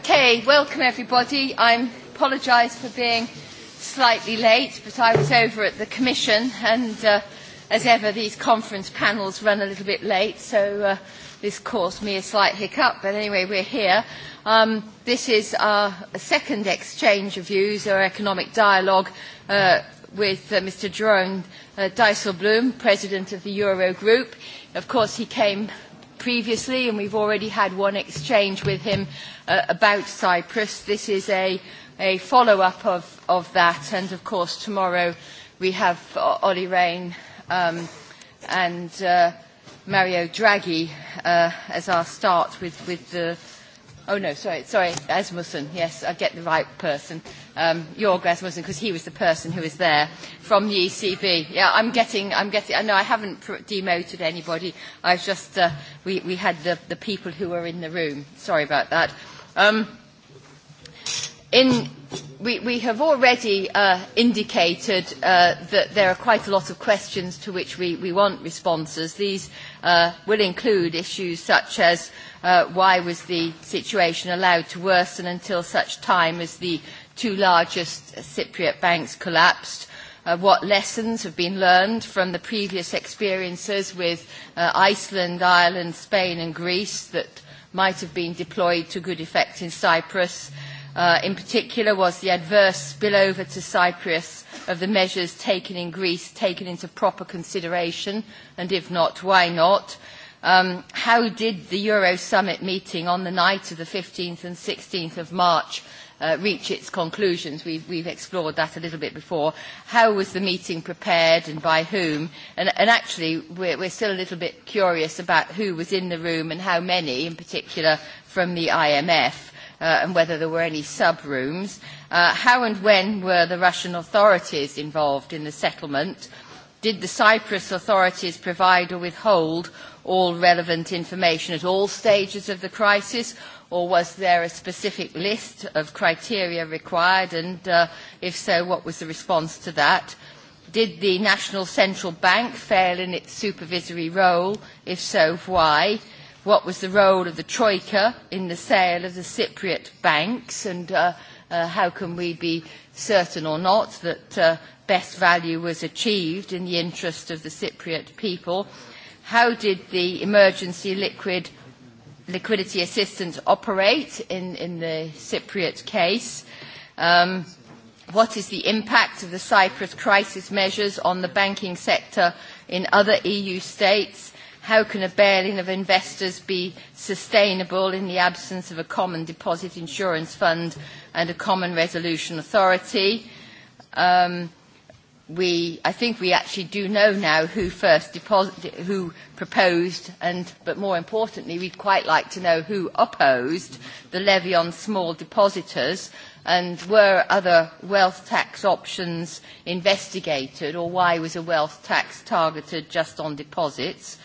Okay, welcome everybody. I apologise for being slightly late, but I was over at the Commission, and uh, as ever, these conference panels run a little bit late, so uh, this caused me a slight hiccup. But anyway, we're here. Um, this is our second exchange of views, our economic dialogue uh, with uh, Mr. Jerome uh, Dijsselbloem, President of the Eurogroup. Of course, he came previously, and we've already had one exchange with him uh, about Cyprus. This is a, a follow-up of, of that, and of course tomorrow we have Olli Rehn um, and uh, Mario Draghi uh, as our start with, with the Oh no, sorry, sorry, Asmussen. Yes, I get the right person. Um, Jorg Asmussen, because he was the person who was there from the ECB. Yeah, I'm getting, I'm getting. I know I haven't pr- demoted anybody. I've just, uh, we we had the the people who were in the room. Sorry about that. Um, in we, we have already uh, indicated uh, that there are quite a lot of questions to which we, we want responses. These uh, will include issues such as uh, uh, why was the situation allowed to worsen until such time as the two largest Cypriot banks collapsed? Uh, what lessons have been learned from the previous experiences with uh, Iceland, Ireland, Spain and Greece that might have been deployed to good effect in Cyprus? Uh, in particular, was the adverse spillover to Cyprus of the measures taken in Greece taken into proper consideration, and if not, why not? Uh, um, how did the Euro summit meeting on the night of the 15th and 16th of March uh, reach its conclusions? We've, we've explored that a little bit before. How was the meeting prepared and by whom? And, and actually, we're, we're still a little bit curious about who was in the room and how many, in particular from the IMF. Uh, and whether there were any sub rooms. Uh, how and when were the Russian authorities involved in the settlement? Did the Cyprus authorities provide or withhold all relevant information at all stages of the crisis, or was there a specific list of criteria required, and uh, if so, what was the response to that? Did the National Central Bank fail in its supervisory role? If so, why? What was the role of the Troika in the sale of the Cypriot banks, and uh, uh, how can we be certain or not that uh, best value was achieved in the interest of the Cypriot people? Uh, how did the emergency liquid liquidity assistance operate in, in the Cypriot case? Um, what is the impact of the Cyprus crisis measures on the banking sector in other EU states? How can a bail-in of investors be sustainable in the absence of a common deposit insurance fund and a common resolution authority? Um, we, I think we actually do know now who first deposit, who proposed, and but more importantly, we'd quite like to know who opposed the levy on small depositors, and were other wealth tax options investigated, or why was a wealth tax targeted just on deposits?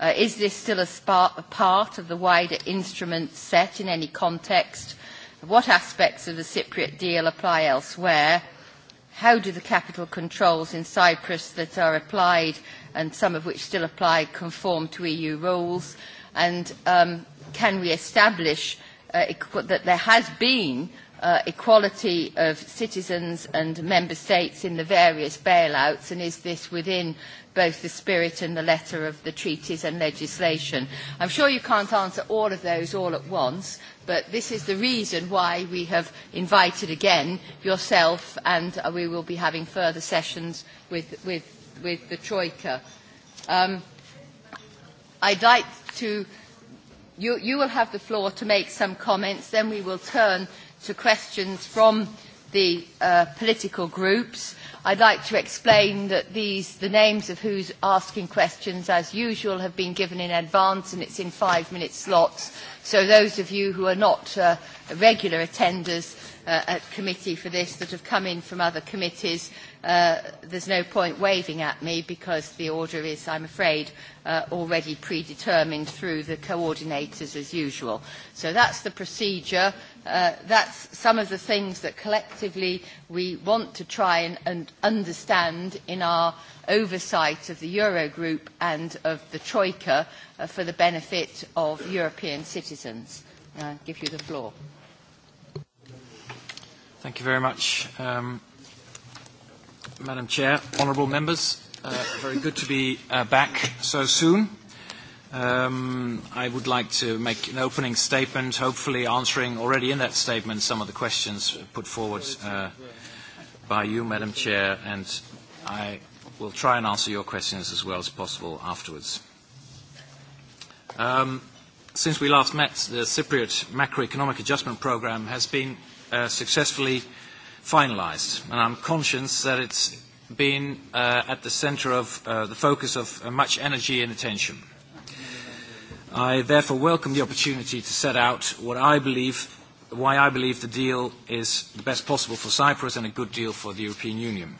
Uh, is this still a, spark, a part of the wider instrument set in any context? What aspects of the Cypriot deal apply elsewhere? how do the capital controls in Cyprus that are applied and some of which still apply conform to EU rules? And um, can we establish uh, that there has been uh, equality of citizens and member states in the various bailouts and is this within both the spirit and the letter of the treaties and legislation. I'm sure you can't answer all of those all at once, but this is the reason why we have invited again yourself and uh, we will be having further sessions with, with, with the Troika. Um, I'd like to, you, you will have the floor to make some comments, then we will turn to questions from the uh, political groups. I'd like to explain that these, the names of who's asking questions, as usual, have been given in advance and it's in five-minute slots. So those of you who are not uh, regular attenders uh, at committee for this that have come in from other committees uh, there's no point waving at me because the order is, I'm afraid, uh, already predetermined through the coordinators as usual. So that's the procedure. Uh, that's some of the things that collectively we want to try and, and understand in our oversight of the Eurogroup and of the Troika uh, for the benefit of European citizens. I uh, give you the floor. Thank you very much. Um, Madam Chair, honourable members, uh, very good to be uh, back so soon. Um, I would like to make an opening statement, hopefully answering already in that statement some of the questions put forward uh, by you, Madam Chair, and I will try and answer your questions as well as possible afterwards. Um, since we last met, the Cypriot Macroeconomic Adjustment Programme has been uh, successfully uh, finalized. And I'm conscious that it's been uh, at the center of uh, the focus of uh, much energy and attention. I therefore welcome the opportunity to set out what I believe, why I believe the deal is the best possible for Cyprus and a good deal for the European Union.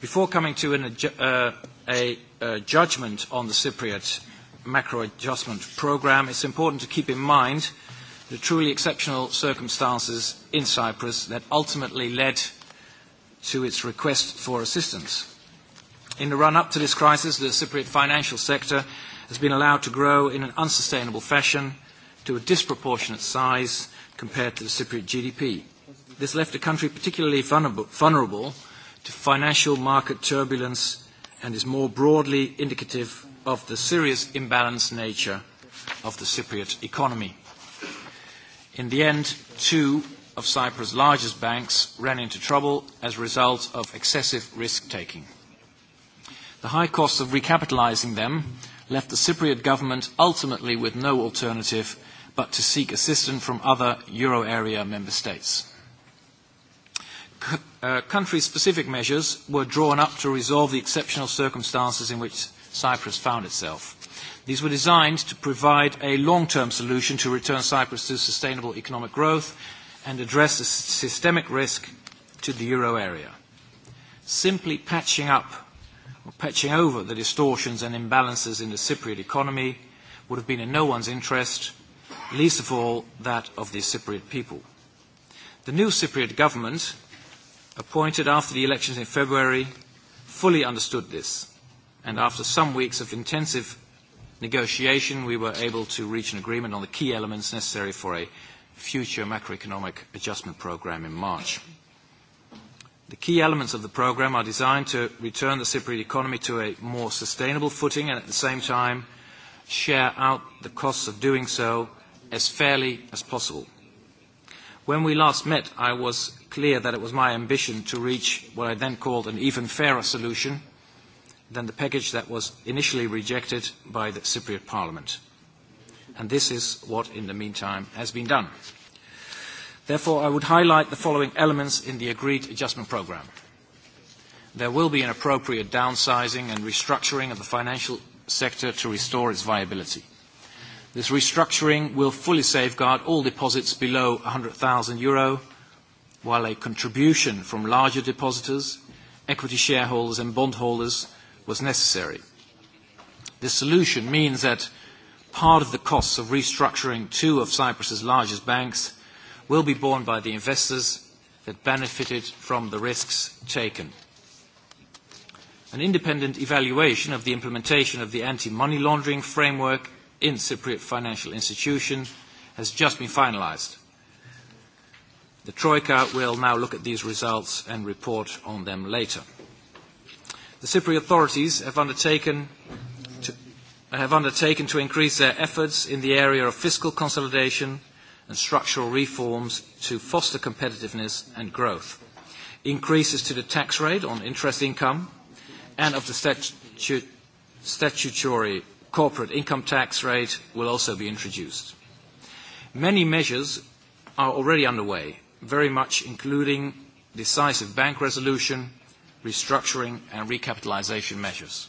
Before coming to an, uh, a, a judgment on the Cypriot macro adjustment program, it's important to keep in mind uh, the truly exceptional circumstances in Cyprus that ultimately led to its request for assistance. In the run-up to this crisis, the Cypriot financial sector has been allowed to grow in an unsustainable fashion to a disproportionate size compared to the Cypriot GDP. This left the country particularly vulnerable to financial market turbulence and is more broadly indicative of the serious imbalanced nature of the Cypriot economy. In the end, two of Cyprus' largest banks ran into trouble as a result of excessive risk-taking. The high cost of recapitalizing them left the Cypriot government ultimately with no alternative but to seek assistance from other euro area member states. C- uh, country-specific measures were drawn up to resolve the exceptional circumstances in which Cyprus found itself. These were designed to provide a long-term solution to return Cyprus to sustainable economic growth and address the systemic risk to the euro area. Simply patching up or patching over the distortions and imbalances in the Cypriot economy would have been in no one's interest, least of all that of the Cypriot people. The new Cypriot government, appointed after the elections in February, fully understood this, and after some weeks of intensive negotiation, we were able to reach an agreement on the key elements necessary for a future macroeconomic adjustment program in March. The key elements of the program are designed to return the Cypriot economy to a more sustainable footing and at the same time share out the costs of doing so as fairly as possible. When we last met, I was clear that it was my ambition to reach what I then called an even fairer solution – than the package that was initially rejected by the Cypriot Parliament. And this is what, in the meantime, has been done. Therefore, I would highlight the following elements in the agreed adjustment programme. There will be an appropriate downsizing and restructuring of the financial sector to restore its viability. This restructuring will fully safeguard all deposits below 100,000 euro, while a contribution from larger depositors, equity shareholders and bondholders was necessary. This solution means that part of the costs of restructuring two of Cyprus's largest banks will be borne by the investors that benefited from the risks taken. An independent evaluation of the implementation of the anti-money laundering framework in Cypriot financial institution has just been finalized. The Troika will now look at these results and report on them later. The Cypriot authorities have undertaken to, have undertaken to increase their efforts in the area of fiscal consolidation and structural reforms to foster competitiveness and growth. Increases to the tax rate on interest income and of the statu statutory corporate income tax rate will also be introduced. Many measures are already underway, very much including decisive bank resolution, restructuring and recapitalization measures.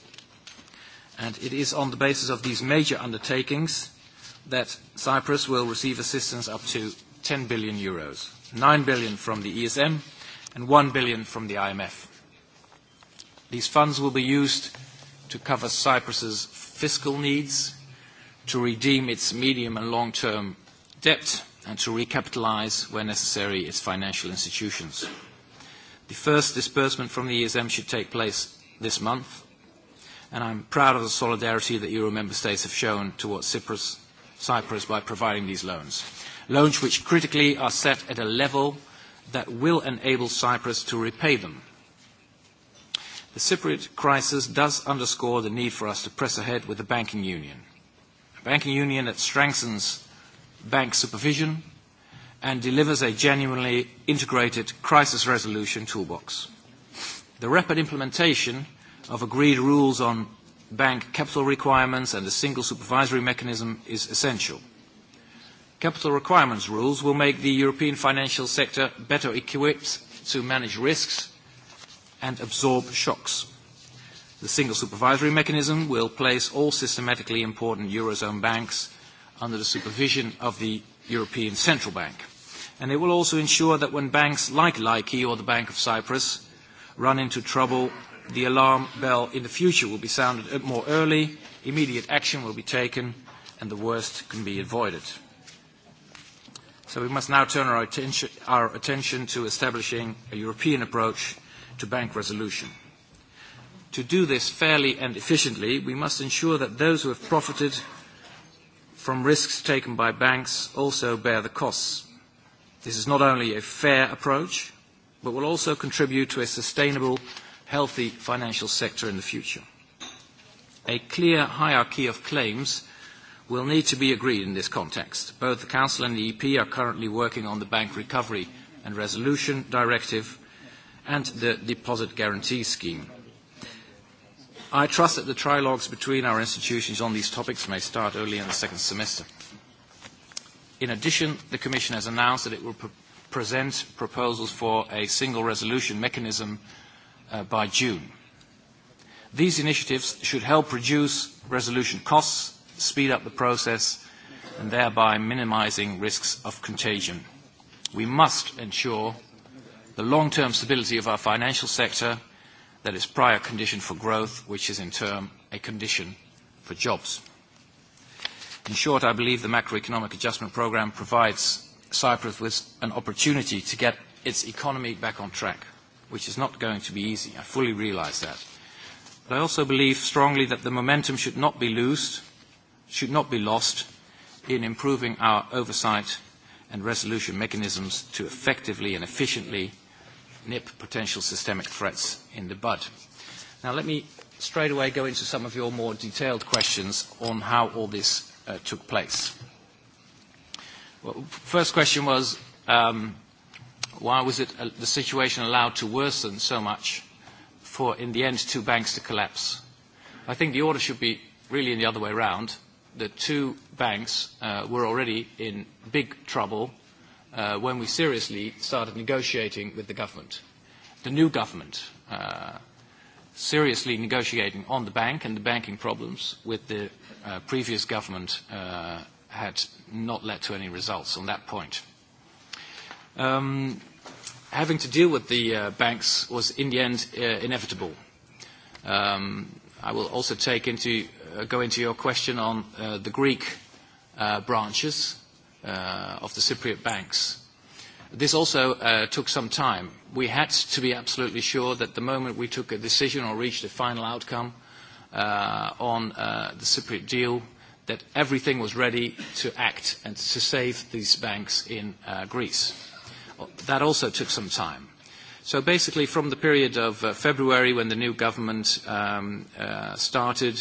And it is on the basis of these major undertakings that Cyprus will receive assistance up to 10 billion euros, 9 billion from the ESM and 1 billion from the IMF. These funds will be used to cover Cyprus's fiscal needs, to redeem its medium and long-term debt, and to recapitalize, where necessary, its financial institutions. The first disbursement from the ESM should take place this month, and I'm proud of the solidarity that Euro member states have shown towards Cyprus, Cyprus by providing these loans. Loans which critically are set at a level that will enable Cyprus to repay them. The Cypriot crisis does underscore the need for us to press ahead with the banking union. A banking union that strengthens bank supervision, and delivers a genuinely integrated crisis resolution toolbox. The rapid implementation of agreed rules on bank capital requirements and the single supervisory mechanism is essential. Capital requirements rules will make the European financial sector better equipped to manage risks and absorb shocks. The single supervisory mechanism will place all systematically important Eurozone banks under the supervision of the European Central Bank. And it will also ensure that when banks like Laiki or the Bank of Cyprus run into trouble, the alarm bell in the future will be sounded more early, immediate action will be taken, and the worst can be avoided. So we must now turn our attention, our attention to establishing a European approach to bank resolution. To do this fairly and efficiently, we must ensure that those who have profited from risks taken by banks also bear the costs. This is not only a fair approach, but will also contribute to a sustainable, healthy financial sector in the future. A clear hierarchy of claims will need to be agreed in this context. Both the Council and the EP are currently working on the Bank Recovery and Resolution Directive and the Deposit Guarantee Scheme. I trust that the trilogues between our institutions on these topics may start early in the second semester. In addition, the Commission has announced that it will pr present proposals for a single resolution mechanism uh, by June. These initiatives should help reduce resolution costs, speed up the process, and thereby minimizing risks of contagion. We must ensure the long-term stability of our financial sector – that is prior condition for growth, which is in turn a condition for jobs. In short, I believe the macroeconomic adjustment program provides Cyprus with an opportunity to get its economy back on track, which is not going to be easy. I fully realize that. But I also believe strongly that the momentum should not be loosed, should not be lost in improving our oversight and resolution mechanisms to effectively and efficiently nip potential systemic threats in the bud. Now let me straight away go into some of your more detailed questions on how all this uh, took place. Well, first question was, um, why was it uh, the situation allowed to worsen so much for, in the end, two banks to collapse? I think the order should be really in the other way around. The two banks uh, were already in big trouble uh, when we seriously started negotiating with the government, the new government, uh, seriously negotiating on the bank and the banking problems with the uh, previous government uh, had not led to any results on that point. Um, having to deal with the uh, banks was in the end uh, inevitable. Um, I will also take into, uh, go into your question on uh, the Greek uh, branches uh, of the Cypriot banks. This also uh, took some time. We had to be absolutely sure that the moment we took a decision or reached a final outcome uh, on uh, the Cypriot deal, that everything was ready to act and to save these banks in uh, Greece. That also took some time. So basically, from the period of uh, February when the new government um, uh, started,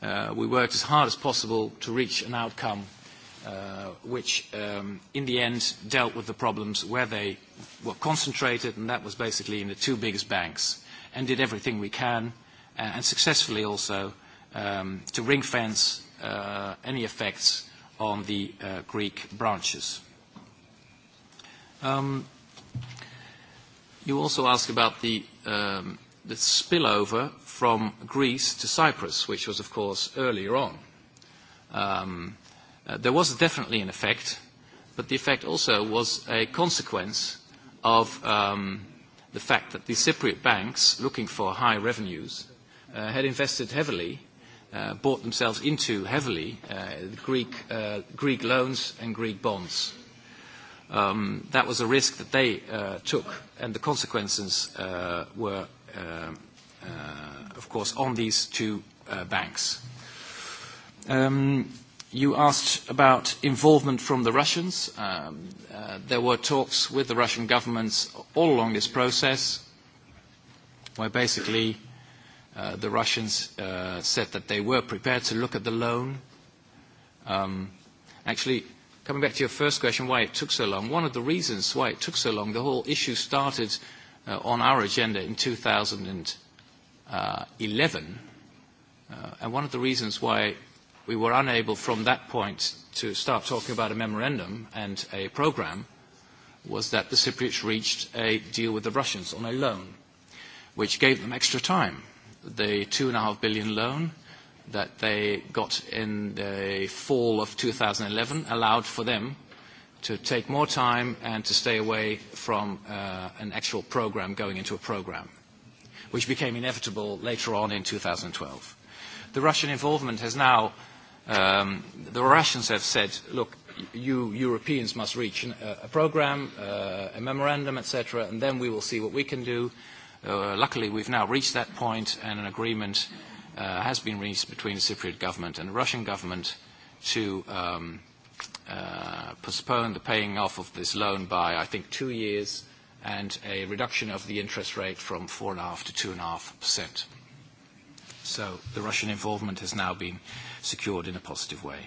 uh, we worked as hard as possible to reach an outcome uh, uh, which um, in the end dealt with the problems where they were concentrated, and that was basically in the two biggest banks, and did everything we can, uh, and successfully also, um, to ring-fence uh, any effects on the uh, Greek branches. Um, you also asked about the, um, the spillover from Greece to Cyprus, which was, of course, earlier on. Um, Uh, there was definitely an effect, but the effect also was a consequence of um, the fact that the Cypriot banks, looking for high revenues, uh, had invested heavily, uh, bought themselves into heavily uh, Greek, uh, Greek loans and Greek bonds. Um, that was a risk that they uh, took, and the consequences uh, were, uh, uh, of course, on these two uh, banks. Um, You asked about involvement from the Russians. Um, uh, there were talks with the Russian governments all along this process where basically uh, the Russians uh, said that they were prepared to look at the loan. Um, actually, coming back to your first question, why it took so long, one of the reasons why it took so long, the whole issue started uh, on our agenda in 2011. Uh, uh, and one of the reasons why we were unable from that point to start talking about a memorandum and a program was that the Cypriots reached a deal with the Russians on a loan, which gave them extra time. The two and a half billion loan that they got in the fall of 2011 allowed for them to take more time and to stay away from uh, an actual program going into a program, which became inevitable later on in 2012. The Russian involvement has now uh, Um, the Russians have said, look, you Europeans must reach an, a, a program, uh, a memorandum, etc., and then we will see what we can do. Uh, luckily, we've now reached that point, and an agreement uh, has been reached between the Cypriot government and the Russian government to um, uh, postpone the paying off of this loan by, I think, two years, and a reduction of the interest rate from 4.5% to 2.5%. So the Russian involvement has now been uh, secured in a positive way.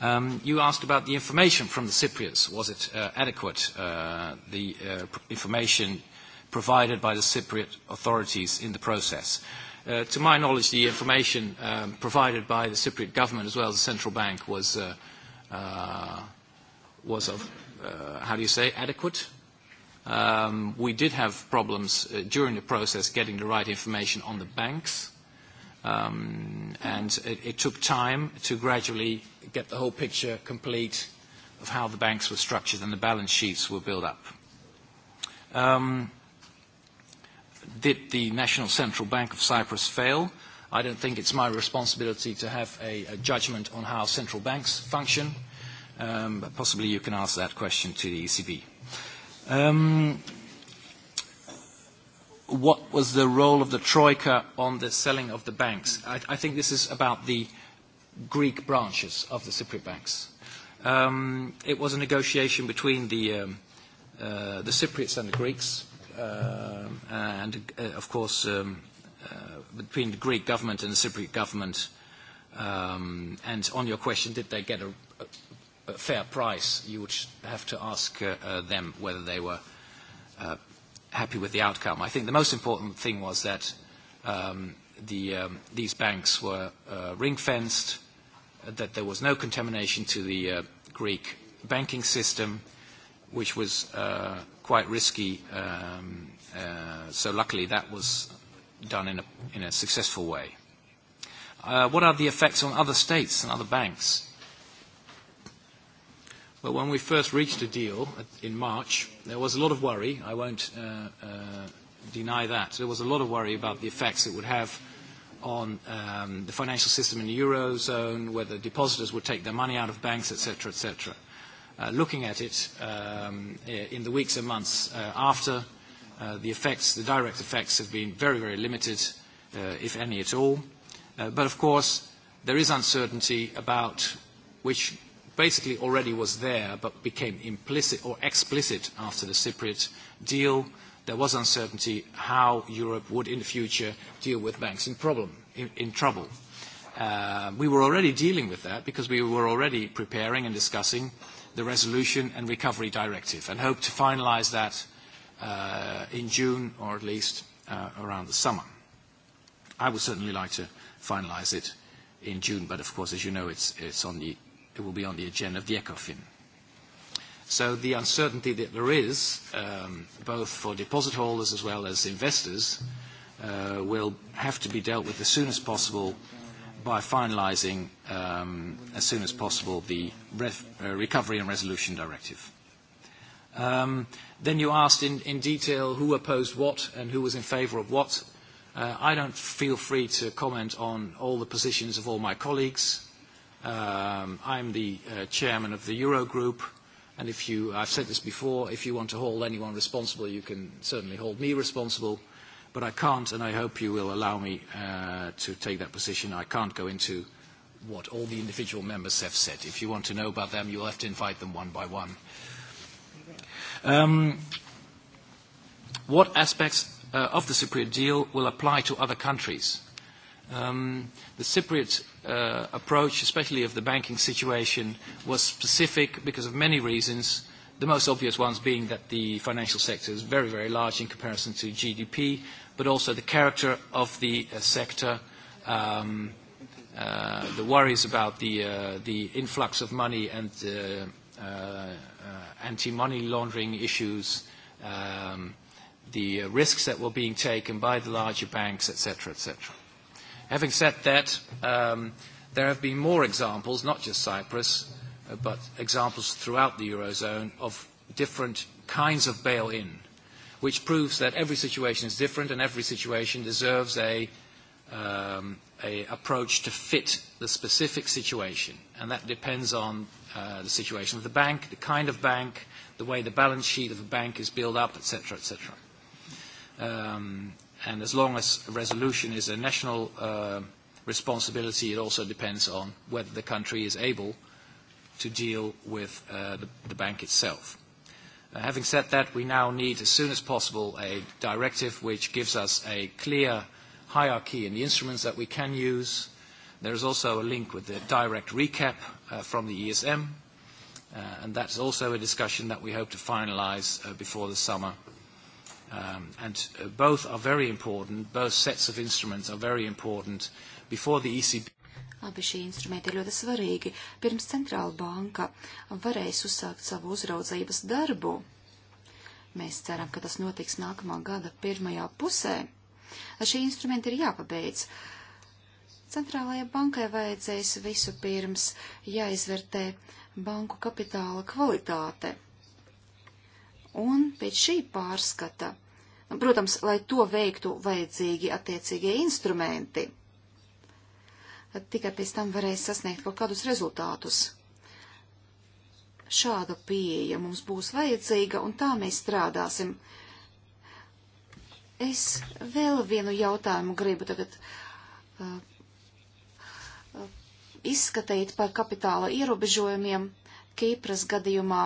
Um, you asked about the information from the Cypriots. Was it uh, adequate? Uh, the uh, information provided by the Cypriot authorities in the process. Uh, to my knowledge, the information um, provided by the Cypriot government as well as the central bank was, uh, uh, was of, uh, how do you say, adequate. Um, we did have problems uh, during the process getting the right information on the banks. Um, and it, it took time to gradually get the whole picture complete of how the banks were structured and the balance sheets were built up. Um, did the National Central Bank of Cyprus fail? I don't think it's my responsibility to have a, a judgment on how central banks function, um, but possibly you can ask that question to the ECB. Um, what was the role of the Troika on the selling of the banks? I, I think this is about the Greek branches of the Cypriot banks. Um, it was a negotiation between the, um, uh, the Cypriots and the Greeks, uh, and uh, of course um, uh, between the Greek government and the Cypriot government. Um, and on your question, did they get a, a, a fair price? You would have to ask uh, uh, them whether they were uh, happy with the outcome. I think the most important thing was that um, the, um, these banks were uh, ring-fenced, that there was no contamination to the uh, Greek banking system, which was uh, quite risky. Um, uh, so luckily that was done in a, in a successful way. Uh, what are the effects on other states and other banks? But when we first reached a deal in March, there was a lot of worry. I won't uh, uh, deny that. There was a lot of worry about the effects it would have on um, the financial system in the Eurozone, whether depositors would take their money out of banks, et cetera, et cetera. Uh, looking at it um, in the weeks and months uh, after, uh, the effects, the direct effects have been very, very limited, uh, if any at all. Uh, but of course, there is uncertainty about which basically already was there but became implicit or explicit after the Cypriot deal. There was uncertainty how Europe would in the future deal with banks in, problem, in, in trouble. Uh, we were already dealing with that because we were already preparing and discussing the Resolution and Recovery Directive and hope to finalize that uh, in June or at least uh, around the summer. I would certainly like to finalize it in June, but of course, as you know, it's, it's on the it will be on the agenda of the ECOFIN. So the uncertainty that there is, um, both for deposit holders as well as investors, uh, will have to be dealt with as soon as possible by finalizing, um, as soon as possible, the ref, uh, Recovery and Resolution Directive. Um, then you asked in, in detail who opposed what and who was in favor of what. Uh, I don't feel free to comment on all the positions of all my colleagues. Um, I'm the uh, chairman of the Eurogroup, and if you, I've said this before, if you want to hold anyone responsible, you can certainly hold me responsible, but I can't, and I hope you will allow me uh, to take that position. I can't go into what all the individual members have said. If you want to know about them, you'll have to invite them one by one. Um, what aspects uh, of the Cypriot deal will apply to other countries? Um, the Cypriot uh, approach, especially of the banking situation, was specific because of many reasons, the most obvious ones being that the financial sector is very, very large in comparison to GDP, but also the character of the uh, sector, um, uh, the worries about the, uh, the influx of money and uh, uh, uh, anti-money laundering issues, um, the uh, risks that were being taken by the larger banks, etc., etc. Having said that, um, there have been more examples, not just Cyprus, uh, but examples throughout the Eurozone of different kinds of bail-in, which proves that every situation is different and every situation deserves a, um, a approach to fit the specific situation. And that depends on uh, the situation of the bank, the kind of bank, the way the balance sheet of a bank is built up, etc., etc. Um, And as long as resolution is a national uh, responsibility, it also depends on whether the country is able to deal with uh, the, the bank itself. Uh, having said that, we now need, as soon as possible, a directive which gives us a clear hierarchy in the instruments that we can use. There is also a link with the direct recap uh, from the ESM, uh, and that's also a discussion that we hope to finalize uh, before the summer uh, Um, and uh, both are very important, both sets of instruments are very important before the ECB. Abi šie instrumenti ir ļoti svarīgi. Pirms centrāla banka varēs uzsākt savu uzraudzības darbu. Mēs ceram, ka tas notiks nākamā gada pirmajā pusē. Ar šie instrumenti ir jāpabeidz. Centrālajai bankai vajadzēs visu pirms jāizvērtē banku kapitāla kvalitāte. Un pēc šī pārskata Protams, lai to veiktu vajadzīgi attiecīgie instrumenti. Tikai pēc tam varēs sasniegt kaut kādus rezultātus. Šāda pieeja mums būs vajadzīga, un tā mēs strādāsim. Es vēl vienu jautājumu gribu tagad uh, uh izskatīt par kapitāla ierobežojumiem. Kīpras gadījumā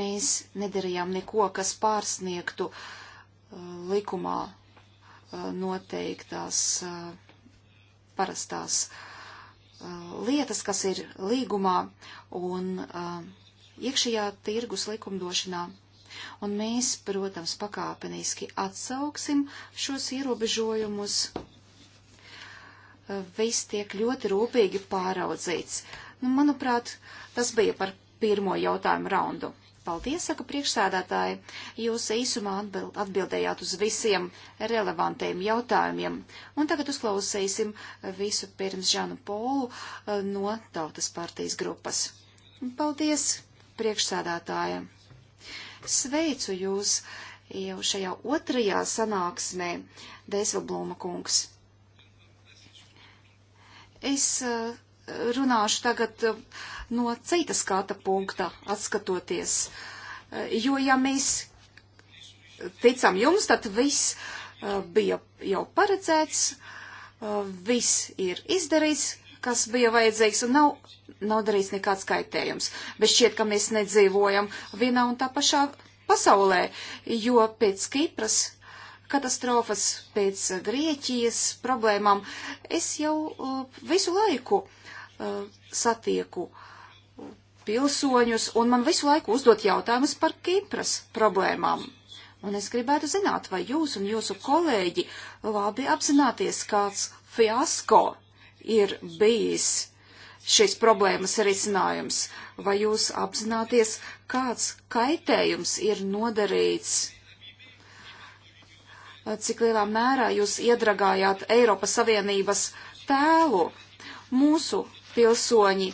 mēs nedarījām neko, kas pārsniegtu uh, likumā noteiktās parastās lietas, kas ir līgumā un iekšējā tirgus likumdošanā. Un mēs, protams, pakāpeniski atsauksim šos ierobežojumus. Viss tiek ļoti rūpīgi pāraudzīts. Nu, manuprāt, tas bija par pirmo jautājumu raundu. Paldies, saka priekšsēdētāji. Jūs īsumā atbild, atbildējāt uz visiem relevantiem jautājumiem. Un tagad uzklausīsim visu pirms Žanu Polu eh, no Tautas partijas grupas. Paldies, priekšsēdētāja. Sveicu jūs jau šajā otrajā sanāksmē, Dēselblūma kungs. Es uh, runāšu tagad uh, no citas skata punkta atskatoties. Uh, jo, ja mēs ticam jums, tad viss uh, bija jau paredzēts, viss ir izdarīts, kas bija vajadzīgs, un nav, nav darīts nekāds kaitējums. Bet šķiet, ka mēs nedzīvojam vienā un tā pašā pasaulē, jo pēc Kipras katastrofas, pēc Grieķijas problēmām es jau visu laiku uh, Uh, satieku pilsoņus, un man visu laiku uzdot jautājumus par Kipras problēmām. Un es gribētu zināt, vai jūs un jūsu kolēģi labi apzināties, kāds fiasko ir bijis šīs problēmas risinājums, vai jūs apzināties, kāds kaitējums ir nodarīts, cik lielā mērā jūs iedragājāt Eiropas Savienības tēlu. Mūsu pilsoņi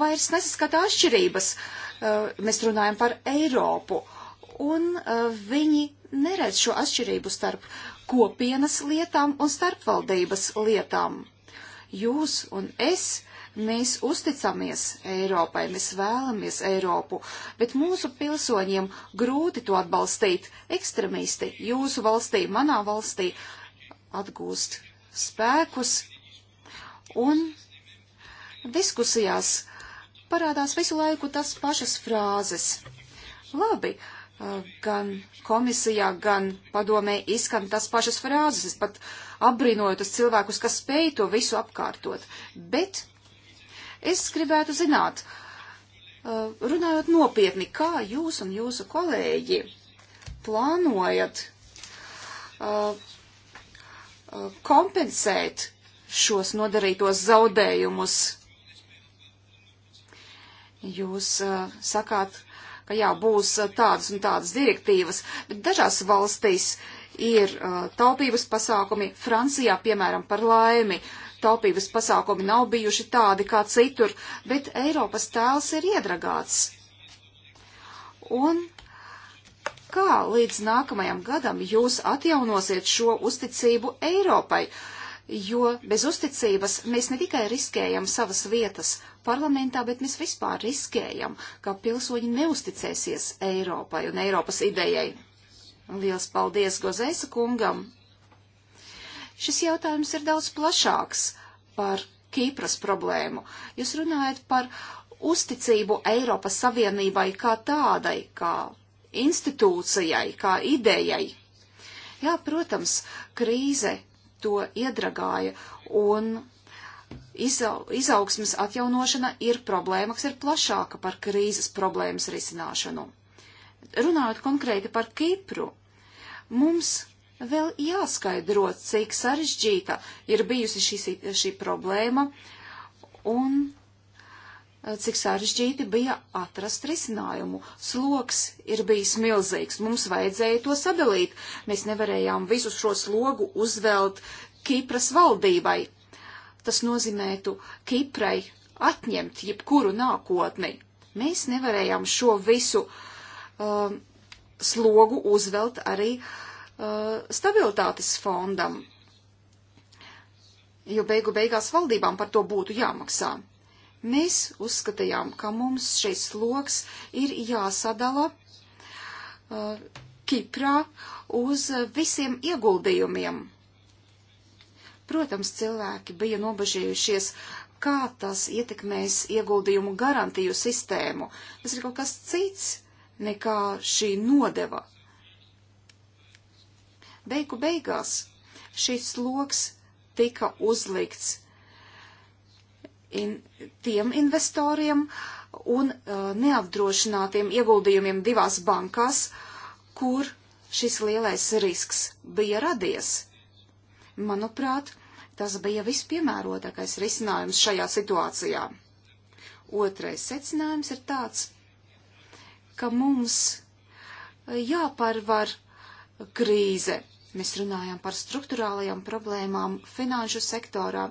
vairs nesaskata atšķirības. Eh, mēs runājam par Eiropu, un eh, viņi neredz šo atšķirību starp kopienas lietām un starpvaldības lietām. Jūs un es, mēs uzticamies Eiropai, mēs vēlamies Eiropu, bet mūsu pilsoņiem grūti to atbalstīt. Ekstremisti jūsu valstī, manā valstī atgūst spēkus un diskusijās parādās visu laiku tas pašas frāzes. Labi, gan komisijā, gan padomē izskan tas pašas frāzes. Es pat apbrīnoju tas cilvēkus, kas spēj to visu apkārtot. Bet es gribētu zināt, runājot nopietni, kā jūs un jūsu kolēģi plānojat kompensēt šos nodarītos zaudējumus Jūs uh, sakāt, ka jā, būs tādas un tādas direktīvas, bet dažās valstīs ir uh, taupības pasākumi. Francijā, piemēram, par laimi, taupības pasākumi nav bijuši tādi kā citur, bet Eiropas tēls ir iedragāts. Un kā līdz nākamajam gadam jūs atjaunosiet šo uzticību Eiropai? Uh, jo bez uzticības mēs ne tikai riskējam savas vietas parlamentā, bet mēs vispār riskējam, ka pilsoņi neusticēsies Eiropai un Eiropas idejai. Liels paldies Gozēsa kungam! Šis jautājums ir daudz plašāks par Kīpras problēmu. Jūs runājat par uzticību Eiropas Savienībai kā tādai, kā institūcijai, kā idejai. Jā, protams, krīze to iedragāja, un izaugsmas atjaunošana ir problēma, kas ir plašāka par krīzes problēmas risināšanu. Runājot konkrēti par Kipru, mums vēl jāskaidro, cik sarežģīta ir bijusi šī, šī problēma, un Eh, cik sarežģīti bija atrast risinājumu. Sloks ir bijis milzīgs, mums vajadzēja to sadalīt. Mēs nevarējām visu šo slogu uzvelt Kipras valdībai. Tas nozīmētu Kiprai atņemt jebkuru nākotni. Mēs nevarējām šo visu um, slogu uzvelt arī uh, stabilitātes fondam, jo beigu beigās valdībām par to būtu jāmaksā. Mēs uzskatījām, ka mums šis sloks ir jāsadala uh, Kiprā uz visiem ieguldījumiem. Protams, cilvēki bija nobežījušies, kā tas ietekmēs ieguldījumu garantiju sistēmu. Tas ir kaut kas cits nekā šī nodeva. Beigu beigās šis sloks tika uzlikts in, tiem investoriem un uh, neapdrošinātiem ieguldījumiem divās bankās, kur šis lielais risks bija radies. Manuprāt, tas bija vispiemērotākais risinājums šajā situācijā. Otrais secinājums ir tāds, ka mums jāpārvar krīze Mēs runājam par struktūrālajām problēmām finanšu sektorā.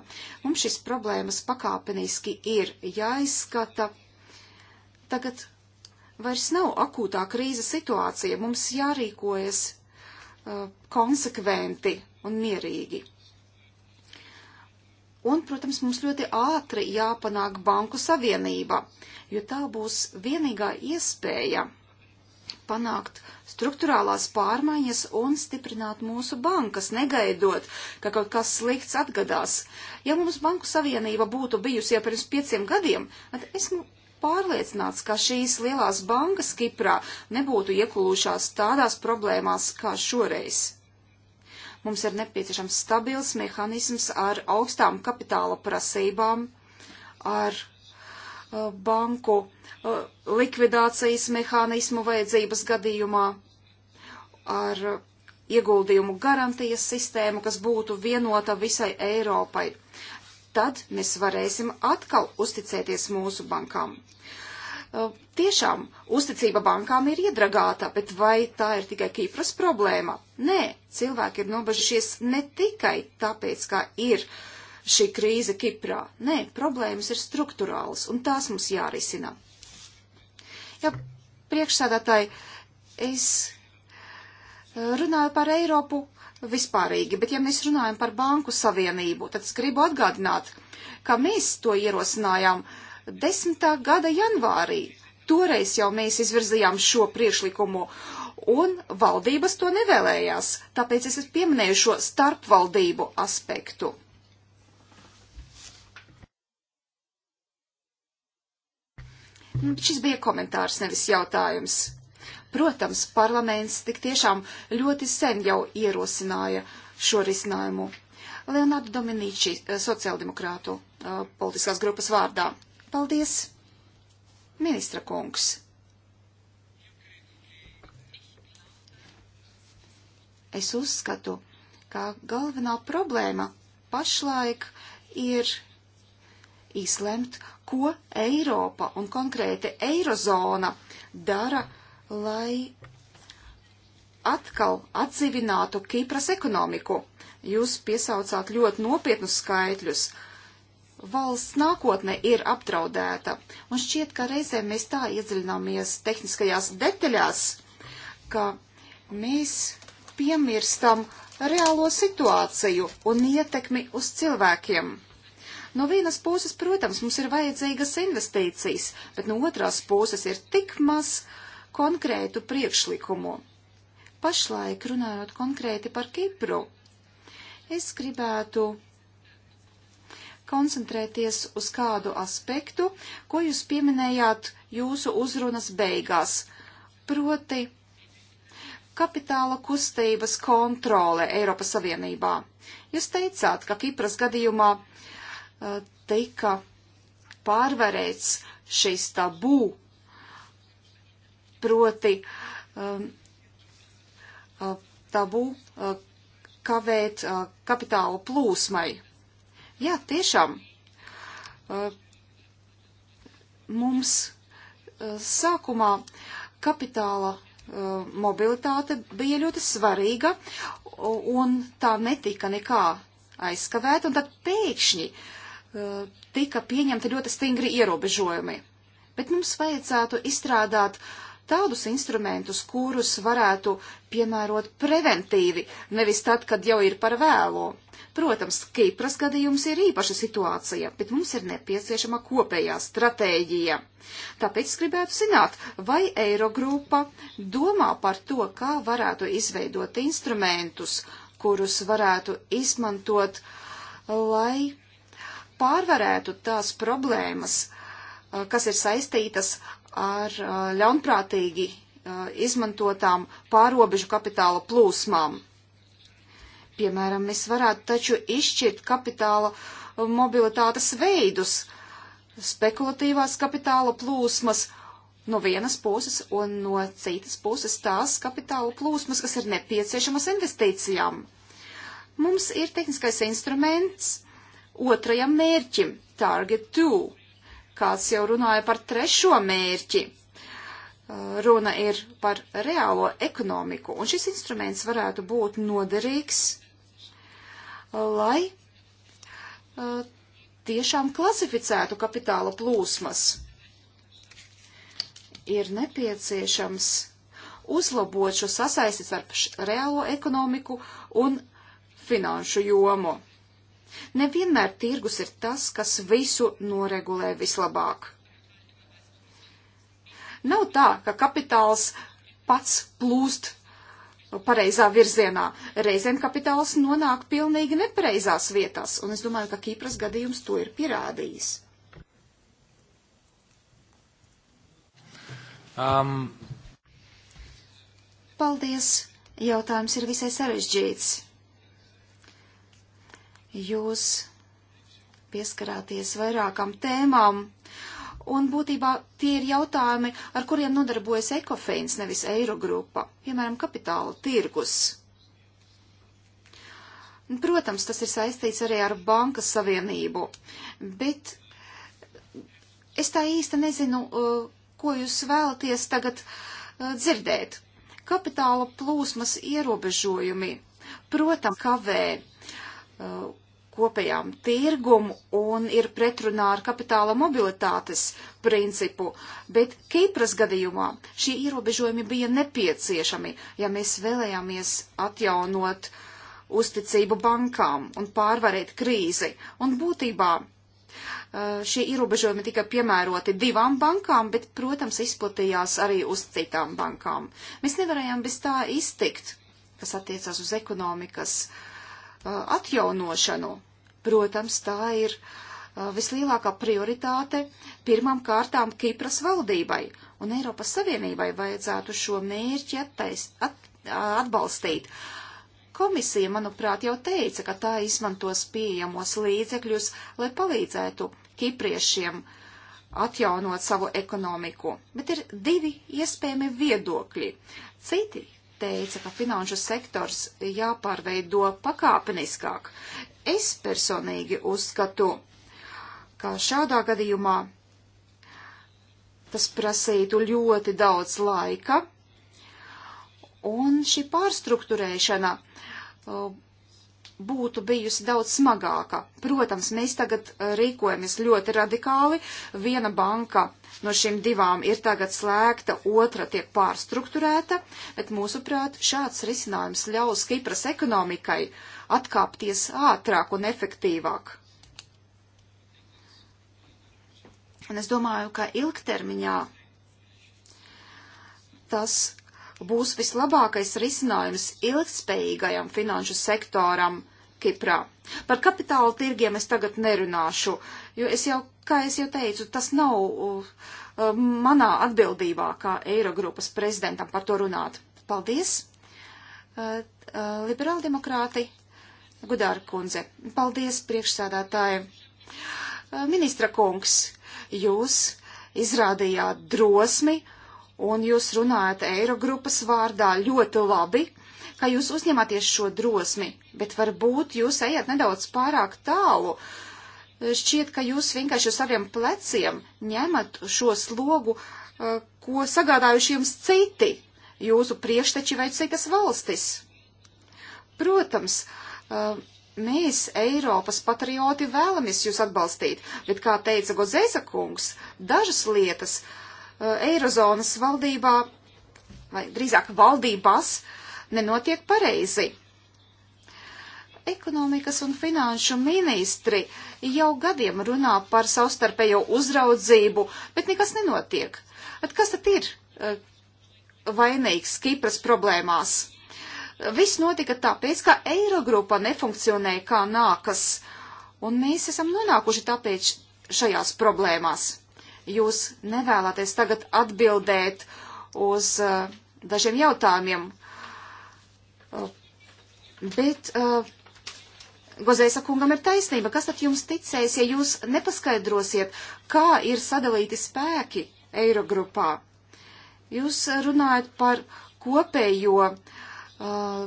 Mums šis problēmas pakāpeniski ir jāizskata. Tagad vairs nav akūtā krīze situācija. Mums jārīkojas uh, konsekventi un mierīgi. Un, protams, mums ļoti ātri jāpanāk banku savienība, jo tā būs vienīgā iespēja panākt struktūrālās pārmaiņas un stiprināt mūsu bankas, negaidot, ka kaut kas slikts atgadās. Ja mums banku savienība būtu bijusi jau pirms pieciem gadiem, tad esmu pārliecināts, ka šīs lielās bankas Kiprā nebūtu iekulūšās tādās problēmās kā šoreiz. Mums ir nepieciešams stabils mehanisms ar augstām kapitāla prasībām, ar banku uh, likvidācijas mehānismu vajadzības gadījumā, ar ieguldījumu garantijas sistēmu, kas būtu vienota visai Eiropai. Tad mēs varēsim atkal uzticēties mūsu bankām. Uh, tiešām uzticība bankām ir iedragāta, bet vai tā ir tikai Kipras problēma? Nē, cilvēki ir nobažījušies ne tikai tāpēc, ka ir uh, šī krīze Kiprā. Nē, problēmas ir struktūrāls, un tās mums jārisina. Ja priekšsādātāji, es runāju par Eiropu vispārīgi, bet ja mēs runājam par banku savienību, tad es gribu atgādināt, ka mēs to ierosinājām 10. gada janvārī. Toreiz jau mēs izvirzījām šo priekšlikumu, un valdības to nevēlējās, tāpēc es pieminēju šo starpvaldību aspektu. Nu, šis bija komentārs, nevis jautājums. Protams, parlaments tik tiešām ļoti sen jau ierosināja šo risinājumu. Leonardo Dominīči, eh, sociāldemokrātu eh, politiskās grupas vārdā. Paldies, ministra kungs. Es uzskatu, ka galvenā problēma pašlaik ir izlemt, ko Eiropa un konkrēti Eirozona dara, lai atkal atdzīvinātu Kīpras ekonomiku. Jūs piesaucāt ļoti nopietnus skaitļus. Valsts nākotne ir apdraudēta, un šķiet, ka reizē mēs tā iedziļināmies tehniskajās detaļās, ka mēs piemirstam reālo situāciju un ietekmi uz cilvēkiem. No vienas puses, protams, mums ir vajadzīgas investīcijas, bet no otrās puses ir tik maz konkrētu priekšlikumu. Pašlaik runājot konkrēti par Kipru, es gribētu koncentrēties uz kādu aspektu, ko jūs pieminējāt jūsu uzrunas beigās, proti kapitāla kustības kontrole Eiropas Savienībā. Jūs teicāt, ka Kipras gadījumā tika pārvarēts šis tabū, proti um, uh, tabū uh, kavēt uh, kapitāla plūsmai. Jā, tiešām mums sākumā kapitāla mobilitāte bija ļoti svarīga, un tā netika nekā aizskavēta, un tad pēkšņi uh, tika pieņemti ļoti stingri ierobežojumi. Bet mums vajadzētu izstrādāt tādus instrumentus, kurus varētu piemērot preventīvi, nevis tad, kad jau ir par vēlo. Protams, Kipras gadījums ir īpaša situācija, bet mums ir nepieciešama kopējā stratēģija. Tāpēc es gribētu zināt, vai Eirogrupa domā par to, kā varētu izveidot instrumentus, kurus varētu izmantot, lai pārvarētu tās problēmas, uh, kas ir saistītas ar uh, ļaunprātīgi uh, izmantotām pārobežu kapitāla plūsmām. Piemēram, mēs varētu taču izšķirt kapitāla mobilitātes veidus, spekulatīvās kapitāla plūsmas no vienas puses un no citas puses tās kapitāla plūsmas, kas ir nepieciešamas investīcijām. Mums ir tehniskais instruments, otrajam mērķim, Target 2. Kāds jau runāja par trešo mērķi. Uh, runa ir par reālo ekonomiku, un šis instruments varētu būt noderīgs, lai uh, tiešām klasificētu kapitāla plūsmas. Ir nepieciešams uzlabot šo sasaisti starp reālo ekonomiku un finanšu jomu. Nevienmēr tirgus ir tas, kas visu noregulē vislabāk. Nav tā, ka kapitāls pats plūst pareizā virzienā. Reizēm kapitāls nonāk pilnīgi nepareizās vietās, un es domāju, ka Kīpras gadījums to ir pierādījis. Um. Paldies! Jautājums ir visai sarežģīts. Jūs pieskarāties vairākām tēmām, un būtībā tie ir jautājumi, ar kuriem nodarbojas Ekofeins, nevis Eirogrupa, piemēram, kapitāla tirgus. Protams, tas ir saistīts arī ar bankas savienību, bet es tā īsti nezinu, uh, ko jūs vēlaties tagad uh, dzirdēt. Kapitāla plūsmas ierobežojumi, protams, kavē uh, kopējām tirgumu un ir pretrunā ar kapitāla mobilitātes principu, bet Kīpras gadījumā šī ierobežojumi bija nepieciešami, ja mēs vēlējāmies atjaunot uzticību bankām un pārvarēt krīzi. Un būtībā šie ierobežojumi tika piemēroti divām bankām, bet, protams, izplatījās arī uz citām bankām. Mēs nevarējām bez tā iztikt, kas attiecās uz ekonomikas uh, Uh, atjaunošanu. Protams, tā ir uh, vislielākā prioritāte pirmām kārtām Kipras valdībai, un Eiropas Savienībai vajadzētu šo mērķi attais, at, uh, atbalstīt. Komisija, manuprāt, jau teica, ka tā izmantos pieejamos līdzekļus, lai palīdzētu kipriešiem atjaunot savu ekonomiku. Bet ir divi iespējami viedokļi. Citi teica, ka finanšu sektors jāpārveido pakāpeniskāk. Es personīgi uzskatu, ka šādā gadījumā tas prasītu ļoti daudz laika, un šī pārstruktūrēšana uh, būtu bijusi daudz smagāka. Protams, mēs tagad uh, rīkojamies ļoti radikāli. Viena banka no šīm divām ir tagad slēgta, otra tiek pārstruktūrēta, bet mūsuprāt šāds risinājums ļaus Kipras ekonomikai atkāpties ātrāk un efektīvāk. Un es domāju, ka ilgtermiņā tas būs vislabākais risinājums ilgspējīgajam finanšu sektoram Kiprā. Par kapitāla tirgiem es tagad nerunāšu. Uh, Jo es jau, kā es jau teicu, tas nav uh, uh, manā atbildībā kā Eirogrupas prezidentam par to runāt. Paldies! Uh, uh, Liberāldemokrāti, Gudāra kundze, paldies priekšsādātāji. Uh, ministra kungs, jūs izrādījāt drosmi un jūs runājat Eirogrupas vārdā ļoti labi, ka jūs uzņematies šo drosmi, bet varbūt jūs ejat nedaudz pārāk tālu. Uh, šķiet, ka jūs vienkārši uz saviem pleciem ņemat šo slogu, eh, ko sagādājuši jums citi, jūsu priekšteči vai citas valstis. Protams, eh, mēs, Eiropas patrioti, vēlamies jūs atbalstīt, bet, kā teica Gozēza kungs, dažas lietas eh, Eirozonas valdībā, vai drīzāk valdībās, nenotiek pareizi Ekonomikas un finanšu ministri jau gadiem runā par savstarpējo uzraudzību, bet nekas nenotiek. At kas tad ir eh, vainīgs Kipras problēmās? Viss notika tāpēc, ka Eirogrupa nefunkcionēja kā nākas, un mēs esam nonākuši tāpēc šajās problēmās. Jūs nevēlaties tagad atbildēt uz uh, dažiem jautājumiem, uh, bet uh, Gozēsa kungam ir taisnība. Kas tad jums ticēs, ja jūs nepaskaidrosiet, kā ir sadalīti spēki Eirogrupā? Jūs runājat par kopējo uh,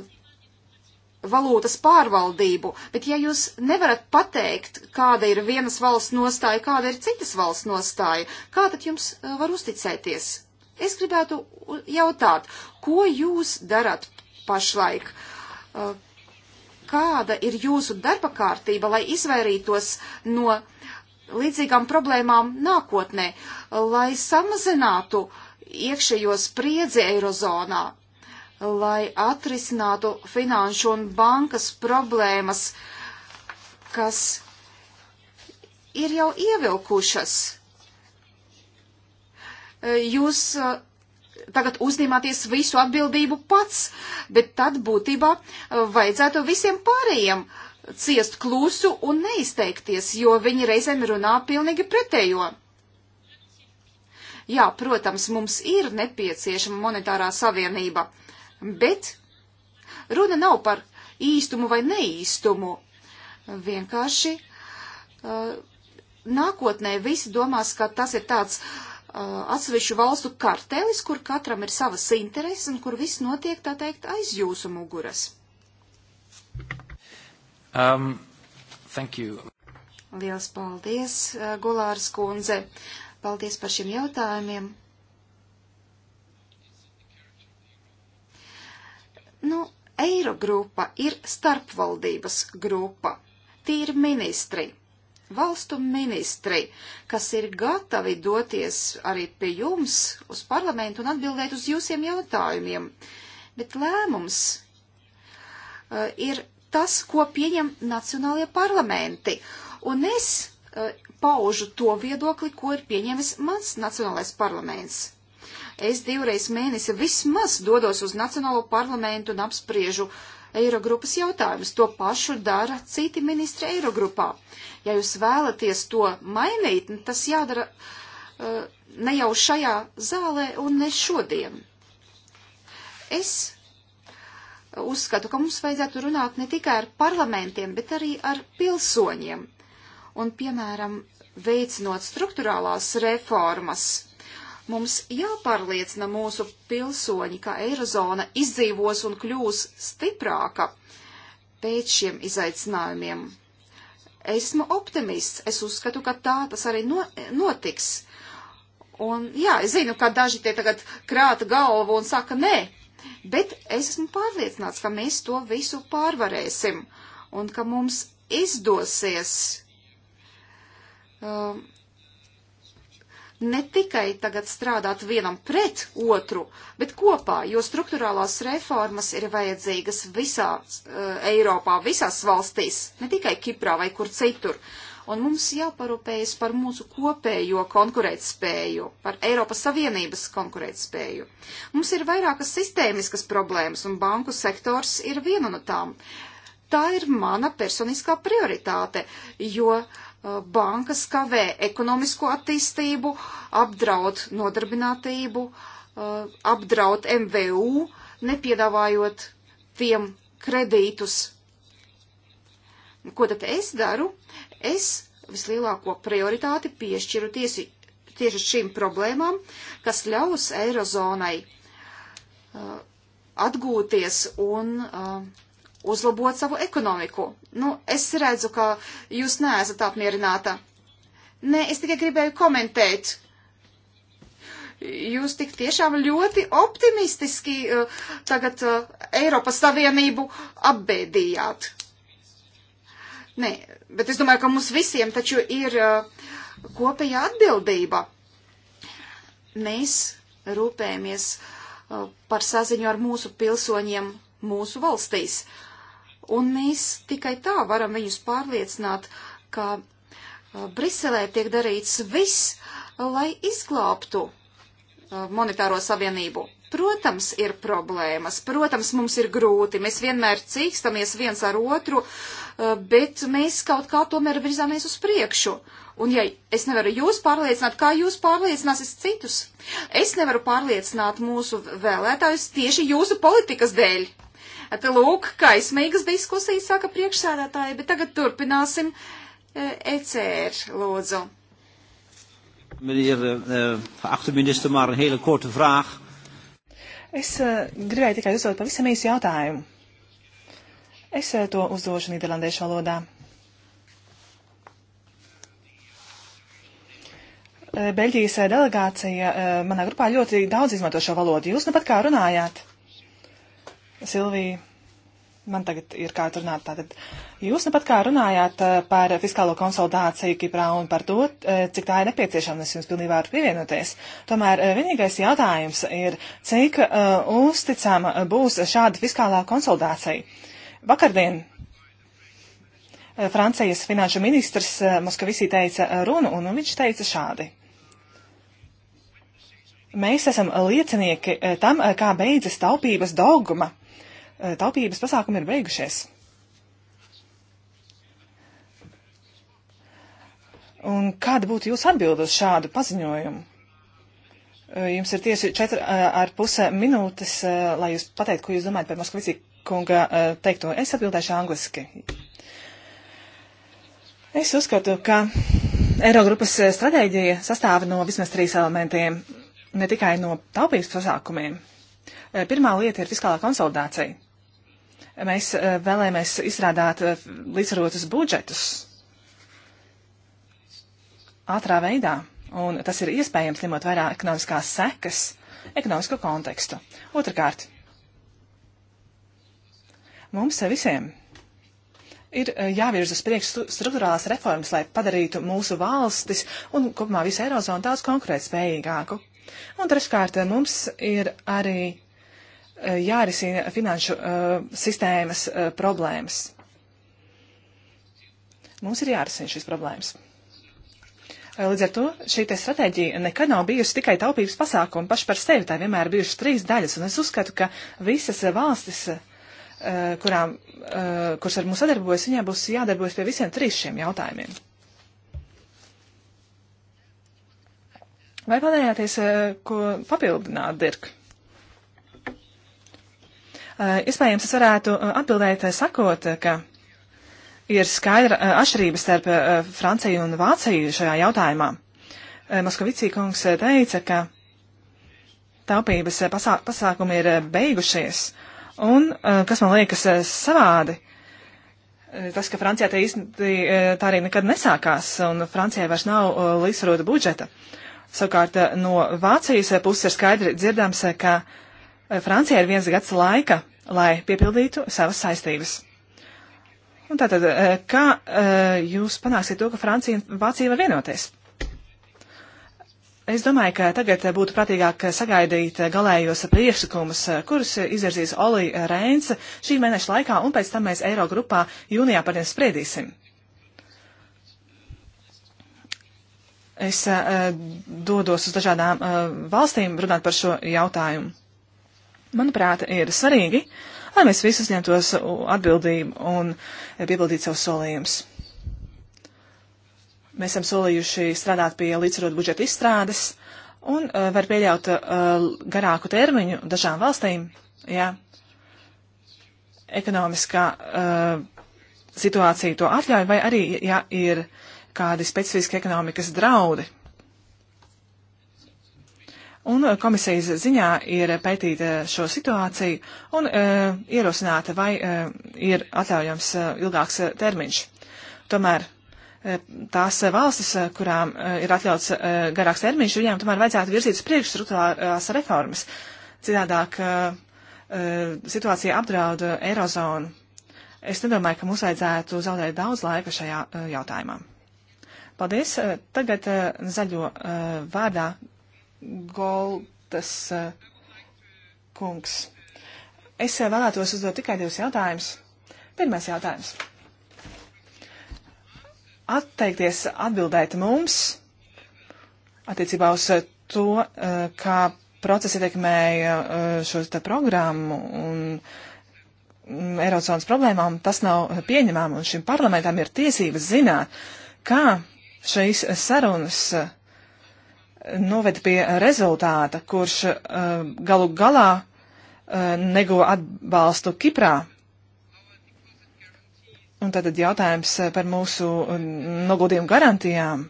valūtas pārvaldību, bet ja jūs nevarat pateikt, kāda ir vienas valsts nostāja, kāda ir citas valsts nostāja, kā tad jums uh, var uzticēties? Es gribētu jautāt, ko jūs darat pašlaik? Uh, Kāda ir jūsu darba kārtība, lai izvairītos no līdzīgām problēmām nākotnē, lai samazinātu iekšējo spriedzi eirozonā, lai atrisinātu finanšu un bankas problēmas, kas ir jau ievilkušas? Jūs tagad uzņematies visu atbildību pats, bet tad būtībā uh, vajadzētu visiem pārējiem ciest klusu un neizteikties, jo viņi reizēm runā pilnīgi pretējo. Jā, protams, mums ir nepieciešama monetārā savienība, bet runa nav par īstumu vai neīstumu. Vienkārši uh, nākotnē visi domās, ka tas ir tāds uh, Uh, atsevišķu valstu kartelis, kur katram ir savas intereses un kur viss notiek, tā teikt, aiz jūsu muguras. Um, thank you. Liels paldies, uh, Gulārs kundze. Paldies par šiem jautājumiem. Nu, Eirogrupa ir starpvaldības grupa. Tīri ministri valstu ministri, kas ir gatavi doties arī pie jums uz parlamentu un atbildēt uz jūsiem jautājumiem. Bet lēmums uh, ir tas, ko pieņem nacionālajie parlamenti. Un es uh, paužu to viedokli, ko ir pieņēmis mans nacionālais parlaments. Es divreiz mēnesi vismaz dodos uz nacionālo parlamentu un apspriežu uh, Eirogrupas jautājumus. To pašu dara citi ministri Eirogrupā. Ja jūs vēlaties to mainīt, nu, tas jādara uh, ne jau šajā zālē un ne šodien. Es uzskatu, ka mums vajadzētu runāt ne tikai ar parlamentiem, bet arī ar pilsoņiem. Un, piemēram, veicinot struktūrālās reformas, Mums jāpārliecina mūsu pilsoņi, ka Eirozona izdzīvos un kļūs stiprāka pēc šiem izaicinājumiem. Esmu optimists, es uzskatu, ka tā tas arī no, notiks. Un jā, es zinu, ka daži tie tagad krāta galvu un saka nē, bet es esmu pārliecināts, ka mēs to visu pārvarēsim un ka mums izdosies um, ne tikai tagad strādāt vienam pret otru, bet kopā, jo struktūrālās reformas ir vajadzīgas visā uh, Eiropā, visās valstīs, ne tikai Kiprā vai kur citur. Un mums jāparūpējas par mūsu kopējo konkurētspēju, par Eiropas Savienības konkurētspēju. Mums ir vairākas sistēmiskas problēmas, un banku sektors ir viena no tām. Tā ir mana personiskā prioritāte, jo uh, bankas kavē ekonomisko attīstību, apdraud nodarbinātību, apdraud MVU, nepiedāvājot tiem kredītus. Ko tad es daru? Es vislielāko prioritāti piešķiru tiesi, tieši šīm problēmām, kas ļaus Eirozonai uh, atgūties un uh, uzlabot savu ekonomiku. Nu, es redzu, ka jūs neesat apmierināta. Nē, es tikai gribēju komentēt. Jūs tik tiešām ļoti optimistiski uh, tagad uh, Eiropas Savienību apbēdījāt. Nē, bet es domāju, ka mums visiem taču ir uh, kopēja atbildība. Mēs rūpējamies uh, par saziņu ar mūsu pilsoņiem mūsu valstīs. Uh, un mēs tikai tā varam viņus pārliecināt, ka uh, Briselē tiek darīts viss, uh, lai izglābtu uh, monetāro savienību. Protams, ir problēmas, protams, mums ir grūti, mēs vienmēr cīkstamies viens ar otru, bet mēs kaut kā tomēr virzāmies uz priekšu. Un ja es nevaru jūs pārliecināt, kā jūs pārliecināsiet citus? Es nevaru pārliecināt mūsu vēlētājus tieši jūsu politikas dēļ. At, lūk, kaismīgas diskusijas, saka priekšsēdētāji, bet tagad turpināsim ECR, e lūdzu. Meneer, e, e, geachte minister, maar een hele korte vraag. Es gribēju tikai uzdot pavisam īsu jautājumu. Es to uzdošu Nīderlandiešu valodā. Beļģijas delegācija manā grupā ļoti daudz izmanto šo valodu. Jūs nu pat kā runājāt? Silvija, man tagad ir kā runāt. Tātad jūs nepat nu kā runājāt eh, par fiskālo konsolidāciju Kiprā un par to, eh, cik tā ir nepieciešama. Es jums pilnībā varu pievienoties. Tomēr eh, vienīgais jautājums ir, cik uh, uzticama būs šāda fiskālā konsolidācija. Vakardien Francijas finanšu ministrs Moskavisī teica runu, un viņš teica šādi. Mēs esam liecinieki tam, kā beidzas taupības dogma. Eh, taupības pasākumi ir beigušies. Un kāda būtu jūsu atbilde uz šādu paziņojumu? Eh, jums ir tieši 4,5 eh, minūtes, lai jūs pateiktu, ko jūs domājat par Moskvici kunga teikto. Es atbildēšu angliski. Es uzskatu, ka Eirogrupas stratēģija sastāv no vismaz trīs elementiem, ne tikai no taupības pasākumiem. Pirmā lieta ir fiskālā konsolidācija mēs eh, vēlēmies izstrādāt eh, līdzsvarotus budžetus ātrā veidā, un tas ir iespējams, ņemot vērā ekonomiskās sekas, ekonomisko kontekstu. Otrakārt, mums visiem ir eh, jāvirza uz priekšu struktūrālās reformas, lai padarītu mūsu valstis un kopumā visu Eirozonu daudz konkurētspējīgāku. Un treškārt, mums ir arī Eh, jārisina finanšu eh, sistēmas eh, problēmas. Mums ir jārisina šīs problēmas. Līdz ar to šī stratēģija nekad nav bijusi tikai taupības pasākuma paši par sevi. Tā vienmēr ir bijušas trīs daļas, un es uzskatu, ka visas valstis, kurām, kuras ar mums sadarbojas, viņai būs jādarbojas pie visiem trīs šiem jautājumiem. Vai vēlējāties ko papildināt, Dirk? Eh, iespējams, es varētu eh, atbildēt eh, sakot, ka ir skaidra atšķirība starp Franciju un Vāciju šajā jautājumā. Moskavicī kungs teica, ka taupības pasā pasākumi ir beigušies, un, kas man liekas savādi, tas, ka Francijā tā īsti tā arī nekad nesākās, un Francijai vairs nav līdzsvarota budžeta. Savukārt no Vācijas puses ir skaidri dzirdams, ka uh, Eh, Francijai ir viens gads laika, lai piepildītu savas saistības. Un tātad, eh, kā eh, jūs panāksiet to, ka Francija un Vācija var vienoties? Es domāju, ka tagad būtu prātīgāk sagaidīt galējos priekšlikumus, kurus izvirzīs Oli Rēns šī mēneša laikā, un pēc tam mēs Eirogrupā jūnijā par tiem spriedīsim. Es dodos uz dažādām valstīm runāt par šo jautājumu manuprāt, ir svarīgi, lai mēs visi uzņemtos atbildību un e, piepildītu savus solījumus. Mēs esam solījuši strādāt pie līdzsvarot budžeta izstrādes un uh, var pieļaut uh, garāku termiņu dažām valstīm, ja ekonomiskā uh, situācija to atļauj, vai arī, ja ir kādi specifiski ekonomikas draudi Un eh, komisijas ziņā ir pētīt eh, šo situāciju un e, ierosināt, vai e, ir atļaujams e, ilgāks termiņš. Tomēr tās valstis, kurām ir atļauts garāks termiņš, viņām tomēr vajadzētu virzīt uz priekšu struktūrās reformas. Citādāk situācija apdraud Eirozonu. Es nedomāju, ka mums vajadzētu zaudēt daudz laika šajā jautājumā. Paldies. Tagad zaļo vārdā Goltas eh, kungs. Es eh, vēlētos uzdot tikai divus jautājumus. Pirmais jautājums. Atteikties atbildēt mums attiecībā uz eh, to, kā procesi ietekmēja šo te programmu un mm, Eirozonas problēmām, tas nav pieņemām, un šim parlamentam ir tiesības zināt, kā šīs sarunas noved pie rezultāta, kurš eh, galu galā eh, neguva atbalstu Kiprā. Un tad jautājums eh, par mūsu nogodījumu garantijām.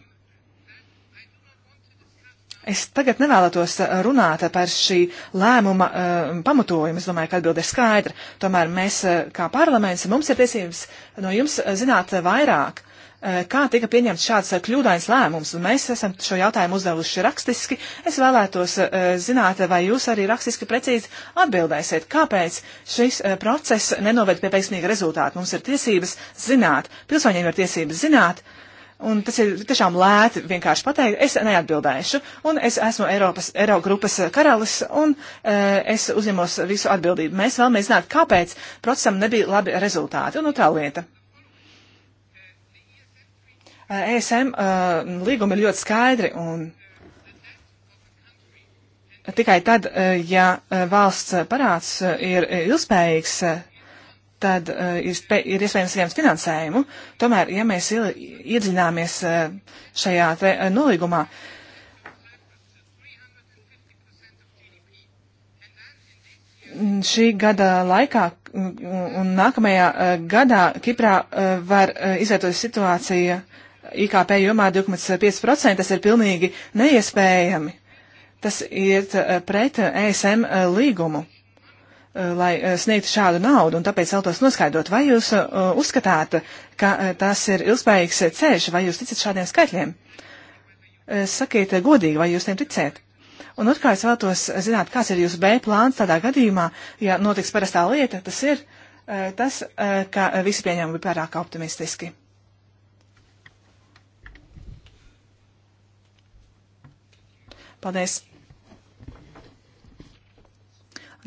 Es tagad nevēlētos runāt par šī lēmuma uh, pamatojumu. Es domāju, ka atbilde ir skaidra. Tomēr mēs, kā parlaments, mums ir tiesības no jums zināt vairāk. Eh, kā tika pieņemts šāds eh, kļūdains lēmums, un mēs esam šo jautājumu uzdevuši rakstiski. Es vēlētos eh, zināt, vai jūs arī rakstiski precīzi atbildēsiet, kāpēc šis process nenoved pie veiksmīga rezultāta. Mums ir tiesības zināt, pilsoņiem ir tiesības zināt. Un tas ir tiešām lēti vienkārši pateikt, es neatbildēšu, un es esmu Eiropas, Eirogrupas karalis, un e, es uzņemos visu atbildību. Mēs vēlamies zināt, kāpēc procesam nebija labi rezultāti, un otrā lieta. ESM līgumi ir ļoti skaidri un tikai tad, ja valsts parāds ir ilgspējīgs, tad ir, ir iespējams saņemt finansējumu. Tomēr, ja mēs iedzināmies šajā nolīgumā, šī gada laikā un nākamajā gadā Kiprā var izvietot situācija, IKP jomā 2,5%, tas ir pilnīgi neiespējami. Tas iet eh, pret ESM eh, e eh, līgumu, lai sniegtu šādu naudu, un tāpēc vēlos noskaidrot, vai jūs uzskatāt, ka tas ir ilgspējīgs ceļš, vai jūs ticat šādiem skaitļiem? Sakiet godīgi, vai jūs tiem ticēt? Un otrkārt, es vēlos zināt, kāds ir jūsu B plāns tādā gadījumā, ja notiks parastā lieta, tas ir tas, ka visi pieņēmumi bija pārāk optimistiski. Paldies!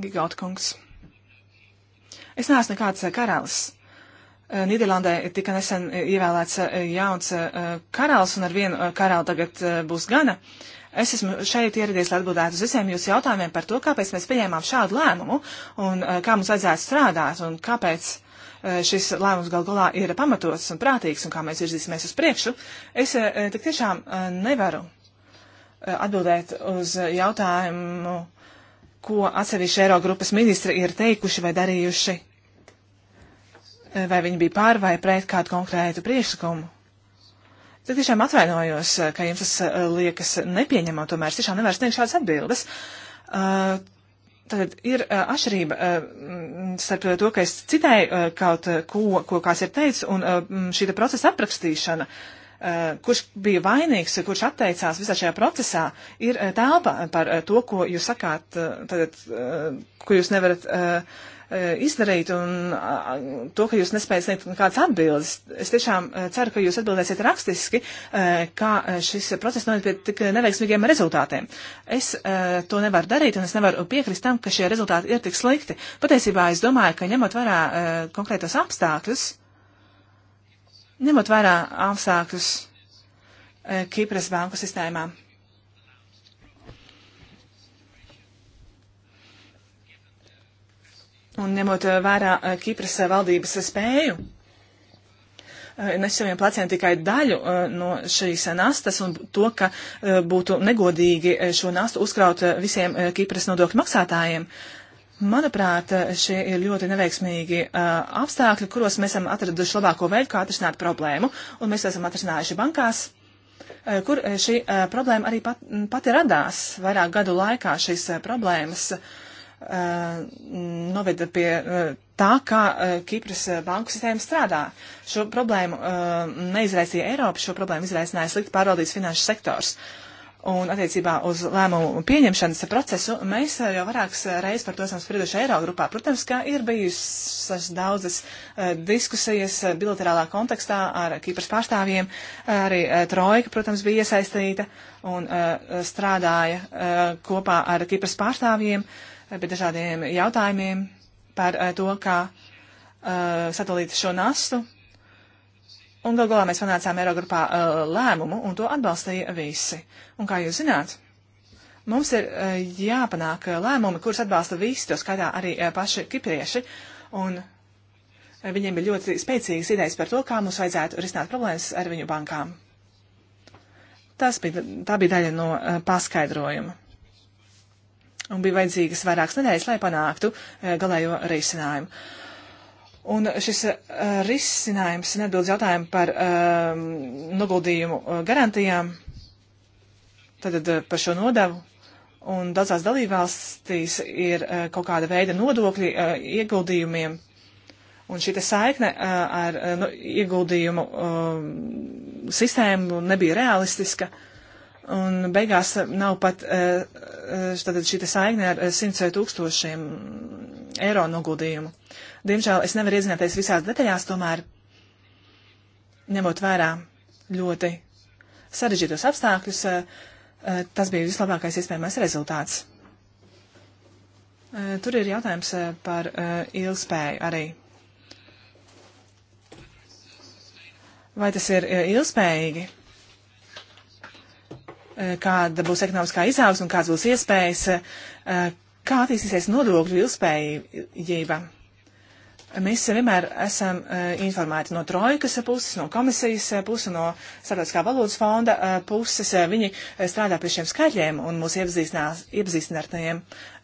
Gigaut kungs. Es neesmu nekāds eh, karalis. Eh, Nīderlandē tika nesen eh, ievēlēts jauns karalis, un ar vienu karali tagad būs gana. Es esmu šeit ieradies, lai atbildētu uz visiem jūsu jautājumiem par to, kāpēc mēs pieņēmām šādu lēmumu, un kā mums vajadzētu strādāt, un kāpēc šis lēmums gal galā ir pamatots un prātīgs, un kā mēs virzīsimies uz priekšu. Es tik tiešām nevaru Eh, atbildēt uz jautājumu, ko atsevišķi Eirogrupas ministri ir teikuši vai darījuši, eh, vai viņi bija pār vai pret kādu konkrētu priekšlikumu. Tad tiešām atvainojos, eh, ka jums tas liekas nepieņemam, tomēr es tiešām nevaru sniegt šādas atbildes. Uh, Tad ir uh, atšķirība uh, starp to, ka es citēju uh, kaut ko, ko kāds ir teicis, un uh, šī procesa aprakstīšana. Uh, Eh, kurš bija vainīgs, kurš atteicās visā šajā procesā, ir eh, telpa par eh, to, ko jūs sakāt, tad, ko jūs nevarat izdarīt un to, ka jūs nespējat sniegt kādas atbildes. Es tiešām ceru, ka jūs atbildēsiet rakstiski, kā šis process noiet pie tik neveiksmīgiem rezultātiem. Es to nevaru darīt un es nevaru piekrist tam, ka šie rezultāti ir tik slikti. Patiesībā es domāju, ka ņemot vērā konkrētos apstākļus, ņemot vērā apstākļus e, Kipras banku sistēmā. Un ņemot vērā e, Kipras valdības spēju nes saviem pleciem tikai daļu e, no šīs nastas un to, ka būtu negodīgi šo nastu uzkraut visiem Kipras nodokļu maksātājiem. Uh, Manuprāt, šie ir ļoti neveiksmīgi uh, apstākļi, kuros mēs esam atraduši labāko veidu, kā atrisināt problēmu, un mēs esam atrisinājuši bankās, uh, kur šī uh, problēma arī pat, pati radās vairāk gadu laikā šīs uh, problēmas. Uh, noveda pie uh, tā, kā uh, Kipras banku sistēma strādā. Šo problēmu neizraisīja Eiropa, šo problēmu izraisināja slikti pārvaldīts finanšu sektors. Uh, Un attiecībā uz lēmumu pieņemšanas procesu mēs jau vairākas reizes par to esam sprieduši Eirogrupā. Protams, ka ir bijušas daudzas uh, diskusijas bilaterālā kontekstā ar Kīpras pārstāvjiem. Arī uh, Trojka, protams, bija iesaistīta un uh, strādāja kopā ar Kīpras pārstāvjiem pie dažādiem jautājumiem par to, kā sadalīt šo nastu Un gal galā mēs panācām Eirogrupā uh, lēmumu, un to atbalstīja visi. Un kā jūs zināt, mums ir uh, jāpanāk lēmumi, kurus atbalsta visi, to skaitā arī uh, paši kiprieši. Un viņiem bija ļoti spēcīgas idejas par to, kā mums vajadzētu risināt problēmas ar viņu bankām. Tas bija, tā bija daļa no uh, paskaidrojuma. Un bija vajadzīgas vairākas nedēļas, lai panāktu uh, galējo risinājumu. Uh, Un šis uh, risinājums neatbildes jautājumu par uh, noguldījumu uh, garantijām, tad uh, par šo nodevu. Un daudzās dalībvalstīs ir uh, kaut kāda veida nodokļi uh, ieguldījumiem. Un šī saikne uh, ar uh, no, nu, ieguldījumu uh, sistēmu nebija realistiska. Uh, Un beigās nav pat eh, eh, šī saikne ar eh, simts vai tūkstošiem eiro noguldījumu. Diemžēl es nevaru iedzināties visās detaļās, tomēr ņemot vērā ļoti sarežģītos apstākļus, tas bija vislabākais iespējamais rezultāts. Tur ir jautājums par ilgspēju arī. Vai tas ir ilgspējīgi? Eh, kāda būs ekonomiskā izaugsme un kādas būs iespējas, eh, kā attīstīsies nodokļu ilgspējība. Mēs vienmēr esam eh, informēti no trojkas puses, no komisijas puses, no starptautiskā valodas fonda puses. Viņi strādā pie šiem skaitļiem un mūs iepazīstina ar tiem.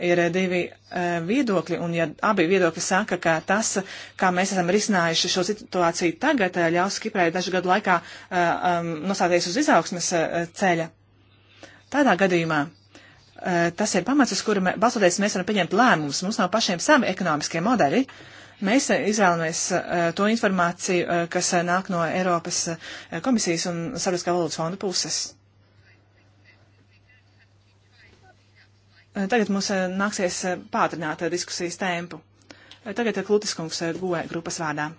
Ir divi viedokļi, un ja abi viedokļi saka, ka tas, kā mēs esam risinājuši šo situāciju tagad, ļaus Kiprai dažu gadu laikā um, nosāties uz izaugsmes ceļa Tādā gadījumā eh, tas ir pamats, uz kuru balstoties mēs varam pieņemt lēmumus. Mums nav pašiem savi ekonomiskie modeļi. Mēs eh, izvēlamies eh, to informāciju, kas nāk no Eiropas komisijas un Sabiedriskā valūtas fonda puses. Tagad mums nāksies pātrināt diskusijas tempu. Tagad Klutiskungs GUE grupas vārdā.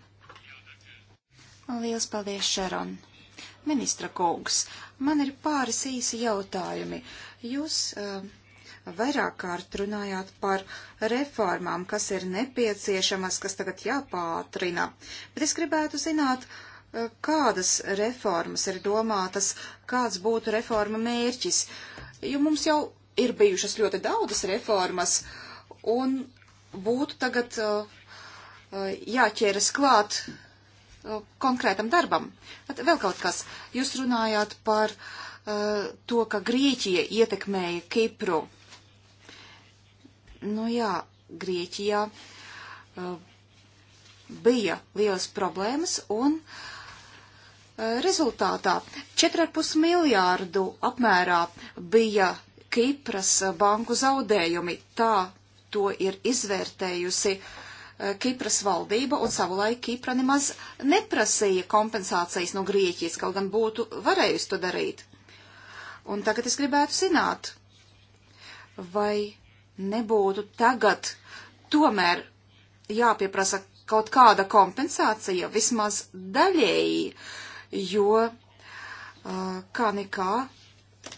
Lielas paldies, Šaron! Ministra kungs, man ir pāris īsi jautājumi. Jūs uh, vairāk kārt runājāt par reformām, kas ir nepieciešamas, kas tagad jāpātrina. Bet es gribētu zināt, eh, kādas reformas ir domātas, kāds būtu reforma mērķis. Jo mums jau ir bijušas ļoti daudzas reformas, un būtu tagad eh, jāķeras klāt konkrētam darbam. At, vēl kaut kas. Jūs runājāt par uh, to, ka Grieķija ietekmēja Kipru. Nu jā, Grieķijā uh, bija lielas problēmas un uh, rezultātā 4,5 miljārdu apmērā bija Kipras banku zaudējumi. Tā to ir izvērtējusi uh, Eh, Kipras valdība un savulaik Kipra nemaz neprasīja kompensācijas no Grieķijas, kaut gan būtu varējusi to darīt. Un tagad es gribētu zināt, vai nebūtu tagad tomēr jāpieprasa kaut kāda kompensācija, vismaz daļēji, jo eh, kā nekā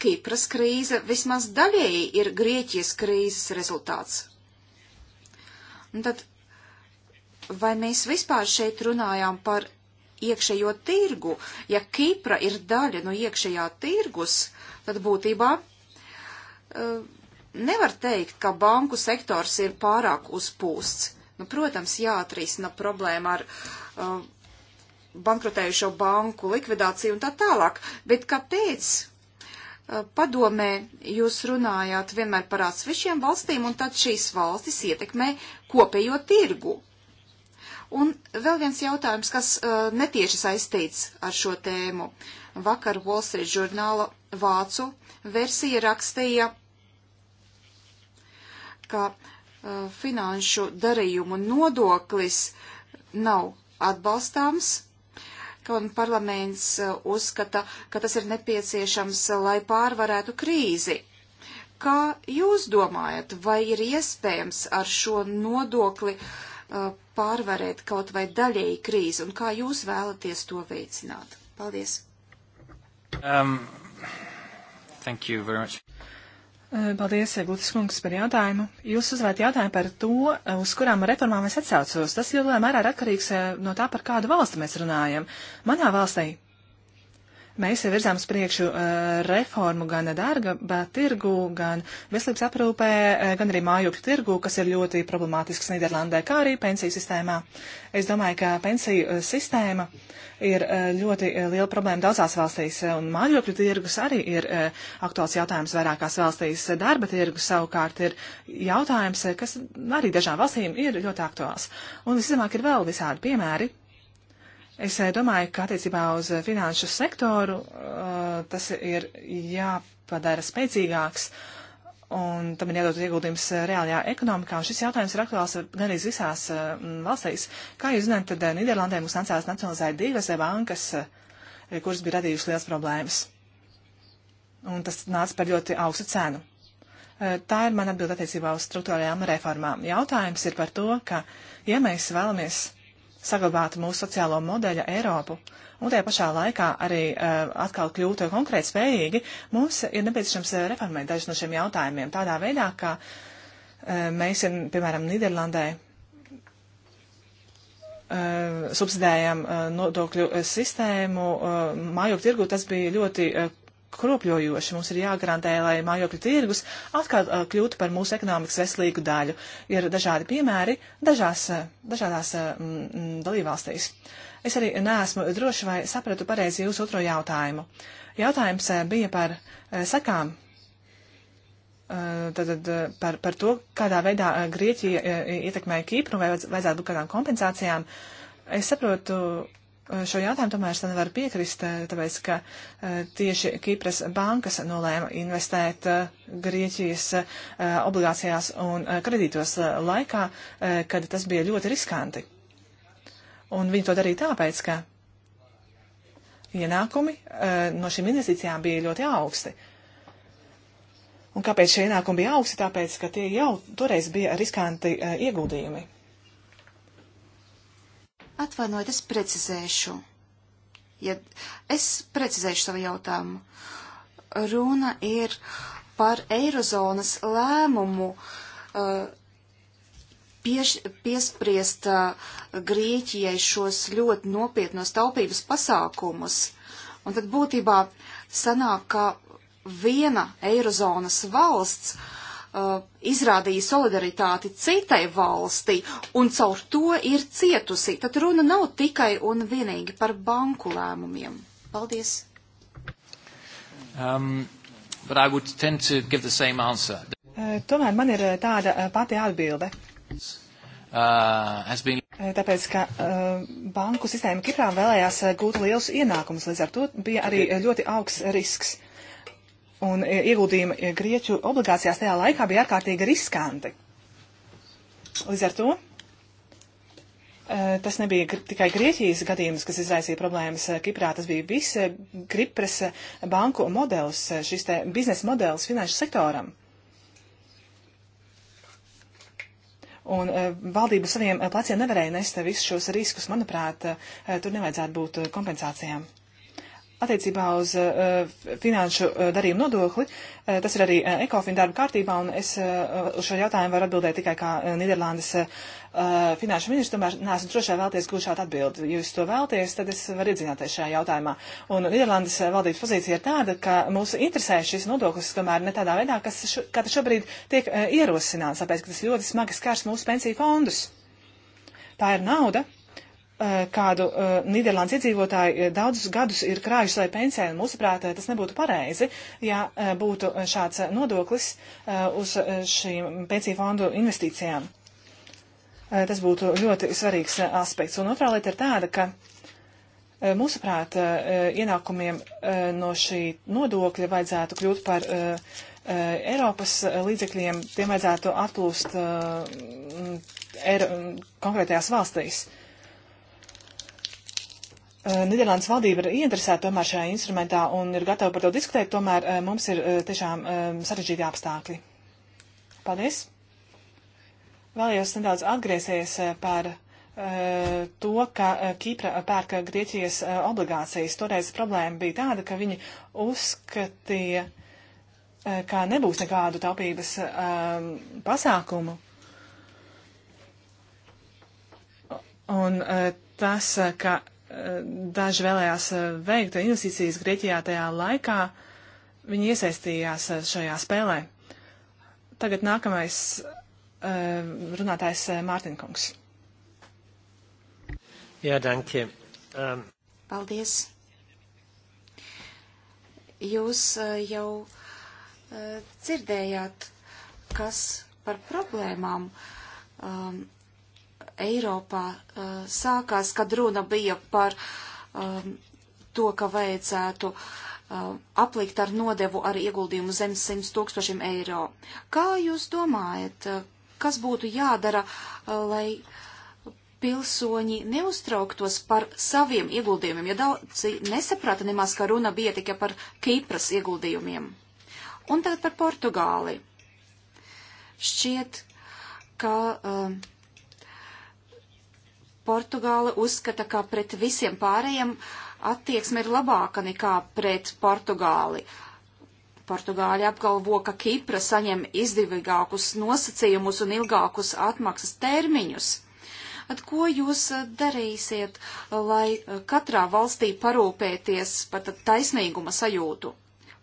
Kipras krīze vismaz daļēji ir Grieķijas krīzes rezultāts. Un tad vai mēs vispār šeit runājām par iekšējo tirgu? Ja Kipra ir daļa no iekšējā tirgus, tad būtībā e, nevar teikt, ka banku sektors ir pārāk uzpūsts. Nu, protams, jāatrisina problēma ar uh, bankrotējušo banku likvidāciju un tā tālāk, bet kāpēc uh, padomē jūs runājāt vienmēr par atsevišķiem valstīm un tad šīs valstis ietekmē kopējo tirgu? Un vēl viens jautājums, kas uh, netieši saistīts ar šo tēmu. Vakar Wall Street žurnāla vācu versija rakstīja, ka uh, finanšu darījumu nodoklis nav atbalstāms, ka un parlaments uh, uzskata, ka tas ir nepieciešams, lai pārvarētu krīzi. Kā jūs domājat, vai ir iespējams ar šo nodokli uh, pārvarēt kaut vai daļēji krīzi un kā jūs vēlaties to veicināt? Paldies! Um, thank you very much. Paldies, Glutis kungs, par jautājumu. Jūs uzvērt jautājumu par to, uz kurām reformām es atsaucos. Tas lielā mērā ir atkarīgs no tā, par kādu valsti mēs runājam. Manā valstī Mēs virzām uz priekšu eh, reformu gan dārga tirgu, gan veselības aprūpē, eh, gan arī mājokļu tirgu, kas ir ļoti problemātisks Nīderlandē, kā arī pensiju sistēmā. Es domāju, ka pensiju eh, sistēma ir ļoti liela problēma daudzās valstīs, un mājokļu tirgus arī ir aktuāls jautājums vairākās valstīs. Darba tirgus savukārt ir jautājums, kas arī dažām valstīm ir ļoti aktuāls. Un visizmāk ir vēl visādi piemēri Es eh, domāju, ka attiecībā uz eh, finanšu sektoru eh, tas ir jāpadara spēcīgāks un tam ir jādod ieguldījums reālajā ekonomikā. Un šis jautājums ir aktuāls gan arī visās valstīs. Kā jūs zināt, tad Nīderlandē mums nācās nacionalizēt divas bankas, kuras bija radījušas liels problēmas. Un tas nāca par ļoti augstu cenu. Tā ir mana atbilde attiecībā uz struktūrālajām reformām. Jautājums ir par to, ka, ja mēs vēlamies saglabātu mūsu sociālo modeļu Eiropu un tajā pašā laikā arī uh, atkal kļūtu konkrēt spējīgi, mums ir nepieciešams e, reformēt dažus no šiem jautājumiem tādā veidā, ka uh, mēs, piemēram, Nīderlandē subsidējam nodokļu sistēmu. Mājokļu tirgu tas bija ļoti kropļojoši. Mums ir jāgarantē, lai mājokļu tirgus atkal uh, kļūtu par mūsu ekonomikas veselīgu daļu. Ir dažādi piemēri dažās, dažādās mm, dalībvalstīs. Es arī neesmu droši, vai sapratu pareizi jūsu otro jautājumu. Jautājums bija par sakām. Tātad par, par to, kādā veidā Grieķija ietekmēja Kīpru vai vajadzētu būt kādām kompensācijām. Es saprotu, šo jautājumu tomēr es nevaru piekrist, eh, tāpēc, ka eh, tieši Kipras bankas nolēma investēt eh, Grieķijas obligācijās un kredītos laikā, kad tas bija ļoti riskanti. Un viņi to darīja tāpēc, ka ienākumi no šīm investīcijām bija ļoti augsti. Un kāpēc šie ienākumi bija augsti? Tāpēc, ka tie jau toreiz bija riskanti ieguldījumi. Atvainojiet, es precizēšu. Ja es precizēšu savu jautājumu. Runa ir par Eirozonas lēmumu uh, pieš, piespriest uh, Grieķijai šos ļoti nopietnos taupības pasākumus. Un tad būtībā sanāk, ka viena Eirozonas valsts uh, uh, izrādīja solidaritāti citai valstī un caur to ir cietusi, tad runa nav tikai un vienīgi par banku lēmumiem. Paldies! Um, uh, Tomēr man ir uh, tāda uh, pati atbilde. Uh, been... Tāpēc, ka uh, banku sistēma Kiprā vēlējās gūt lielus ienākumus, līdz ar to bija arī ļoti augsts risks. Uh, un e, ieguldījumi e, Grieķu obligācijās tajā laikā bija ārkārtīgi riskanti. Līdz ar to e, tas nebija gr tikai Grieķijas gadījums, kas izraisīja problēmas Kiprā, tas bija viss Kipras banku modelis, šis te biznesa modelis finanšu sektoram. Un valdība saviem pleciem nevarēja nest visus šos riskus. Manuprāt, tur nevajadzētu būt kompensācijām. Attiecībā uz uh, finanšu uh, darījumu nodokli, uh, tas ir arī uh, ekofina darba kārtībā, un es uh, uz šo jautājumu varu atbildēt tikai kā uh, Nīderlandes uh, finanšu ministrs, tomēr neesmu droši vēlties gūt šādu atbildi. Ja jūs to vēlties, tad es varu iedzināties šajā jautājumā. Un Nīderlandes valdības pozīcija ir tāda, ka mūs interesē šis nodoklis, tomēr ne tādā veidā, kas šo, kā tas šobrīd tiek uh, ierosināts, tāpēc, ka tas ļoti smagi skars mūsu pensiju fondus. Tā ir nauda, Eh, kādu eh, Nīderlandes iedzīvotāju eh, daudzus gadus ir krājuši savai pensijai, un mūsuprāt, tas nebūtu pareizi, ja būtu šāds nodoklis uz šīm pensiju fondu investīcijām. Tas būtu ļoti svarīgs aspekts. Un otrā lieta ir tāda, ka mūsuprāt, ienākumiem no šī nodokļa vajadzētu kļūt par Eiropas līdzekļiem, tiem vajadzētu atplūst konkrētajās valstīs. Uh, Eh, Nīderlandes valdība ir ieinteresēta tomēr šajā instrumentā un ir gatava par to diskutēt, tomēr eh, mums ir eh, tiešām sarežģīti apstākļi. Paldies! Vēlējos nedaudz atgriezties par to, ka Kīpra pērka Grieķijas obligācijas. Toreiz problēma bija tāda, ka viņi uzskatīja, ka nebūs nekādu taupības pasākumu. Un tas, ka daži vēlējās eh, veikt investīcijas Grieķijā tajā laikā, viņi iesaistījās eh, šajā spēlē. Tagad nākamais eh, runātājs Mārtiņkungs. Jā, danke. Um. Paldies. Jūs jau dzirdējāt, kas par problēmām um, Eiropā uh, sākās, kad runa bija par um, to, ka vajadzētu uh, aplikt ar nodevu ar ieguldījumu zem 100 tūkstošiem eiro. Kā jūs domājat, uh, kas būtu jādara, uh, lai pilsoņi neuztrauktos par saviem ieguldījumiem, ja daudzi nesaprata nemaz, ka runa bija tikai par Kīpras ieguldījumiem? Un tagad par Portugāli. Šķiet, ka uh, Portugāla uzskata, ka pret visiem pārējiem attieksme ir labāka nekā pret Portugāli. Portugāļi apgalvo, ka Kipra saņem izdevīgākus nosacījumus un ilgākus atmaksas termiņus. At ko jūs eh, darīsiet, lai eh, katrā valstī parūpēties par taisnīguma sajūtu?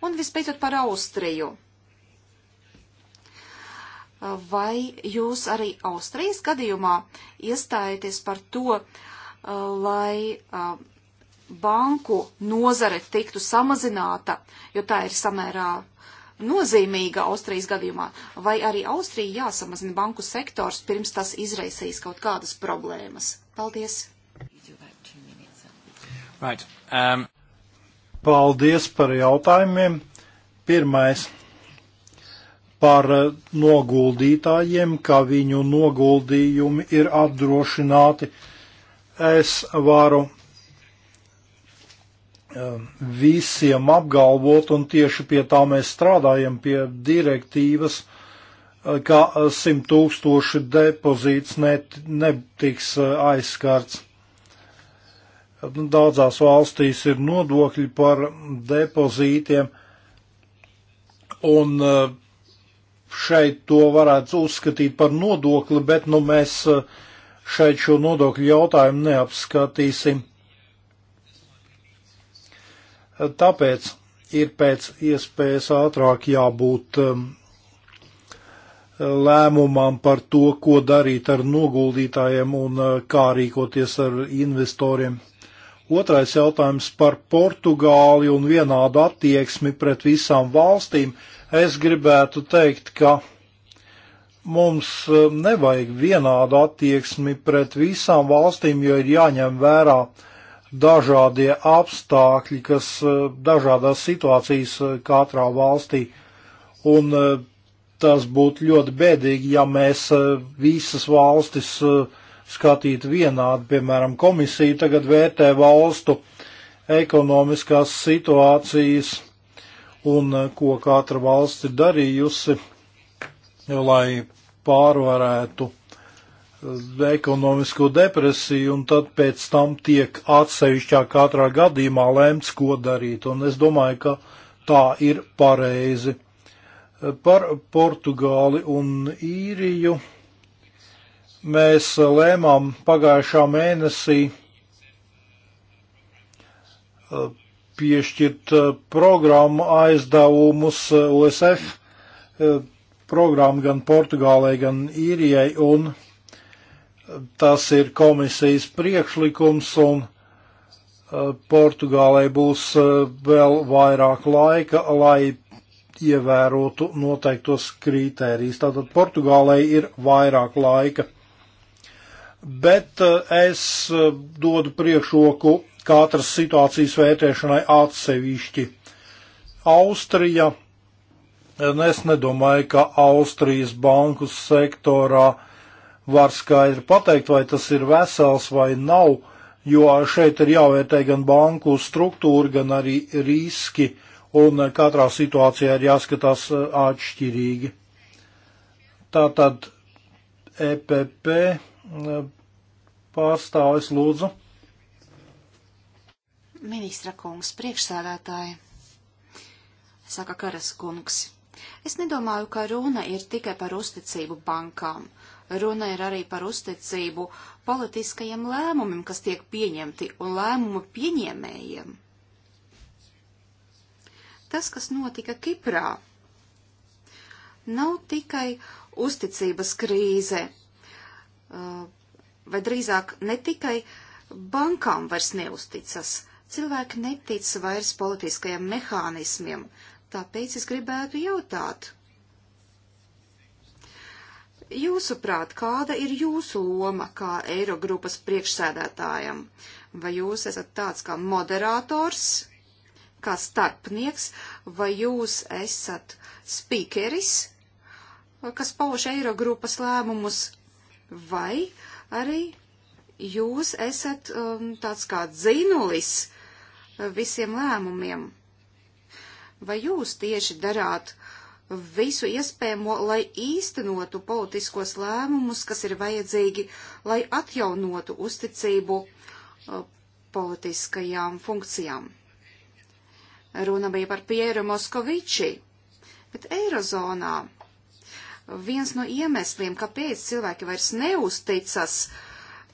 Un vispēcot par Austriju. Vai jūs arī Austrijas gadījumā iestājaties par to, uh, lai uh, banku nozare tiktu samazināta, jo tā ir samērā nozīmīga Austrijas gadījumā, vai arī Austrija jāsamazina banku sektors, pirms tas izraisīs kaut kādas problēmas? Paldies! Right. Um... Paldies par jautājumiem. Pirmais par eh, noguldītājiem, ka viņu noguldījumi ir apdrošināti. Es varu eh, visiem apgalvot, un tieši pie tā mēs strādājam, pie direktīvas, eh, ka 100 tūkstoši depozīts net, netiks aizskarts. Daudzās valstīs ir nodokļi par depozītiem, un uh, šeit to varētu uzskatīt par nodokli, bet nu mēs eh, šeit šo nodokļu jautājumu neapskatīsim. Eh, tāpēc ir pēc iespējas ātrāk jābūt ehm, lēmumam par to, ko darīt ar noguldītājiem un eh, kā rīkoties ar investoriem. Otrais jautājums par Portugāli un vienādu attieksmi pret visām valstīm. Uh, Es gribētu teikt, ka mums eh, nevajag vienādu attieksmi pret visām valstīm, jo ir jāņem vērā dažādie apstākļi, kas eh, dažādās situācijas eh, katrā valstī. Un tas būtu ļoti bēdīgi, ja mēs visas valstis skatītu vienādi, piemēram, komisija tagad vērtē valstu ekonomiskās situācijas un eh, ko katra valsts ir darījusi, lai pārvarētu eh, ekonomisko depresiju, un tad pēc tam tiek atsevišķā katrā gadījumā lemts, ko darīt. Un es domāju, ka tā ir pareizi. Eh, par Portugāli un īriju mēs lēmām pagājušā mēnesī piešķirt eh, programmu aizdevumus eh, USF eh, programmu gan Portugālei, gan Īrijai, un tas ir komisijas priekšlikums, un Portugālei būs vēl vairāk laika, lai ievērotu noteiktos kritērijus. Tātad Portugālei ir vairāk laika. Bet es dodu priekšroku katras situācijas vērtēšanai atsevišķi. Austrija, es nedomāju, ka Austrijas banku sektorā var skaidri pateikt, vai tas ir vesels vai nav, jo šeit ir jāvērtē gan banku struktūra, gan arī riski, un katrā situācijā ir jāskatās e, atšķirīgi. Tātad EPP e, pārstāvis lūdzu. Ministra kungs, priekšsēdētāji, saka Karas kungs, es nedomāju, ka runa ir tikai par uzticību bankām. Runa ir arī par uzticību politiskajiem lēmumiem, kas tiek pieņemti, un lēmumu pieņēmējiem. Tas, kas notika Kiprā, nav tikai uzticības krīze, uh, vai drīzāk ne tikai bankām vairs neusticas, Cilvēki netic vairs politiskajiem mehānismiem, tāpēc es gribētu jautāt. Jūsuprāt, kāda ir jūsu loma kā Eirogrupas priekšsēdētājam? Vai jūs esat tāds kā moderators, kā starpnieks, vai jūs esat spīkeris, kas pauž Eirogrupas lēmumus, vai arī jūs esat um, tāds kā dzinulis, visiem lēmumiem. Vai jūs tieši darāt visu iespējamo, lai īstenotu politiskos lēmumus, kas ir vajadzīgi, lai atjaunotu uzticību uh, politiskajām funkcijām? Runa bija par Pieru Moskoviči, bet Eirozonā viens no iemesliem, kāpēc cilvēki vairs neusticas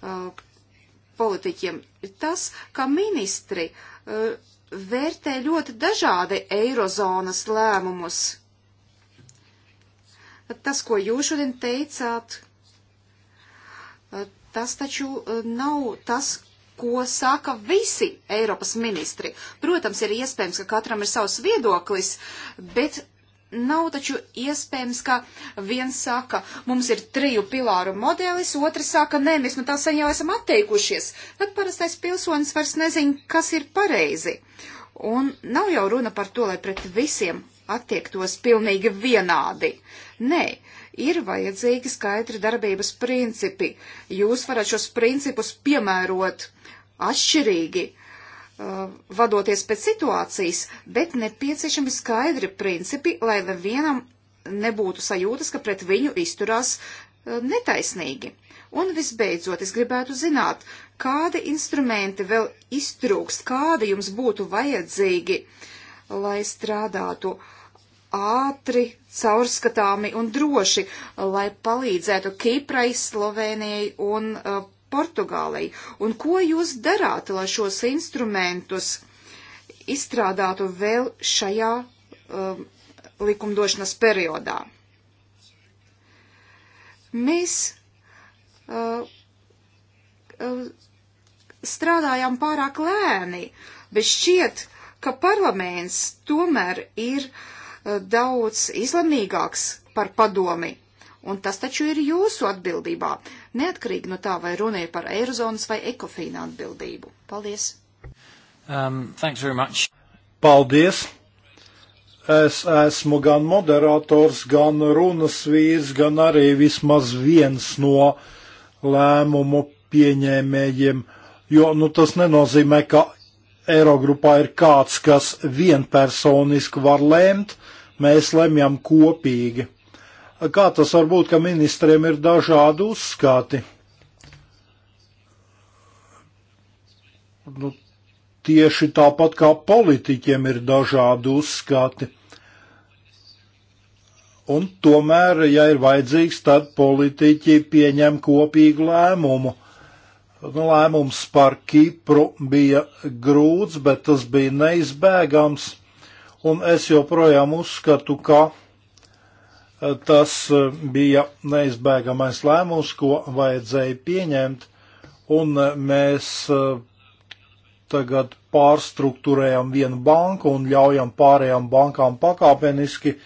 uh, politiķiem, ir tas, ka ministri uh, Uh, vērtē ļoti dažādi eirozonas lēmumus. Tas, ko jūs šodien teicāt, uh, tas taču uh, nav tas, ko saka visi Eiropas ministri. Protams, ir iespējams, ka katram ir savs viedoklis, bet Nav taču iespējams, ka viens saka, mums ir triju pilāru modelis, otrs saka, nē, mēs no tā sen jau esam atteikušies. Tad parastais pilsonis vairs nezin, kas ir pareizi. Un nav jau runa par to, lai pret visiem attiektos pilnīgi vienādi. Nē, ir vajadzīgi skaidri darbības principi. Jūs varat šos principus piemērot atšķirīgi Uh, vadoties pēc situācijas, bet nepieciešami skaidri principi, lai nevienam nebūtu sajūtas, ka pret viņu izturās uh, netaisnīgi. Un visbeidzot, es gribētu zināt, kādi instrumenti vēl iztrūkst, kādi jums būtu vajadzīgi, lai strādātu ātri, caurskatāmi un droši, lai palīdzētu Kiprai, Slovenijai un uh, Portugālei. Un ko jūs darāt, lai šos instrumentus izstrādātu vēl šajā um, likumdošanas periodā? Mēs uh, uh, strādājām pārāk lēni, bet šķiet, ka parlaments tomēr ir uh, daudz izlemīgāks par padomi Un tas taču ir jūsu atbildībā, neatkarīgi no tā, vai runa ir par Eirozonas vai Ekofīna atbildību. Paldies! Um, Paldies! Es esmu gan moderators, gan runas vīrs, gan arī vismaz viens no lēmumu pieņēmējiem, jo nu, tas nenozīmē, ka Eirogrupā ir kāds, kas vienpersoniski var lēmt, mēs lemjam kopīgi. Kā tas var būt, ka ministriem ir dažādi uzskati? Nu, tieši tāpat kā politiķiem ir dažādi uzskati. Un tomēr, ja ir vajadzīgs, tad politiķi pieņem kopīgu lēmumu. Nu, lēmums par Kipru bija grūts, bet tas bija neizbēgams, un es joprojām uzskatu, ka Tas e, bija neizbēgamais lēmums, ko vajadzēja pieņemt, un e, mēs e, tagad pārstruktūrējam vienu banku un ļaujam pārējām bankām pakāpeniski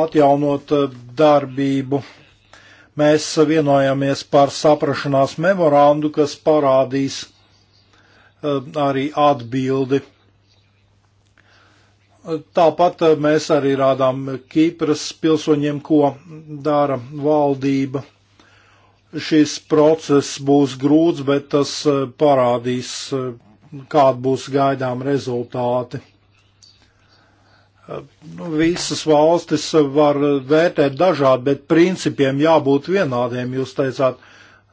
atjaunot darbību. Mēs vienojamies par saprašanās memorandu, kas parādīs arī atbildi Tāpat eh, mēs arī rādām Kīpras pilsoņiem, ko dara valdība. Šis process būs grūts, bet tas eh, parādīs, eh, kāda būs gaidām rezultāti. Nu, visas valstis var vērtēt dažādi, bet principiem jābūt vienādiem, jūs teicāt.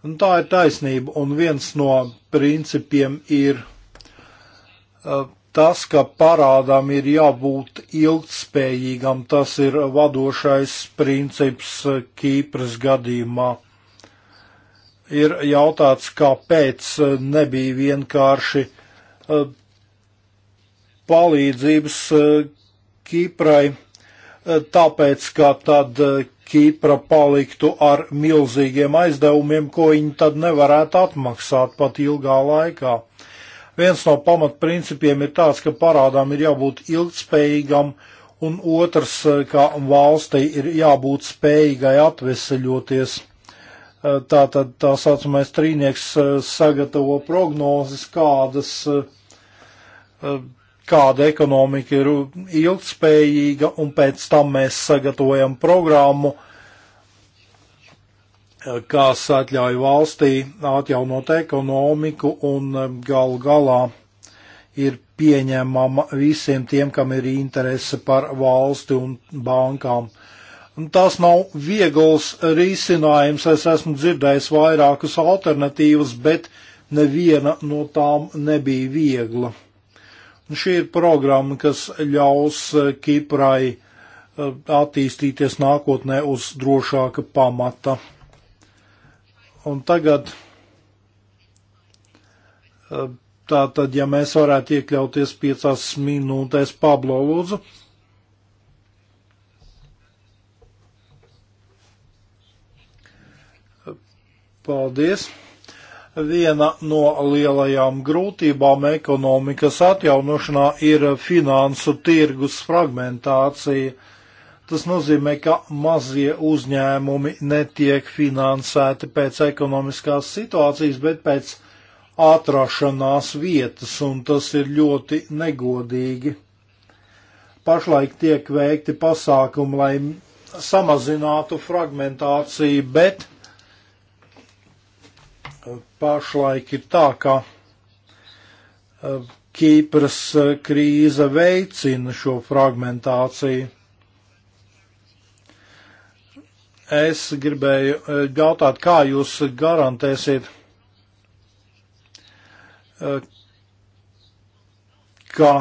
Un tā ir taisnība, un viens no principiem ir uh, tas, ka parādam ir jābūt ilgtspējīgam, tas ir vadošais princips Kīpras gadījumā. Ir jautāts, kāpēc nebija vienkārši e, palīdzības e, Kīprai, e, tāpēc, ka tad Kīpra paliktu ar milzīgiem aizdevumiem, ko viņi tad nevarētu atmaksāt pat ilgā laikā. Uh, Viens no pamatprincipiem ir tāds, ka parādām ir jābūt ilgspējīgam, un otrs, eh, ka valstī ir jābūt spējīgai atveseļoties. Eh, Tātad tā saucamais trīnieks eh, sagatavo prognozes, kādas, kāda ekonomika ir ilgspējīga, un pēc tam mēs sagatavojam programmu, Eh, kas atļauj valstī atjaunot ekonomiku un eh, gal galā ir pieņemama visiem tiem, kam ir interese par valsti un bankām. Tas nav viegls risinājums, es esmu dzirdējis vairākas alternatīvas, bet neviena no tām nebija viegla. Šī ir programma, kas ļaus eh, Kiprai attīstīties nākotnē uz drošāka pamata. Un tagad, eh, tā tad, ja mēs varētu iekļauties piecās minūtēs, Pablo lūdzu. Paldies! Viena no lielajām grūtībām ekonomikas atjaunošanā ir finansu tirgus fragmentācija. Tas nozīmē, ka mazie uzņēmumi netiek finansēti pēc ekonomiskās situācijas, bet pēc atrašanās vietas, un tas ir ļoti negodīgi. Pašlaik tiek veikti pasākumi, lai samazinātu fragmentāciju, bet pašlaik ir tā, ka eh, Kīpras eh, krīze veicina šo fragmentāciju Es gribēju eh, jautāt, kā jūs garantēsiet, eh, ka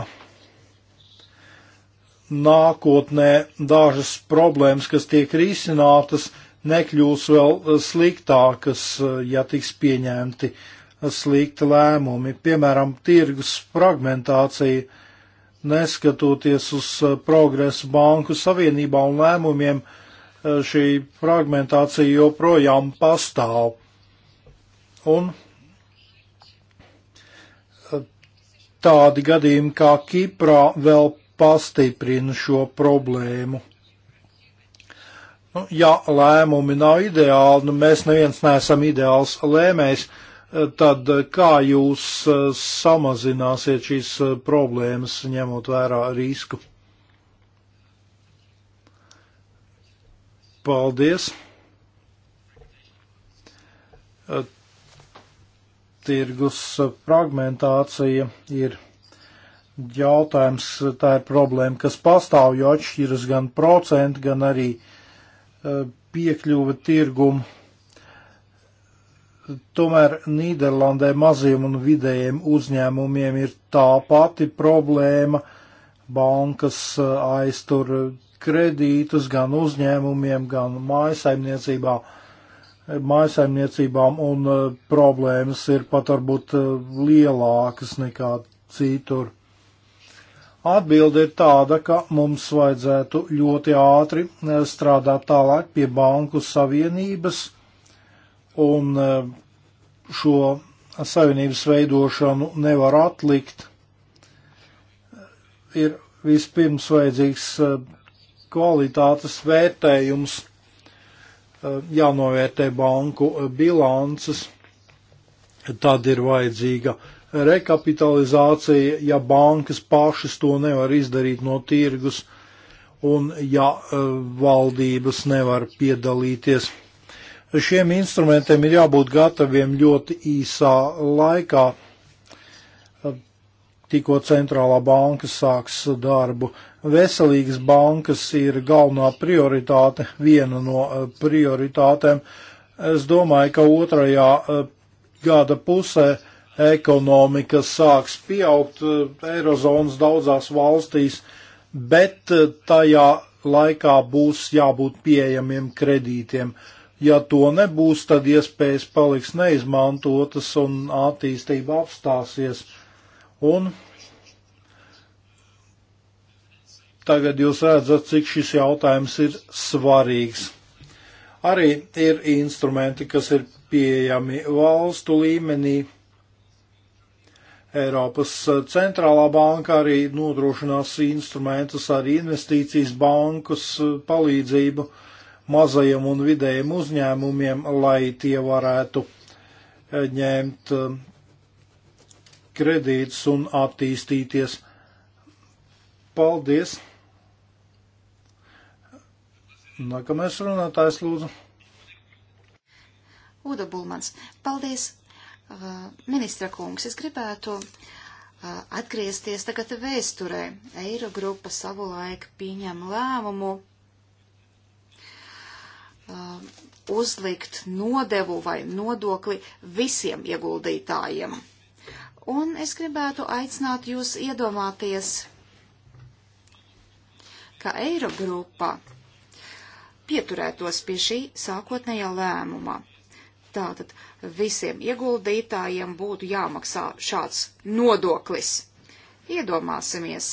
nākotnē dažas problēmas, kas tiek risinātas, nekļūs vēl eh, sliktākas, ja tiks pieņemti slikti lēmumi. Piemēram, tirgus fragmentācija, neskatoties uz progresu banku savienībā un lēmumiem, uh, Eh, šī fragmentācija joprojām pastāv. Un eh, tādi gadījumi kā Kiprā vēl pastiprina šo problēmu. Nu, ja lēmumi nav ideāli, nu mēs neviens neesam ideāls lēmējs, eh, tad kā jūs samazināsiet šīs problēmas, ņemot vērā risku? Paldies! Tirgus fragmentācija ir jautājums, tā ir problēma, kas pastāv, jo atšķiras gan procenti, gan arī piekļuva tirgumu. Tomēr Nīderlandē maziem un vidējiem uzņēmumiem ir tā pati problēma. Bankas aiztur kredītus gan uzņēmumiem, gan mājasaimniecībā, mājasaimniecībām, un uh, problēmas ir pat varbūt uh, lielākas nekā citur. Atbilde ir tāda, ka mums vajadzētu ļoti ātri uh, strādāt tālāk pie banku savienības un šo savienības veidošanu nevar atlikt. Ir vispirms vajadzīgs kvalitātes vērtējums, e, jānovērtē banku e, bilances, tad ir vajadzīga rekapitalizācija, ja bankas pašas to nevar izdarīt no tirgus un ja e, valdības nevar piedalīties. Šiem instrumentiem ir jābūt gataviem ļoti īsā laikā tikko centrālā banka sāks darbu veselīgas bankas ir galvenā prioritāte, viena no eh, prioritātēm. Es domāju, ka otrajā eh, gada pusē ekonomika sāks pieaugt eh, Eirozonas daudzās valstīs, bet tajā laikā būs jābūt pieejamiem kredītiem. Ja to nebūs, tad iespējas paliks neizmantotas un attīstība apstāsies. Un tagad jūs redzat, cik šis jautājums ir svarīgs. Arī ir instrumenti, kas ir pieejami valstu līmenī. Eiropas centrālā banka arī nodrošinās instrumentus ar investīcijas bankas palīdzību mazajiem un vidējiem uzņēmumiem, lai tie varētu ņemt um, kredītus un attīstīties. Paldies! Nākamais runātājs lūdzu. Uda Bulmans. Paldies, uh, ministra kungs. Es gribētu uh, atgriezties tagad vēsturē. Eirogrupa savulaik pieņem lēmumu uh, uzlikt nodevu vai nodokli visiem ieguldītājiem. Un es gribētu aicināt jūs iedomāties, ka Eirogrupa pieturētos pie šī sākotnējā lēmumā. Tātad visiem ieguldītājiem būtu jāmaksā šāds nodoklis. Iedomāsimies,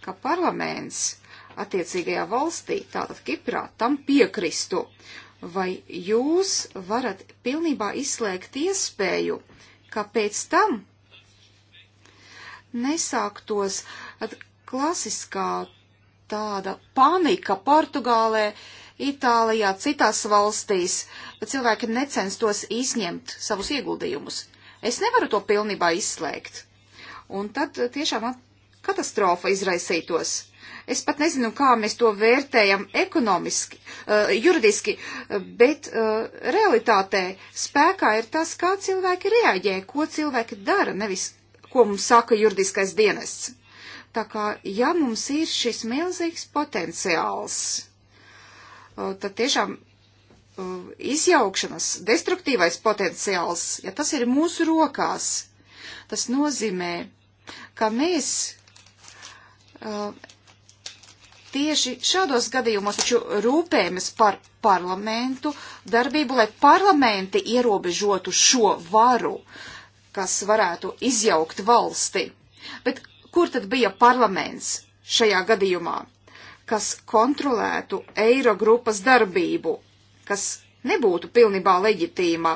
ka parlaments attiecīgajā valstī, tātad Kiprā, tam piekristu. Vai jūs varat pilnībā izslēgt iespēju, ka pēc tam nesāktos klasiskā tāda panika Portugālē, uh, Itālijā, citās valstīs, bet cilvēki necenstos izņemt savus ieguldījumus. Es nevaru to pilnībā izslēgt. Un tad tiešām katastrofa izraisītos. Es pat nezinu, kā mēs to vērtējam ekonomiski, uh, juridiski, eh, bet uh, realitātē spēkā ir tas, kā cilvēki reaģē, ko cilvēki dara, nevis ko mums saka juridiskais dienests. Tā kā, ja mums ir šis milzīgs potenciāls, tad tiešām izjaukšanas, destruktīvais potenciāls, ja tas ir mūsu rokās, tas nozīmē, ka mēs tieši šādos gadījumos taču rūpējamies par parlamentu darbību, lai parlamenti ierobežotu šo varu, kas varētu izjaukt valsti. Bet kur tad bija parlaments šajā gadījumā? kas kontrolētu Eirogrupas darbību, kas nebūtu pilnībā leģitīma.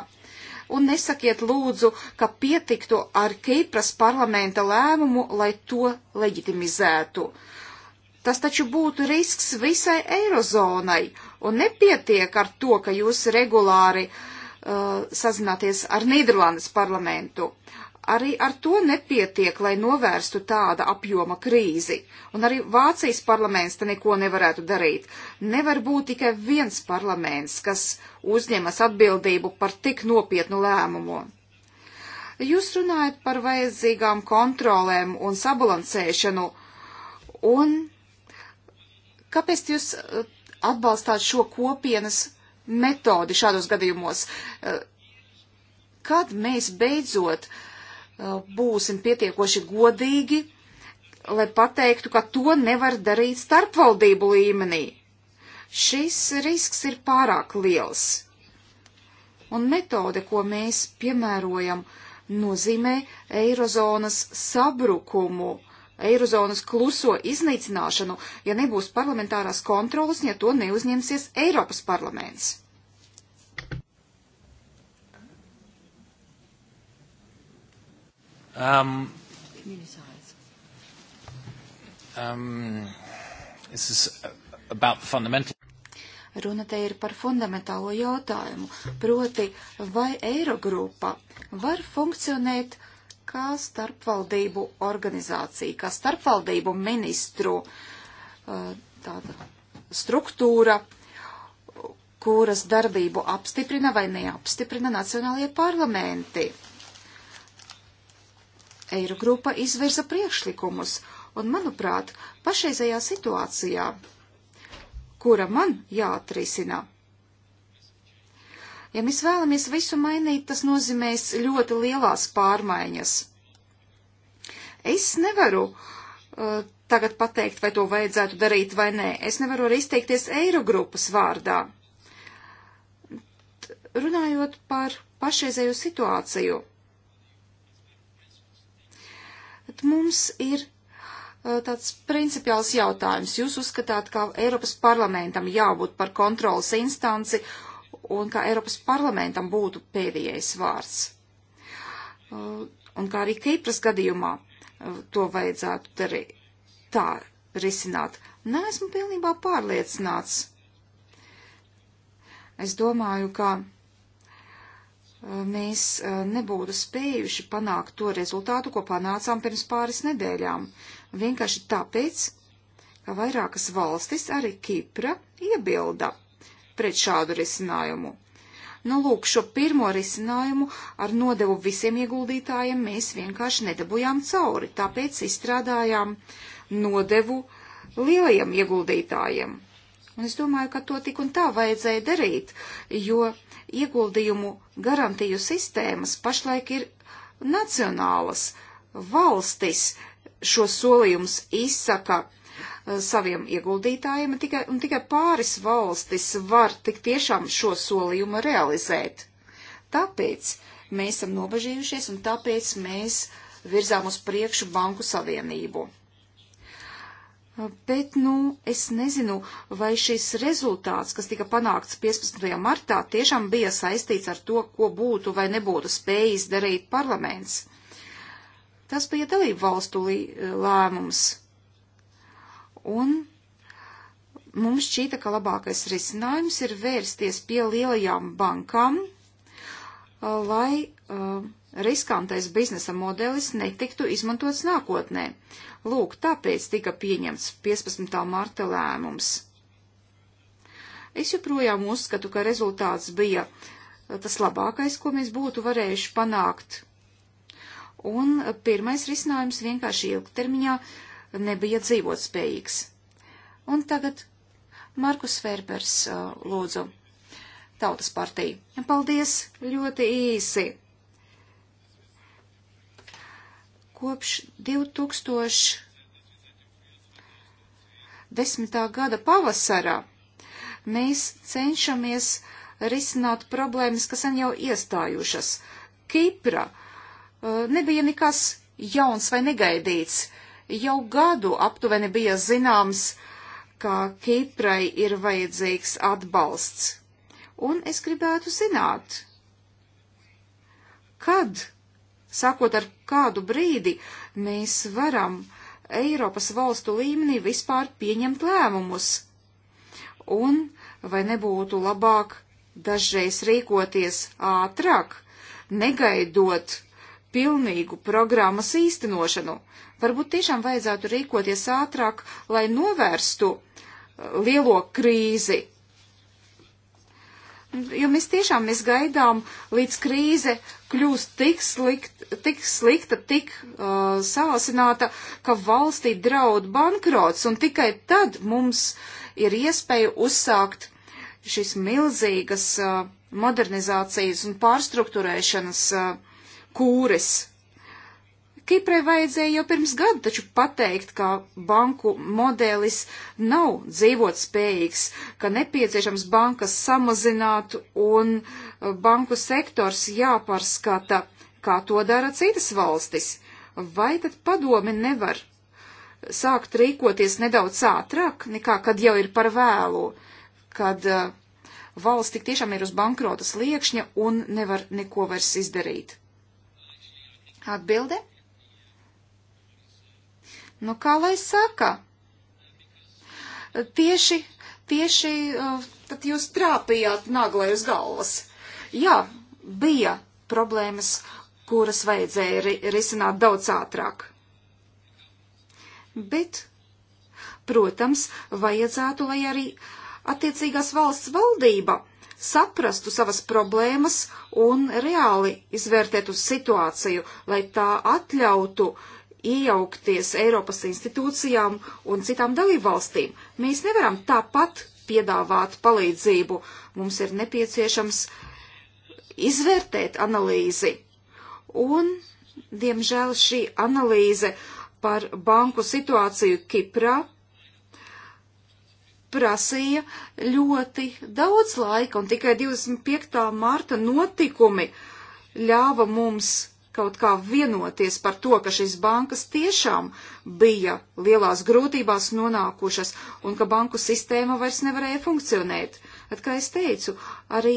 Un nesakiet lūdzu, ka pietiktu ar Kipras parlamenta lēmumu, lai to leģitimizētu. Tas taču būtu risks visai eirozonai, un nepietiek ar to, ka jūs regulāri uh, sazināties ar Nīderlandes parlamentu arī ar to nepietiek, lai novērstu tāda apjoma krīzi. Un arī Vācijas parlaments te neko nevarētu darīt. Nevar būt tikai viens parlaments, kas uzņemas atbildību par tik nopietnu lēmumu. Jūs runājat par vajadzīgām kontrolēm un sabalansēšanu, un kāpēc jūs eh, atbalstāt šo kopienas metodi šādos gadījumos? Eh, kad mēs beidzot uh, Uh, būsim pietiekoši godīgi, lai pateiktu, ka to nevar darīt starpvaldību līmenī. Šis risks ir pārāk liels. Un metode, ko mēs piemērojam, nozīmē eirozonas sabrukumu, eirozonas kluso iznīcināšanu, ja nebūs parlamentārās kontrolas, ja to neuzņemsies Eiropas parlaments. Um, um, this is about the fundamental runa te ir par fundamentālo jautājumu, proti, vai Eirogrupa var funkcionēt kā starpvaldību organizācija, kā starpvaldību ministru uh, tāda struktūra, kuras darbību apstiprina vai neapstiprina nacionālajie parlamenti. Eirogrupa izvirza priekšlikumus, un, manuprāt, pašreizējā situācijā, kura man jāatrisina, ja mēs vēlamies visu mainīt, tas nozīmēs ļoti lielās pārmaiņas. Es nevaru uh, tagad pateikt, vai to vajadzētu darīt vai nē. Es nevaru arī izteikties Eirogrupas vārdā. T runājot par pašreizējo situāciju, mums ir eh, tāds principiāls jautājums. Jūs uzskatāt, ka Eiropas parlamentam jābūt par kontrolas instanci un ka Eiropas parlamentam būtu pēdējais vārds. Eh, un kā arī Kipras gadījumā eh, to vajadzētu arī tā risināt. Nē, esmu pilnībā pārliecināts. Es domāju, ka mēs eh, nebūtu spējuši panākt to rezultātu, ko panācām pirms pāris nedēļām. Vienkārši tāpēc, ka vairākas valstis, arī Kipra, iebilda pret šādu risinājumu. Nu, lūk, šo pirmo risinājumu ar nodevu visiem ieguldītājiem mēs vienkārši nedabujām cauri, tāpēc izstrādājām nodevu lielajiem ieguldītājiem. Un es domāju, ka to tik un tā vajadzēja darīt, jo ieguldījumu garantiju sistēmas pašlaik ir nacionālas valstis šo solījumus izsaka eh, saviem ieguldītājiem, un tikai, un tikai pāris valstis var tik tiešām šo solījumu realizēt. Tāpēc mēs esam nobežījušies, un tāpēc mēs virzām uz priekšu banku savienību. Bet, nu, es nezinu, vai šis rezultāts, kas tika panākts 15. martā, tiešām bija saistīts ar to, ko būtu vai nebūtu spējis darīt parlaments. Tas bija dalību valstu lēmums. Un mums šķīta, ka labākais risinājums ir vērsties pie lielajām bankām, lai uh, riskantais biznesa modelis netiktu izmantots nākotnē. Uh, Lūk, tāpēc tika pieņemts 15. marta lēmums. Es joprojām uzskatu, ka rezultāts bija eh, tas labākais, ko mēs būtu varējuši panākt. Un eh, pirmais risinājums vienkārši ilgtermiņā nebija dzīvotspējīgs. Un tagad Markus Ferbers eh, lūdzu. Tautas partija. Paldies ļoti īsi. Kopš 2010. gada pavasarā mēs cenšamies risināt problēmas, kas sen jau iestājušas. Kipra uh, nebija nekas jauns vai negaidīts. Jau gadu aptuveni bija zināms, ka Kiprai ir vajadzīgs atbalsts. Un es gribētu zināt, kad sakot, ar kādu brīdi mēs varam Eiropas valstu līmenī vispār pieņemt lēmumus. Un vai nebūtu labāk dažreiz rīkoties ātrāk, negaidot pilnīgu programmas īstenošanu? Varbūt tiešām vajadzētu rīkoties ātrāk, lai novērstu uh, lielo krīzi, jo mēs tiešām mēs gaidām, līdz krīze kļūst tik, slikt, tik slikta, tik uh, sāsināta, ka valstī draud bankrots, un tikai tad mums ir iespēja uzsākt šis milzīgas uh, modernizācijas un pārstruktūrēšanas uh, kūris Kiprai vajadzēja jau pirms gada taču pateikt, ka banku modelis nav dzīvot spējīgs, ka nepieciešams bankas samazināt un uh, banku sektors jāpārskata, kā to dara citas valstis. Vai tad padomi nevar sākt rīkoties nedaudz ātrāk, nekā kad jau ir par vēlu, kad uh, valsts tik tiešām ir uz bankrota sliekšņa un nevar neko vairs izdarīt? Atbilde? Nu, kā lai saka? Tieši, tieši, eh, tad jūs trāpījāt naglai uz galvas. Jā, bija problēmas, kuras vajadzēja ri risināt daudz ātrāk. Bet, protams, vajadzētu, lai arī attiecīgās valsts valdība saprastu savas problēmas un reāli izvērtētu situāciju, lai tā atļautu uh, iejaukties Eiropas institūcijām un citām dalībvalstīm. Mēs nevaram tāpat piedāvāt palīdzību. Mums ir nepieciešams izvērtēt analīzi. Un, diemžēl, šī analīze par banku situāciju Kiprā prasīja ļoti daudz laika, un tikai 25. marta notikumi ļāva mums kaut kā vienoties par to, ka šīs bankas tiešām bija lielās grūtībās nonākušas un ka banku sistēma vairs nevarēja funkcionēt. Bet, kā es teicu, arī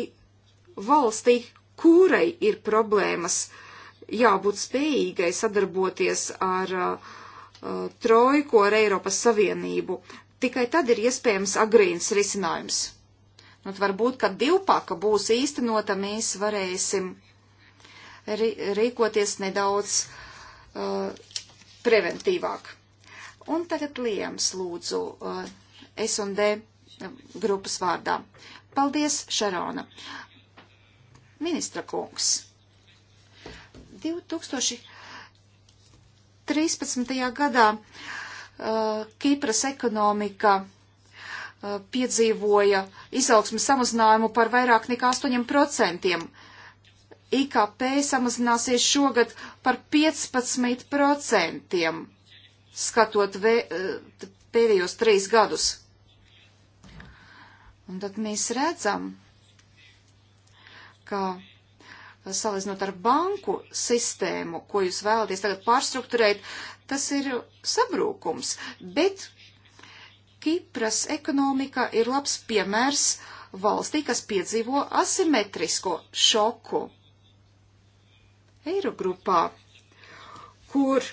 valstī, kurai ir problēmas, jābūt spējīgai sadarboties ar uh, uh trojku, ar Eiropas Savienību. Tikai tad ir iespējams agrīns risinājums. Nu, varbūt, ka divpaka būs īstenota, mēs varēsim uh, rīkoties nedaudz uh, preventīvāk. Un tagad Liems lūdzu uh, S&D um, grupas vārdā. Paldies, Šarona. Ministra kungs. 2013. gadā uh, Kīpras ekonomika uh, piedzīvoja izaugsmas samazinājumu par vairāk nekā 8%. IKP samazināsies šogad par 15%, skatot vē, eh, pēdējos trīs gadus. Un tad mēs redzam, ka eh, salīdzinot ar banku sistēmu, ko jūs vēlaties tagad pārstruktūrēt, tas ir sabrūkums. Bet Kipras ekonomika ir labs piemērs valstī, kas piedzīvo asimetrisko šoku. Eirogrupā, kur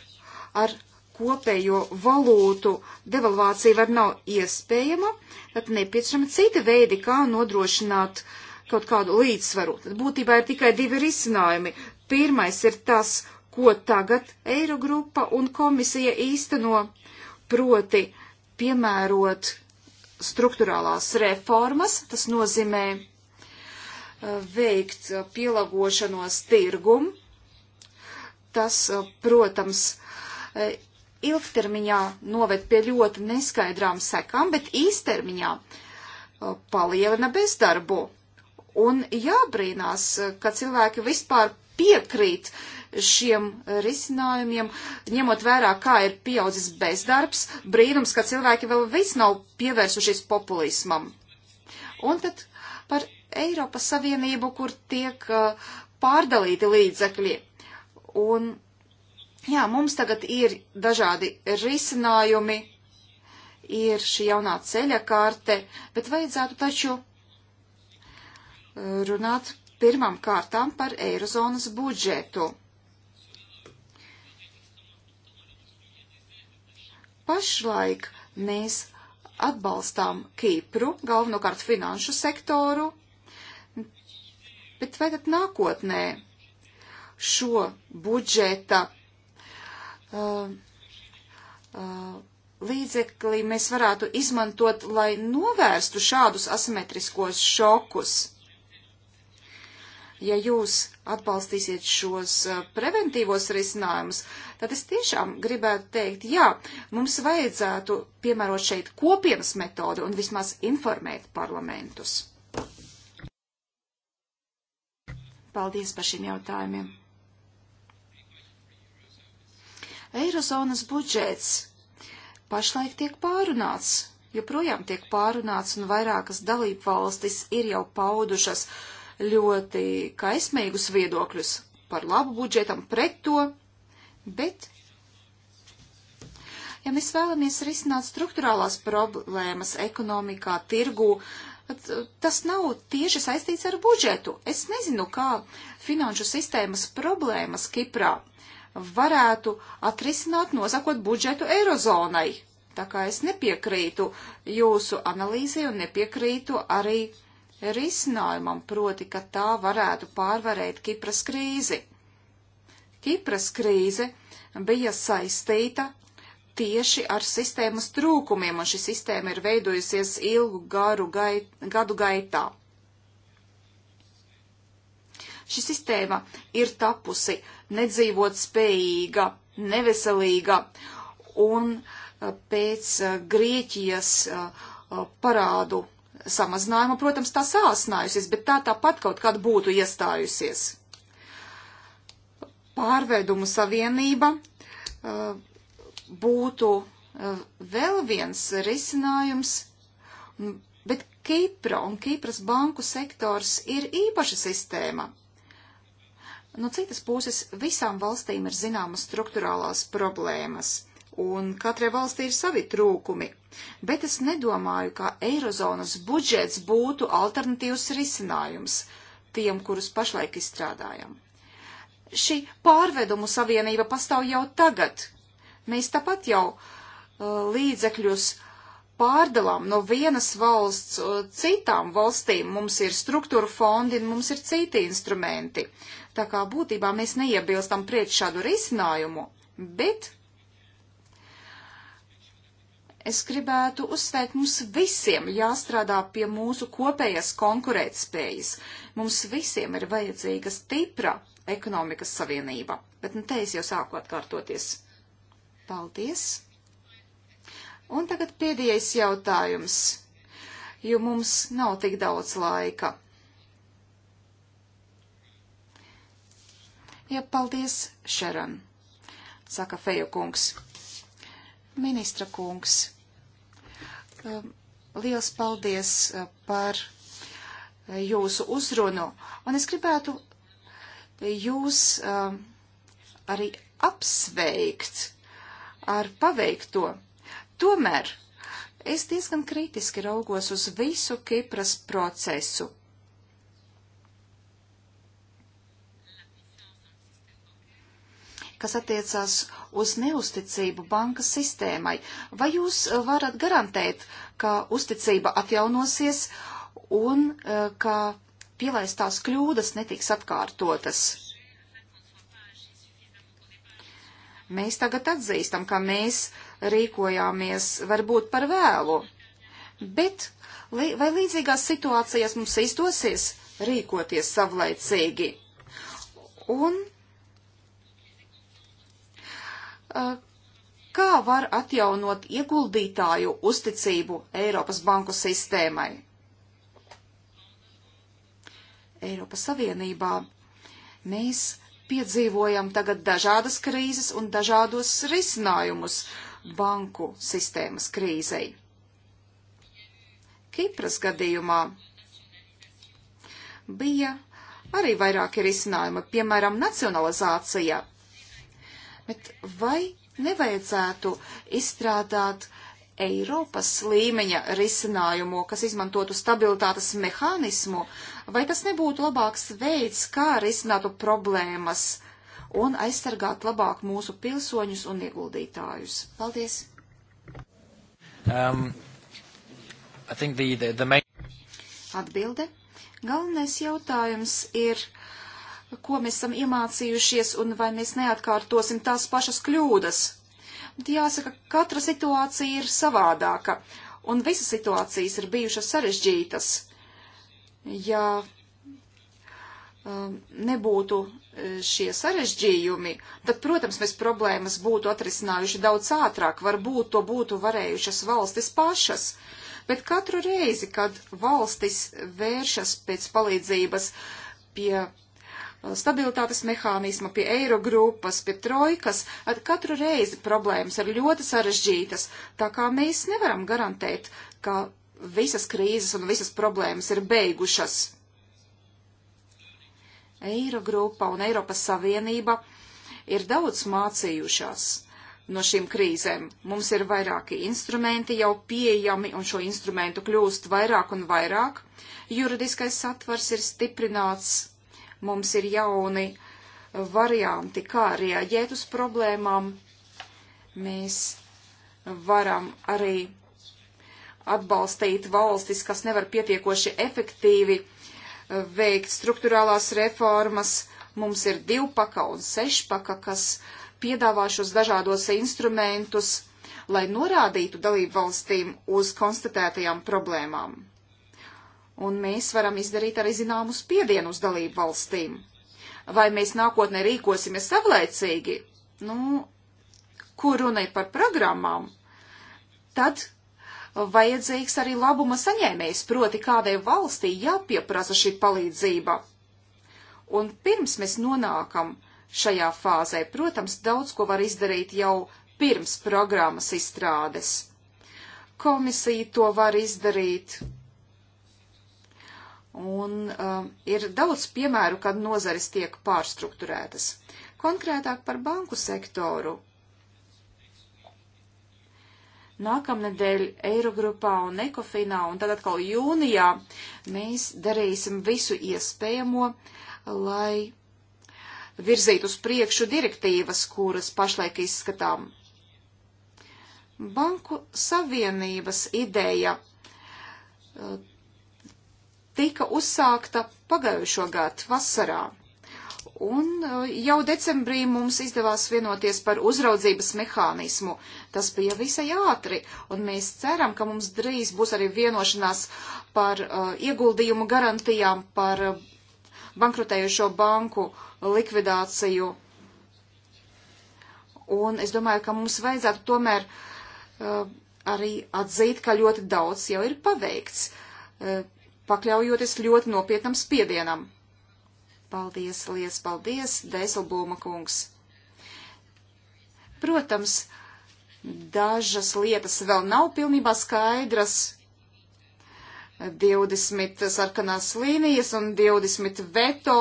ar kopējo valūtu devalvācija var nav iespējama, tad nepieciešama cita veidi, kā nodrošināt kaut kādu līdzsvaru. Tad būtībā ir tikai divi risinājumi. Pirmais ir tas, ko tagad Eirogrupa un komisija īsteno, proti piemērot struktūrālās reformas, tas nozīmē eh, veikt eh, pielāgošanos tirgumu, tas, eh, protams, eh, ilgtermiņā noved pie ļoti neskaidrām sekām, bet īstermiņā eh, palielina bezdarbu. Un jābrīnās, ka cilvēki vispār piekrīt šiem risinājumiem, ņemot vērā, kā ir pieaudzis bezdarbs, brīnums, ka cilvēki vēl viss nav pievērsušies populismam. Un tad par Eiropas Savienību, kur tiek pārdalīti līdzekļi Un, jā, mums tagad ir dažādi risinājumi, ir šī jaunā ceļa kārte, bet vajadzētu taču e, runāt pirmām kārtām par Eirozonas budžetu. Pašlaik mēs atbalstām Kīpru, galvenokārt finanšu sektoru, bet vai tad nākotnē šo budžeta uh, uh, līdzekli mēs varētu izmantot, lai novērstu šādus asimetriskos šokus. Ja jūs atbalstīsiet šos uh, preventīvos risinājumus, tad es tiešām gribētu teikt, jā, mums vajadzētu piemērot šeit kopienas metodi un vismaz informēt parlamentus. Paldies par šiem jautājumiem. Eirozonas budžets pašlaik tiek pārunāts, joprojām tiek pārunāts, un vairākas dalību valstis ir jau paudušas ļoti kaismīgus viedokļus par labu budžetam pret to, bet ja mēs vēlamies risināt struktūrālās problēmas ekonomikā, tirgū, eh, tas nav tieši saistīts ar budžetu. Es nezinu, kā finanšu sistēmas problēmas Kiprā varētu atrisināt nosakot budžetu Eirozonai. Tā kā es nepiekrītu jūsu analīzē un nepiekrītu arī risinājumam, proti, ka tā varētu pārvarēt Kipras krīzi. Kipras krīze bija saistīta tieši ar sistēmas trūkumiem, un šī sistēma ir veidojusies ilgu garu gai, gadu gaitā. Šī sistēma ir tapusi nedzīvot spējīga, neveselīga, un pēc Grieķijas parādu samazinājuma, protams, tā sāsnājusies, bet tā tāpat kaut kad būtu iestājusies. Pārveidumu savienība būtu vēl viens risinājums, bet Kipra un Kipras banku sektors ir īpaša sistēma. No citas puses, visām valstīm ir zināmas struktūrālās problēmas, un katrai valstī ir savi trūkumi, bet es nedomāju, ka Eirozonas budžets būtu alternatīvs risinājums tiem, kurus pašlaik izstrādājam. Šī pārvedumu savienība pastāv jau tagad. Mēs tāpat jau uh, līdzekļus pārdalām no vienas valsts uh, citām valstīm. Mums ir struktūra fondi un mums ir citi instrumenti. Uh, Tā kā būtībā mēs neiebilstam pret šādu risinājumu, bet es gribētu uzsvērt, mums visiem jāstrādā pie mūsu kopējas konkurētspējas. Mums visiem ir vajadzīga stipra ekonomikas savienība, bet nu te es jau sāku atkārtoties. Paldies! Un tagad pēdējais jautājums, jo mums nav tik daudz laika. Ja paldies, Šeran, saka Feju kungs. Ministra kungs, um, liels paldies uh, par uh, jūsu uzrunu, un es gribētu jūs um, arī apsveikt ar paveikto. Tomēr es diezgan kritiski raugos uz visu Kipras procesu kas attiecās uz neusticību bankas sistēmai. Vai jūs eh, varat garantēt, ka uzticība atjaunosies un eh, ka pielaistās kļūdas netiks atkārtotas? Mēs tagad atzīstam, ka mēs rīkojāmies varbūt par vēlu, bet vai līdzīgās situācijās mums izdosies rīkoties savlaicīgi? Un Eh, kā var atjaunot ieguldītāju uzticību Eiropas banku sistēmai? Eiropas Savienībā mēs piedzīvojam tagad dažādas krīzes un dažādos risinājumus banku sistēmas krīzei. Kipras gadījumā bija arī vairāki risinājumi, piemēram, nacionalizācija Bet vai nevajadzētu izstrādāt Eiropas līmeņa risinājumu, kas izmantotu stabilitātes mehānismu, vai tas nebūtu labāks veids, kā risinātu problēmas un aizsargāt labāk mūsu pilsoņus un ieguldītājus? Paldies! Um, the, the, the main... Atbilde. Galvenais jautājums ir ko mēs esam iemācījušies un vai mēs neatkārtosim tās pašas kļūdas. Bet jāsaka, katra situācija ir savādāka un visas situācijas ir bijušas sarežģītas. Ja um, nebūtu e, šie sarežģījumi, tad, protams, mēs problēmas būtu atrisinājuši daudz ātrāk, varbūt to būtu varējušas valstis pašas. Bet katru reizi, kad valstis vēršas pēc palīdzības pie Eh, stabilitātes mehānisma, pie eiro grupas, pie trojkas, ar katru reizi problēmas ir ļoti sarežģītas, tā kā mēs nevaram garantēt, ka visas krīzes un visas problēmas ir beigušas. Eiro grupa un Eiropas Savienība ir daudz mācījušās no šīm krīzēm. Mums ir vairāki instrumenti jau pieejami, un šo instrumentu kļūst vairāk un vairāk. Juridiskais satvars ir stiprināts, Mums ir jauni varianti, kā reaģēt uz problēmām. Mēs varam arī atbalstīt valstis, kas nevar pietiekoši efektīvi eh, veikt struktūrālās reformas. Mums ir divpaka un sešpaka, kas piedāvā šos dažādos instrumentus, lai norādītu dalību valstīm uz konstatētajām problēmām un mēs varam izdarīt arī zināmu spiedienu uz dalību valstīm. Vai mēs nākotnē rīkosimies savlaicīgi, nu, kur runai par programmām, tad vajadzīgs arī labuma saņēmējs, proti kādai valstī jāpieprasa šī palīdzība. Un pirms mēs nonākam šajā fāzē, protams, daudz ko var izdarīt jau pirms programmas izstrādes. Komisija to var izdarīt Un uh, ir daudz piemēru, kad nozares tiek pārstruktūrētas. Konkrētāk par banku sektoru. Nākamnedēļ Eirogrupā un Ekofinā un tad atkal jūnijā mēs darīsim visu iespējamo, lai virzīt uz priekšu direktīvas, kuras pašlaik izskatām. Banku savienības ideja uh, tika uzsākta pagājušo gadu vasarā. Un uh, jau decembrī mums izdevās vienoties par uzraudzības mehānismu. Tas bija visai ātri, un mēs ceram, ka mums drīz būs arī vienošanās par uh, ieguldījumu garantijām, par uh, bankrotējušo banku likvidāciju. Un es domāju, ka mums vajadzētu tomēr uh, arī atzīt, ka ļoti daudz jau ir paveikts. Uh, pakļaujoties ļoti nopietnam spiedienam. Paldies, liels paldies, Dēselbūma kungs. Protams, dažas lietas vēl nav pilnībā skaidras. 20 sarkanās līnijas un 20 veto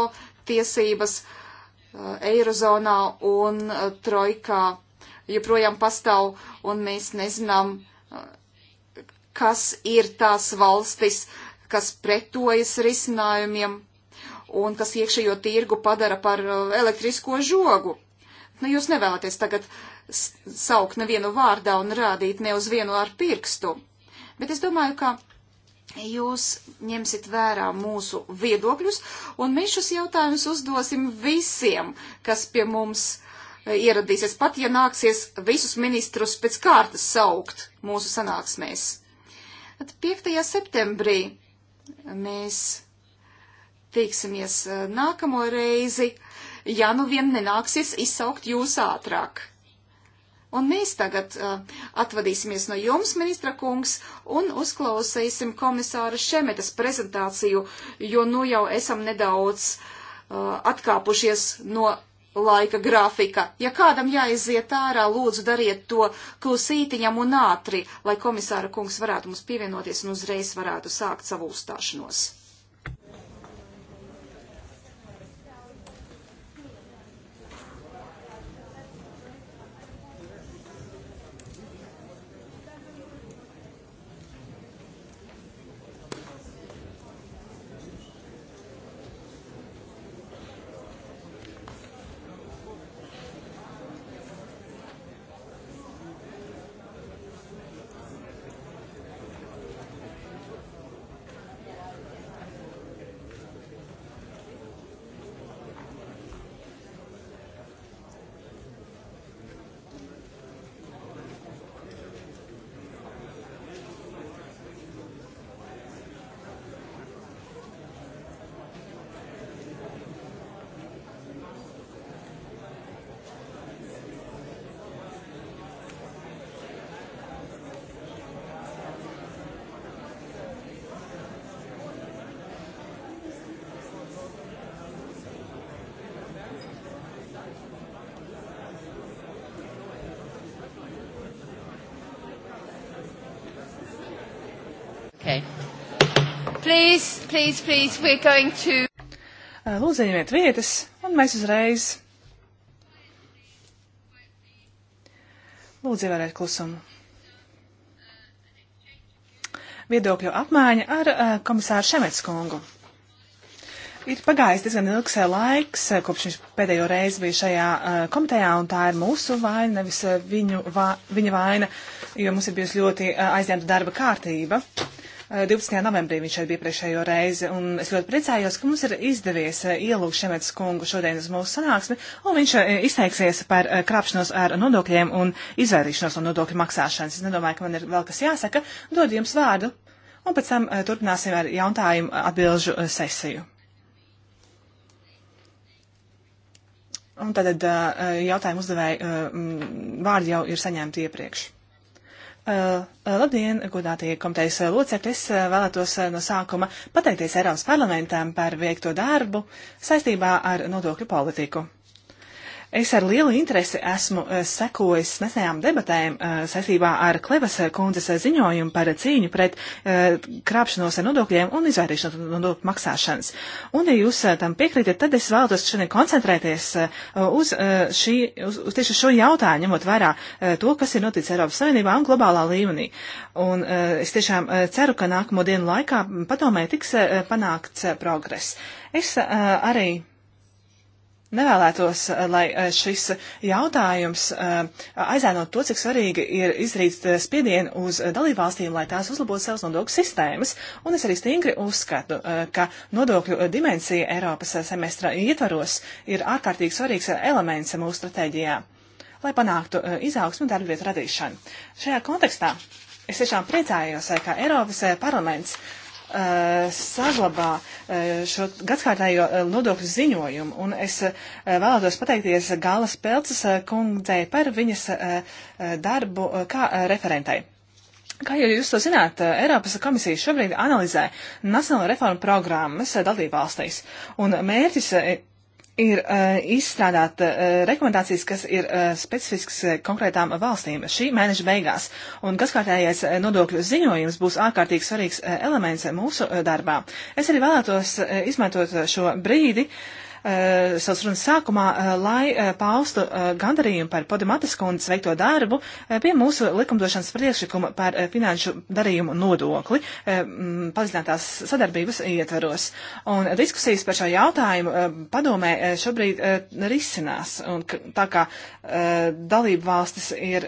tiesības uh, Eirozonā un uh, Trojkā joprojām pastāv, un mēs nezinām, uh, kas ir tās valstis, uh, kas pretojas risinājumiem un kas iekšējo tirgu padara par uh, elektrisko žogu. Nu, jūs nevēlaties tagad saukt nevienu vārdā un rādīt ne uz vienu ar pirkstu, bet es domāju, ka jūs ņemsit vērā mūsu viedokļus, un mēs šos jautājumus uzdosim visiem, kas pie mums uh, ieradīsies, pat ja nāksies visus ministrus pēc kārtas saukt mūsu sanāksmēs. 5. septembrī Mēs tiksimies eh, nākamo reizi, ja nu vien nenāksies izsaukt jūs ātrāk. Un mēs tagad uh, atvadīsimies no jums, ministra kungs, un uzklausīsim komisāra Šemetas prezentāciju, jo nu jau esam nedaudz uh, atkāpušies no laika grafika. Ja kādam jāiziet ārā, lūdzu dariet to klusītiņam un ātri, lai komisāra kungs varētu mums pievienoties un uzreiz varētu sākt savu uzstāšanos. please, please, we're going to. Uh, lūdzu, ņemiet vietas, un mēs uzreiz. Lūdzu, ievērojiet klusumu. Viedokļu apmaiņa ar uh, komisāru Šemetskungu. Ir pagājis diezgan ilgs uh, laiks, uh, kopš viņš pēdējo reizi bija šajā uh, komitejā, un tā ir mūsu vaina, nevis viņu, va, viņa vaina, jo mums ir bijusi ļoti uh, aizņemta darba kārtība. Uh, 12. Eh, novembrī viņš šeit bija priekšējo reizi, un es ļoti priecājos, ka mums ir izdevies eh, ielūgt Šemets kungu šodien uz mūsu sanāksmi, un viņš eh, izteiksies par krāpšanos ar nodokļiem un izvairīšanos no nodokļu maksāšanas. Es nedomāju, ka man ir vēl kas jāsaka. Dod jums vārdu, un pēc tam turpināsim ar jautājumu atbilžu sesiju. Un tad jautājumu uzdevēju vārdi jau ir saņemti iepriekš. Eh, labdien, godātie komitejas locekļi! Es eh, vēlētos eh, no sākuma pateikties Eiropas parlamentam par veikto darbu saistībā ar nodokļu politiku. Es ar lielu interesi esmu eh, sekojis nesenām debatēm eh, saistībā ar Klevas eh, kundzes ziņojumu par cīņu pret krāpšanos ar nodokļiem un izvairīšanos no nodokļu maksāšanas. Un, ja jūs tam piekrītat, tad es vēlos šodien koncentrēties uz, šī, uz, uz tieši šo jautājumu, ņemot vērā to, kas ir noticis Eiropas Savienībā un globālā līmenī. Un es tiešām ceru, ka nākamo dienu laikā padomē tiks panākts progress. Es arī nevēlētos, eh, lai eh, šis jautājums eh, aizēnot to, cik svarīgi ir izdarīt spiedienu uz dalībvalstīm, lai tās uzlabotu savas nodokļu sistēmas. Un es arī stingri uzskatu, ka nodokļu dimensija Eiropas semestra ietvaros ir ārkārtīgi svarīgs elements mūsu stratēģijā, lai panāktu izaugsmu un darbvietu radīšanu. Šajā kontekstā es tiešām priecājos, ka Eiropas parlaments Eh, saglabā eh, šo gadskārtējo eh, nodokļu ziņojumu, un es vēlētos pateikties Gālas Pelces kundzei par viņas darbu kā referentai. Kā jau jūs to zināt, Eiropas komisija šobrīd analizē nacionālo reformu programmas dalībvalstīs, un mērķis ir uh, izstrādāt uh, rekomendācijas, kas ir uh, specifisks uh, konkrētām valstīm šī mēneša beigās. Un gaskārtējais uh, nodokļu ziņojums būs ārkārtīgi svarīgs uh, elements mūsu uh, darbā. Es arī vēlētos uh, izmantot šo brīdi, uh, Eh, savas runas sākumā, eh, lai eh, paustu gandarījumu par Podimatas kundas veikto darbu pie mūsu likumdošanas priekšlikuma par finanšu darījumu nodokli padziļinātās sadarbības ietvaros. Un diskusijas par šo jautājumu padomē šobrīd risinās. Un tā kā dalību valstis ir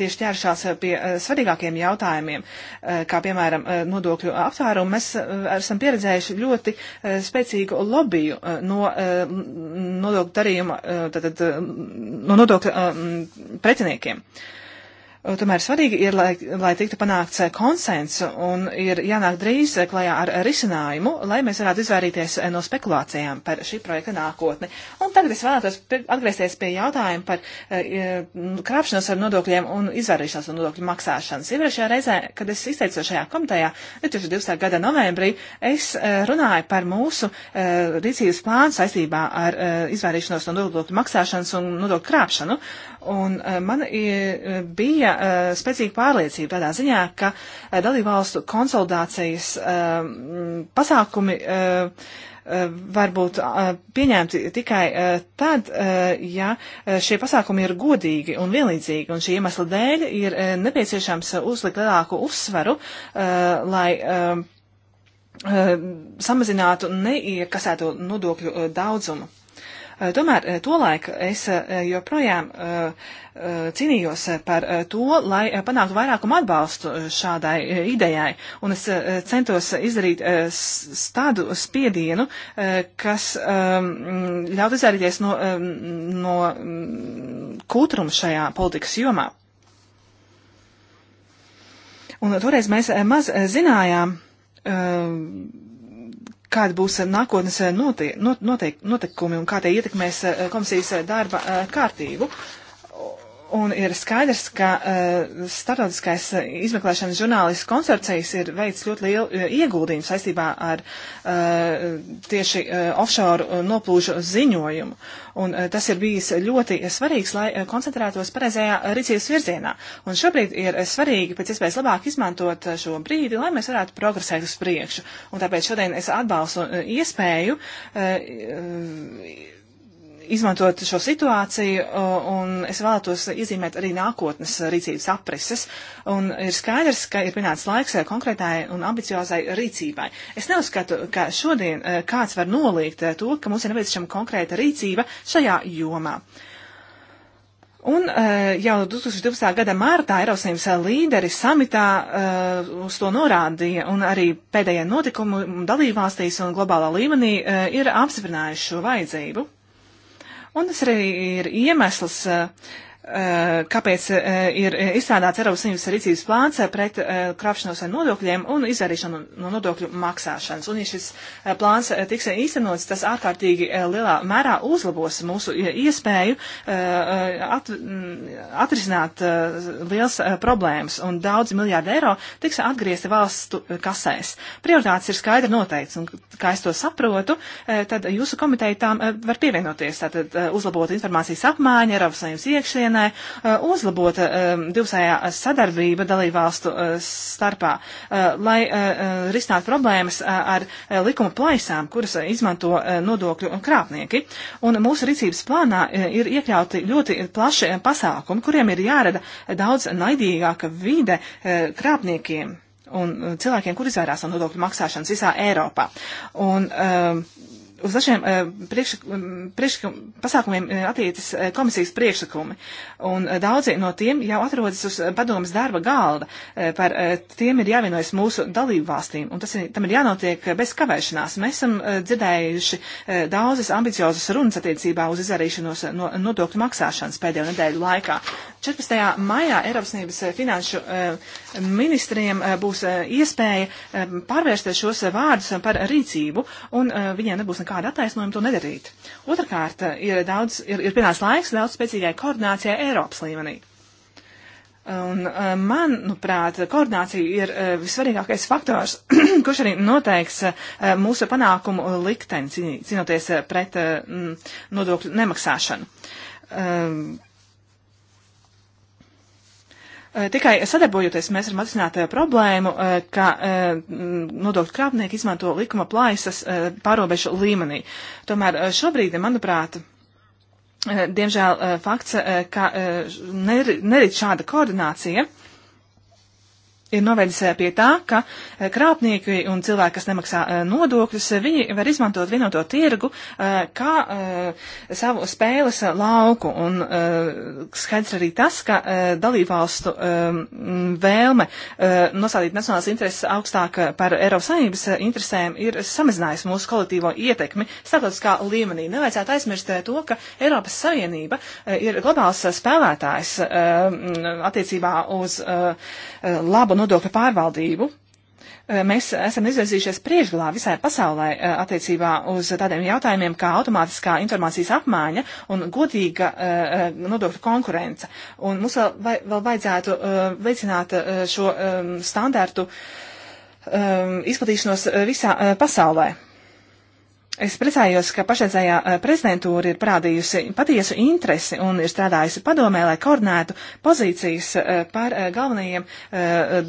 tieši ķēršās eh, pie eh, svarīgākiem jautājumiem, eh, kā piemēram nodokļu aptvērumu, mēs esam pieredzējuši ļoti spēcīgu lobiju no nodokļu darījuma, tātad no nodokļu pretiniekiem. Uh, Tomēr svarīgi ir, lai, lai tiktu panākts e, konsens un ir jānāk drīz e, klajā ar risinājumu, lai mēs varētu izvairīties e, no spekulācijām par šī projekta nākotni. Un tagad es vēlētos atgriezties pie jautājuma par e, krāpšanos ar nodokļiem un izvairīšanos no nodokļu maksāšanas. Iepriekšējā reizē, kad es izteicu šajā komitejā 2020. gada novembrī, es runāju par mūsu e, rīcības plānu saistībā ar e, izvairīšanos no nodokļu maksāšanas un nodokļu krāpšanu. Un man bija Eh, spēcīga pārliecība tādā ziņā, ka eh, dalībvalstu konsolidācijas eh, pasākumi var būt pieņemti tikai tad, ja šie pasākumi ir godīgi un vienlīdzīgi, un šī iemesla dēļ ir nepieciešams uzlikt lielāku uzsvaru, lai samazinātu neiekasēto nodokļu daudzumu. Eh, tomēr eh, tolaik es eh, joprojām cīnījos par to, lai panāktu vairākumu atbalstu šādai idejai, un es centos izdarīt tādu spiedienu, kas ehm, mm, ļaut izvairīties no, ehm, no mm, kūtruma šajā politikas jomā. Un toreiz mēs maz zinājām, ehm, kāda būs eh, nākotnes eh, noteikumi un kā tie ietekmēs eh, komisijas darba kārtību. Uh, Un ir skaidrs, ka uh, starptautiskais eh, izmeklēšanas žurnālistu konsorcijas ir veids ļoti lielu eh, ieguldījumu saistībā ar uh, tieši uh, offshore noplūžu ziņojumu. Un uh, tas ir bijis ļoti svarīgs, lai uh, koncentrētos pareizajā rīcības virzienā. Un šobrīd ir svarīgi pēc iespējas labāk izmantot šo brīdi, lai mēs varētu progresēt uz priekšu. Un tāpēc šodien es atbalstu uh, iespēju. Uh, uh, izmantot šo situāciju, uh, un es vēlētos iezīmēt arī nākotnes rīcības aprises. Un ir skaidrs, ka ir pienācis laiks uh, konkrētai un ambiciozai rīcībai. Es neuzskatu, ka šodien uh, kāds var noliegt to, ka mums ir nepieciešama konkrēta rīcība šajā jomā. Un jau 2012. gada mārtā Eiropas Savienības līderi samitā uh, uz to norādīja, un arī pēdējie notikumi dalībvalstīs un globālā līmenī uh, ir apstiprinājuši šo vajadzību. Un tas arī ir iemesls uh, Eh, kāpēc eh, ir eh, izstrādāts Eiropas Savienības rīcības plāns pret krāpšanos ar nodokļiem un izvairīšanu no nodokļu maksāšanas. Un, ja šis plāns tiks īstenots, tas ārkārtīgi lielā mērā uzlabos mūsu iespēju at, mm, atrisināt liels problēmas, un daudz miljārdu eiro tiks atgriezti valstu kasēs. Prioritātes ir skaidri noteikts, un, kā es to saprotu, tad jūsu komiteja tām var pievienoties, tātad uzlabot informācijas apmaiņu Eiropas Savienības iekšienē, kopienai eh, uzlabota eh, divsējā sadarbība dalībvalstu eh, starpā, lai risinātu problēmas ar likuma plaisām, kuras izmanto nodokļu krāpnieki. Un mūsu rīcības plānā ir iekļauti ļoti plaši pasākumi, kuriem ir jārada daudz naidīgāka vide krāpniekiem un cilvēkiem, kur izvairās no nodokļu maksāšanas visā Eiropā. Un, um, uz dažiem eh, pasākumiem eh, attiecas eh, komisijas priekšlikumi, un daudzi no tiem jau atrodas uz padomas darba galda. Par tiem ir jāvienojas mūsu dalību valstīm, un tas ir, tam ir jānotiek bez kavēšanās. Mēs esam dzirdējuši daudzas ambiciozas runas attiecībā uz izarīšanos no nodokļu maksāšanas pēdējo nedēļu laikā. 14. maijā Eiropas Savienības finanšu ministriem būs iespēja pārvērsties šos vārdus par rīcību, un viņiem nebūs nekā nekāda attaisnojuma to nedarīt. Otrakārt, ir, daudz, ir, ir pienācis laiks daudz spēcīgai koordinācijai Eiropas līmenī. Un, uh, manuprāt, nu, koordinācija ir uh, visvarīgākais faktors, kurš arī noteiks uh, mūsu panākumu likteni, cīnoties pret nodokļu nemaksāšanu. Um, Eh, tikai sadarbojoties mēs varam atrisināt eh, problēmu, eh, ka nodokļu krāpnieki izmanto likuma plaisas pārobežu līmenī. Tomēr šobrīd, manuprāt, diemžēl fakts, ka nerit šāda koordinācija ir novedis eh, pie tā, ka eh, krāpnieki un cilvēki, kas nemaksā eh, nodokļus, viņi var izmantot vienoto tirgu kā savu spēles lauku. Un skaidrs arī tas, ka dalībvalstu ehm, vēlme nosādīt nacionālās intereses augstāk par Eiropas saimnības interesēm ir samazinājusi mūsu kolektīvo ietekmi starptautiskā līmenī. Nevajadzētu aizmirst to, ka Eiropas Savienība ir globāls spēlētājs attiecībā uz labu nodokļu nodokļu pārvaldību. Eh, mēs esam izvirzījušies priekšgalā visai pasaulē eh, attiecībā uz tādiem jautājumiem kā automātiskā informācijas apmaiņa un godīga eh, nodokļu konkurence. Un mums vēl, vēl vajadzētu veicināt šo standārtu izplatīšanos visā pasaulē. Es priecājos, ka pašreizējā eh, prezidentūra ir parādījusi patiesu interesi un ir strādājusi padomē, lai koordinētu pozīcijas eh, par eh, galvenajiem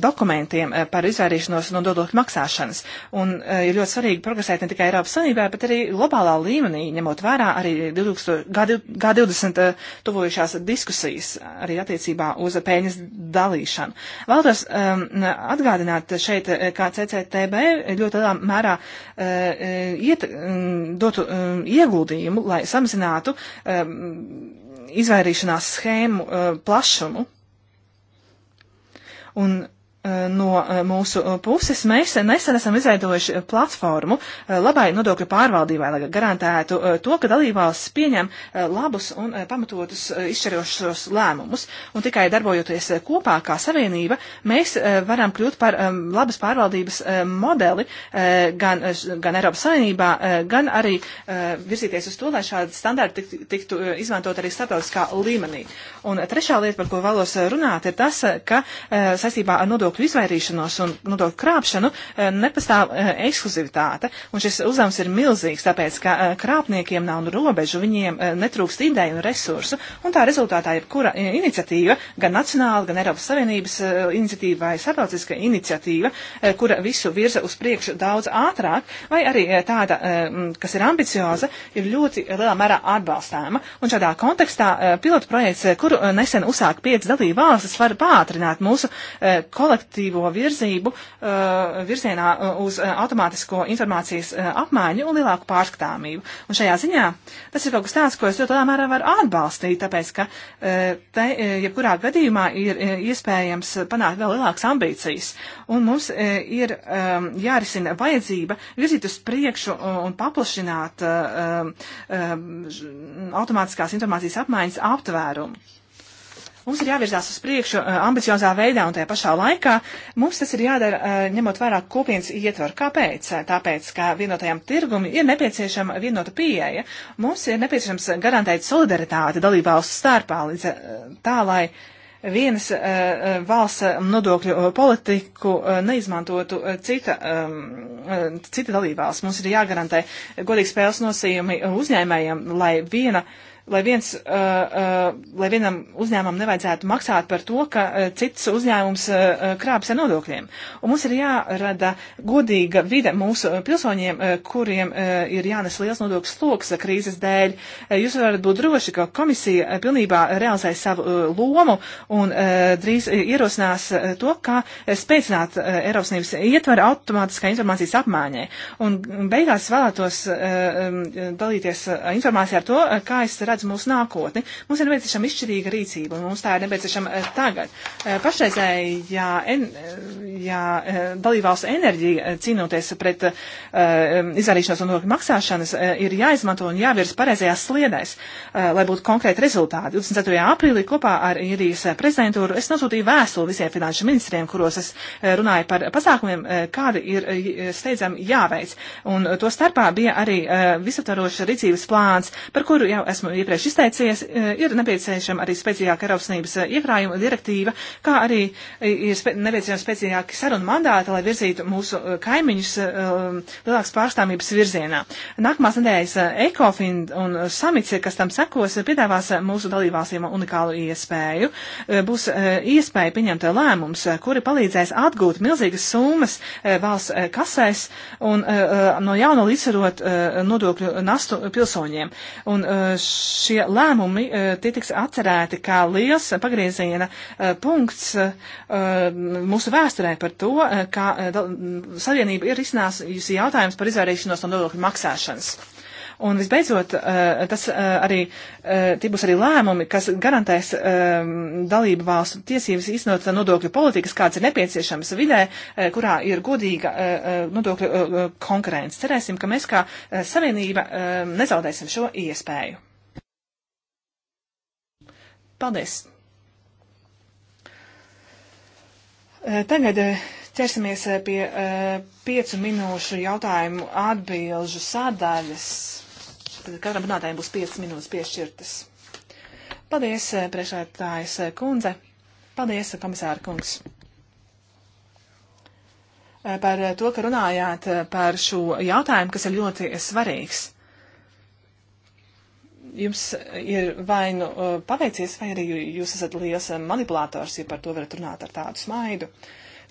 dokumentiem par izvairīšanos no dodokļu maksāšanas. Un ir ļoti svarīgi progresēt ne tikai Eiropas Savienībā, bet arī globālā līmenī, ņemot vērā arī 2000, G20 tuvojušās diskusijas arī attiecībā uz pēļņas dalīšanu. Vēlos um, ehm, atgādināt šeit, kā CCTB ļoti lielā mērā uh, iet Um, dotu um, ieguldījumu, lai samazinātu um, izvairīšanās schēmu uh, plašumu. Un Eh, no eh, mūsu eh, puses mēs nesen esam izveidojuši platformu labai nodokļu pārvaldībai, lai garantētu to, ka dalībvalsts pieņem labus un pamatotus izšķirošos lēmumus. Un tikai darbojoties kopā kā savienība, mēs varam kļūt par labas pārvaldības modeli gan, gan Eiropas Savienībā, gan arī virzīties uz to, lai šādi standarti tiktu izmantot arī starptautiskā līmenī. Un trešā lieta, par ko vēlos runāt, ir tas, ka saistībā ar nodokļu produktu izvairīšanos un nodokļu krāpšanu eh, nepastāv eh, ekskluzivitāte. Un šis uzdevums ir milzīgs, tāpēc, ka eh, krāpniekiem nav nu robežu, viņiem netrūkst ideju un resursu. Un tā rezultātā jebkura iniciatīva, gan nacionāla, gan Eiropas Savienības iniciatīva vai starptautiska iniciatīva, kura visu virza uz priekšu daudz ātrāk, vai arī tāda, kas ir ambicioza, ir ļoti lielā mērā atbalstāma. Un šādā kontekstā pilotprojekts, kuru nesen uzsāk pieci dalību valstis, var pātrināt mūsu kolektīvu aktīvo virzību uh, virzienā uh, uz uh, automātisko informācijas apmaiņu un lielāku pārskatāmību. Un šajā ziņā tas ir kaut kas tāds, ko es ļoti lielā mērā varu atbalstīt, tāpēc, ka te, jebkurā gadījumā ir iespējams panākt vēl lielākas ambīcijas. Un mums ir um, jārisina vajadzība virzīt uz priekšu un paplašināt um, um, automātiskās informācijas apmaiņas aptvērumu. Mums ir jāvirzās uz priekšu eh, ambiciozā veidā un tajā pašā laikā mums tas ir jādara eh, ņemot vērā kopienas ietvaru. Kāpēc? Tāpēc, ka vienotajam tirgum ir nepieciešama vienota pieeja. Mums ir nepieciešams garantēt solidaritāti dalībvalstu starpā līdz eh, tā, lai vienas uh, valsts nodokļu politiku uh, neizmantotu cita, um, cita dalībvalsts. Mums ir jāgarantē godīgi spēles nosījumi uzņēmējiem, lai viena uh, lai, viens, uh, uh, lai vienam uzņēmumam nevajadzētu maksāt par to, ka uh, cits uzņēmums uh, uh krāpjas ar nodokļiem. Un mums ir jārada godīga vide mūsu uh, pilsoņiem, uh, kuriem uh, ir jānes liels nodokļu sloks uh, krīzes dēļ. Uh, jūs varat būt droši, ka komisija uh, pilnībā realizēs savu uh, lomu un uh, drīz uh, ierosinās uh, to, kā uh, spēcināt uh, Eiropas Savienības ietveru automātiskā informācijas apmaiņai. Un mm, beigās vēlētos uh, um, dalīties informācijā ar to, kā es redzu redz mūsu nākotni. Mums ir nepieciešama izšķirīga rīcība, un mums tā ir nepieciešama eh, tagad. Eh, pašreizējā en, eh, jā, dalībvalsts enerģija cīnoties pret uh, izvairīšanos no nodokļu maksāšanas ir jāizmanto un jāvirs pareizajās sliedēs, uh, lai būtu konkrēti rezultāti. 24. aprīlī kopā ar īrijas prezidentūru es nosūtīju vēstuli visiem finanšu ministriem, kuros es runāju par pasākumiem, kādi ir steidzami jāveic. Un to starpā bija arī visaptvaroša rīcības plāns, par kuru jau esmu iepriekš izteicies, e, ir nepieciešama arī spēcīgāka Eiropas Savienības e, iekrājuma direktīva, kā arī ir spe nepieciešama spēcīgāka saruna mandāta, lai virzītu mūsu e, kaimiņus lielākas pārstāvības virzienā. Nākamās nedēļas ECOFIN un samits, kas tam sekos, piedāvās mūsu dalībvalstīm unikālu iespēju. Būs iespēja pieņemt lēmums, kuri palīdzēs atgūt milzīgas summas valsts kasēs un no jauna līdzsvarot nodokļu nastu pilsoņiem. Un, š šie lēmumi eh, tie tiks atcerēti kā liels pagrieziena eh, punkts eh, mūsu vēsturē par to, kā Savienība ir izcinājusi jautājums par izvairīšanos no nodokļu maksāšanas. Un visbeidzot, tas arī, tie būs arī lēmumi, kas garantēs dalību valstu tiesības īstenot nodokļu politikas, kāds ir nepieciešams vidē, kurā ir godīga nodokļu konkurence. Cerēsim, ka mēs kā savienība nezaudēsim šo iespēju. Paldies! Eh, tagad eh, ķersimies eh, pie piecu minūšu jautājumu atbilžu sadaļas. Tad katram runātājiem būs piecas minūtes piešķirtas. Paldies, priekšētājs kundze. Paldies, komisāra kungs. Par to, ka runājāt par šo jautājumu, kas ir ļoti svarīgs jums ir vai nu uh, paveicies, vai arī jūs esat liels uh, manipulātors, ja par to varat runāt ar tādu smaidu.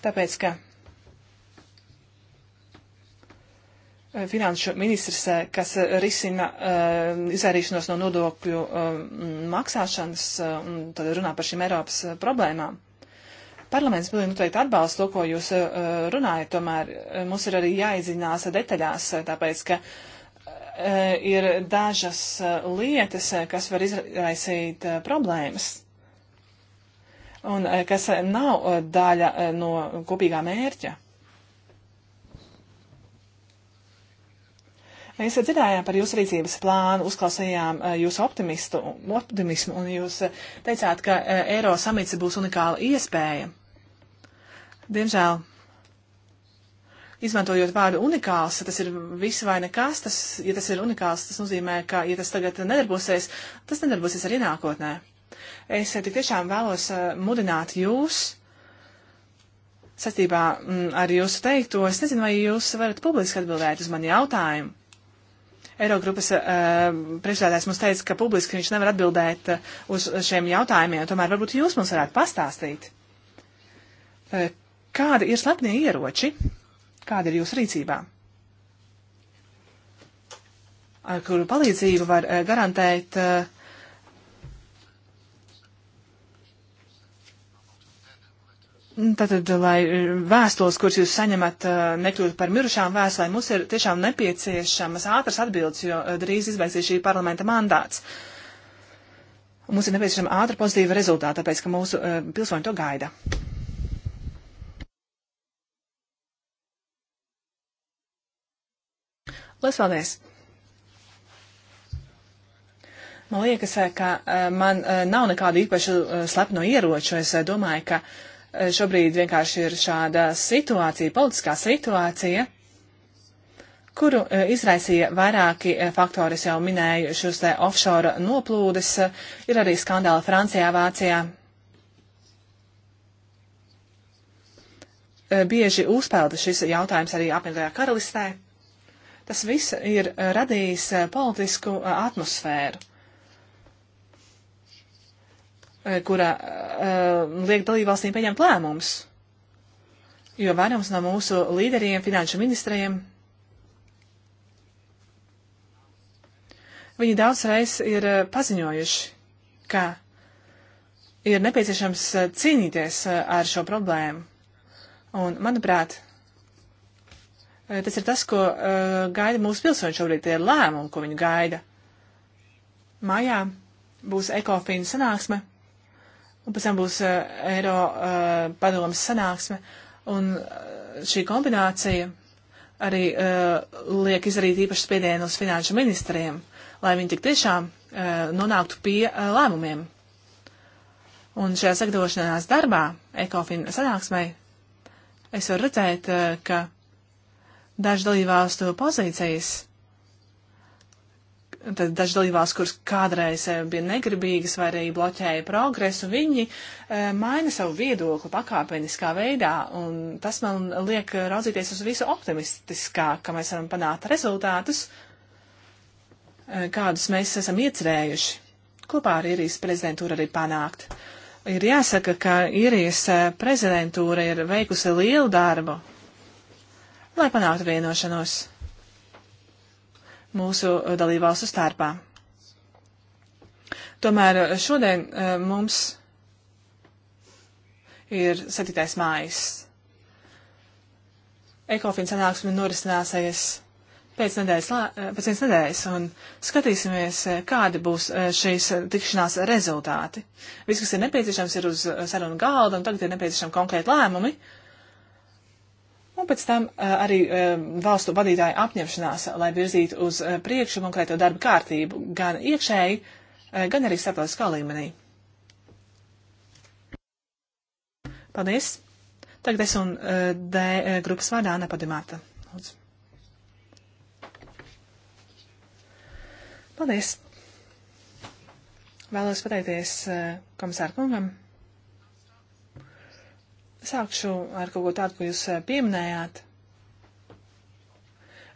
Tāpēc, ka uh, finanšu ministrs, kas risina uh, izvairīšanos no nodokļu uh, maksāšanas un uh, tad runā par šīm Eiropas problēmām. Parlaments pilnīgi noteikti atbalsta to, ko jūs runājat, tomēr mums ir arī jāiedzinās detaļās, tāpēc, ka uh, E, ir dažas e, lietas, e, kas var izraisīt problēmas un kas nav daļa no kopīgā mērķa. Mēs dzirdējām par jūsu rīcības plānu, uzklausījām jūsu optimistu, optimismu, un jūs teicāt, ka Eiro samits būs unikāla iespēja. Diemžēl izmantojot vārdu unikāls, tas ir viss vai nekas, tas, ja tas ir unikāls, tas nozīmē, ka, ja tas tagad nedarbosies, tas nedarbosies arī nākotnē. Es eh, tik tiešām vēlos eh, mudināt jūs saistībā mm, ar jūsu teikto. Es nezinu, vai jūs varat publiski atbildēt uz mani jautājumu. Eirogrupas uh, priekšsēdētājs mums teica, ka publiski viņš nevar atbildēt uh, uz šiem jautājumiem, tomēr varbūt jūs mums varētu pastāstīt, uh, kādi ir slepnie ieroči, kāda ir jūsu rīcībā, ar kuru palīdzību var eh, garantēt eh, Tātad, lai eh, vēstules, kuras jūs saņemat, nekļūtu par mirušām vēstulēm, mums ir tiešām nepieciešamas ātras atbildes, jo drīz izbeigsies šī parlamenta mandāts. Mums ir nepieciešama ātra pozitīva rezultāta, tāpēc, ka mūsu pilsoņi to gaida. Lielas paldies! Man liekas, eh, ka eh, man eh, nav nekādu īpašu slepno ieroču. Es domāju, ka šobrīd vienkārši ir šāda situācija, politiskā situācija, kuru izraisīja vairāki faktori. Es jau minēju šos te offshore noplūdes, ir arī skandāli Francijā, Vācijā. Bieži uzpelda šis jautājums arī apvienotajā karalistē. Tas viss ir eh, radījis eh, politisku eh, atmosfēru, kura liek dalībvalstīm pieņemt lēmumus, jo vairums no mūsu līderiem, finanšu ministriem, viņi daudzreiz ir paziņojuši, ka ir nepieciešams cīnīties ar šo problēmu. Un, manuprāt, Eh, tas ir tas, ko uh, gaida mūsu pilsoņi šobrīd, tie ir lēmumi, ko viņi gaida. Mājā būs ekofīna sanāksme, un pēc tam būs uh, Eiro uh, padomas sanāksme, un šī kombinācija arī uh, liek izdarīt īpašu spiedienu uz finanšu ministriem, lai viņi tik tiešām uh, nonāktu pie uh, lēmumiem. Un šajā sagatavošanās darbā, ekofīna sanāksmē, es varu redzēt, uh, ka daži dalībvalstu pozīcijas, tad daži dalībvalsts, kuras kādreiz eh, bija negribīgas vai arī bloķēja progresu, viņi eh, maina savu viedokli pakāpeniskā veidā, un tas man liek raudzīties uz visu optimistiskāk, ka mēs varam panākt rezultātus, eh, kādus mēs esam iecerējuši kopā ar īrijas prezidentūru arī panākt. Ir jāsaka, ka īrijas prezidentūra ir veikusi lielu darbu lai panāktu vienošanos mūsu uh, dalībvalstu starpā. Tomēr uh, šodien uh, mums ir 7. mājas. Ekofina sanāksme norisināsies pēc nedēļas, pēc vienas nedēļas un skatīsimies, kādi būs šīs tikšanās rezultāti. Viss, kas ir nepieciešams, ir uz sarunu galda, un tagad ir nepieciešami konkrēti lēmumi. Uh, un pēc tam eh, arī eh, valstu vadītāju apņemšanās, lai virzītu uz eh, priekšu konkrēto darbu kārtību gan iekšēji, gan arī starptautiskā līmenī. Paldies! Tagad es un D grupas vārdā nepadimāta. Lūdzu. Paldies! Vēlos pateikties komisāru kungam Sākšu ar kaut ko tādu, ko jūs eh, pieminējāt,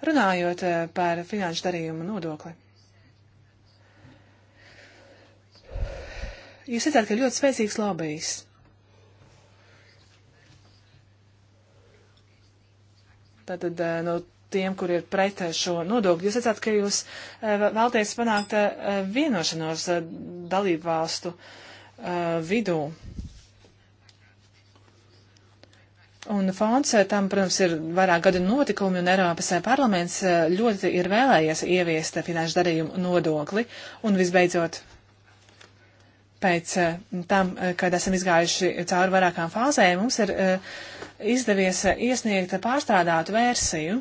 runājot eh, par finanšu darījumu nodokli. Jūs redzat, ka ļoti spēcīgs lobijs. Tātad eh, no tiem, kur ir pret šo nodokli, jūs redzat, ka jūs vēlties panākt vienošanos dalību valstu vidū. Un fonds eh, tam, protams, ir vairāk gadu notikumi, un Eiropas eh, parlaments eh, ļoti ir vēlējies ieviest finanšu darījumu nodokli. Un visbeidzot, pēc tam, kad esam izgājuši cauri vairākām fāzēm, mums ir izdevies iesniegt pārstrādātu versiju.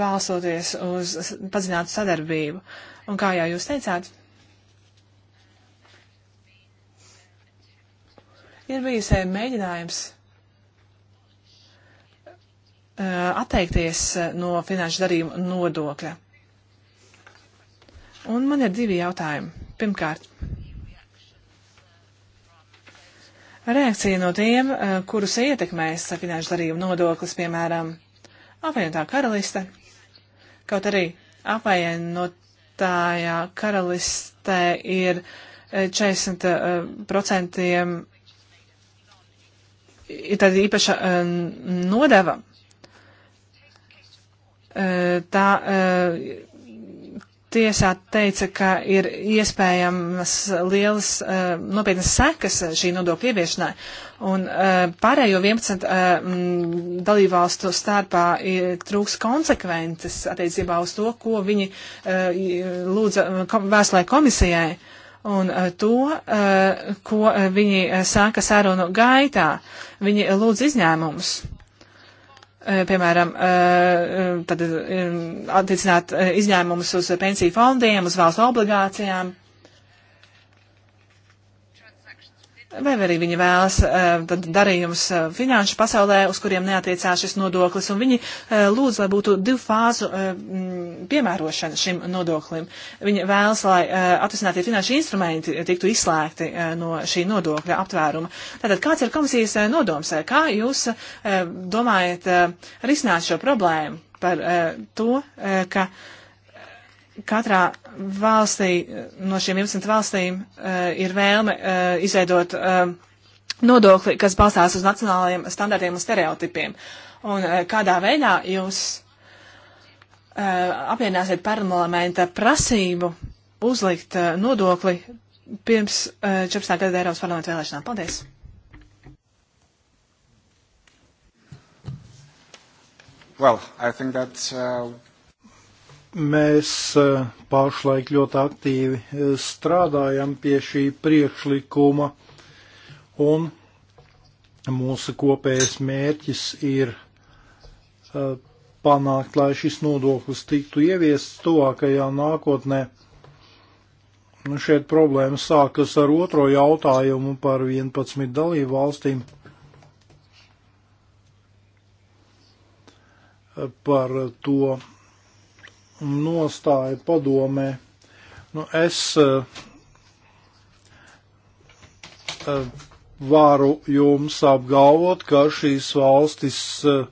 Balsoties uz padziļinātu sadarbību. Un kā jau jūs teicāt, Ir bijis mēģinājums eh, atteikties eh, no finanšu darījuma nodokļa. Un man ir divi jautājumi. Pirmkārt, reakcija no tiem, eh, kurus ietekmēs finanšu darījuma nodoklis, piemēram, apvienotā karaliste, kaut arī apvienotājā karaliste ir 40% ir tāda īpaša e, nodeva. E, tā e, tiesā teica, ka ir iespējamas lielas uh, nopietnas sekas šī nodokļa ieviešanai. Un uh, pārējo 11 uh, dalībvalstu starpā trūks konsekvences attiecībā uz to, ko viņi lūdza kom vēstulē komisijai un eh, to, eh, ko eh, viņi sāka sarunu gaitā. Viņi lūdz izņēmumus. Piemēram, tad attiecināt izņēmumus uz pensiju fondiem, uz valsts obligācijām, Vai arī viņi vēlas eh, tad darījumus eh, finanšu pasaulē, uz kuriem neatiecās šis nodoklis, un viņi eh, lūdz, lai būtu divu fāzu piemērošana šim nodoklim. Viņi vēlas, lai atrisinātie finanšu instrumenti tiktu izslēgti no šī nodokļa aptvēruma. Tātad kāds ir komisijas nodoms? Kā jūs domājat risināt šo problēmu par to, ka katrā valstī, no šiem 11 valstīm, uh, ir vēlme uh, izveidot uh, nodokli, kas balstās uz nacionālajiem standartiem un stereotipiem. Un uh, kādā veidā jūs uh, apvienāsiet parlamenta prasību uzlikt uh, nodokli pirms uh, 14. gada Eiropas parlamenta vēlēšanām? Paldies! Well, I think that uh, Mēs eh, pašlaik ļoti aktīvi eh, strādājam pie šī priekšlikuma, un mūsu kopējais mērķis ir eh, panākt, lai šis nodoklis tiktu ieviests tuvākajā nākotnē. Nu, šeit problēma sākas ar otro jautājumu par 11 dalību valstīm. Par to nostāja padomē. Nu, es eh, eh, varu jums apgalvot, ka šīs valstis eh,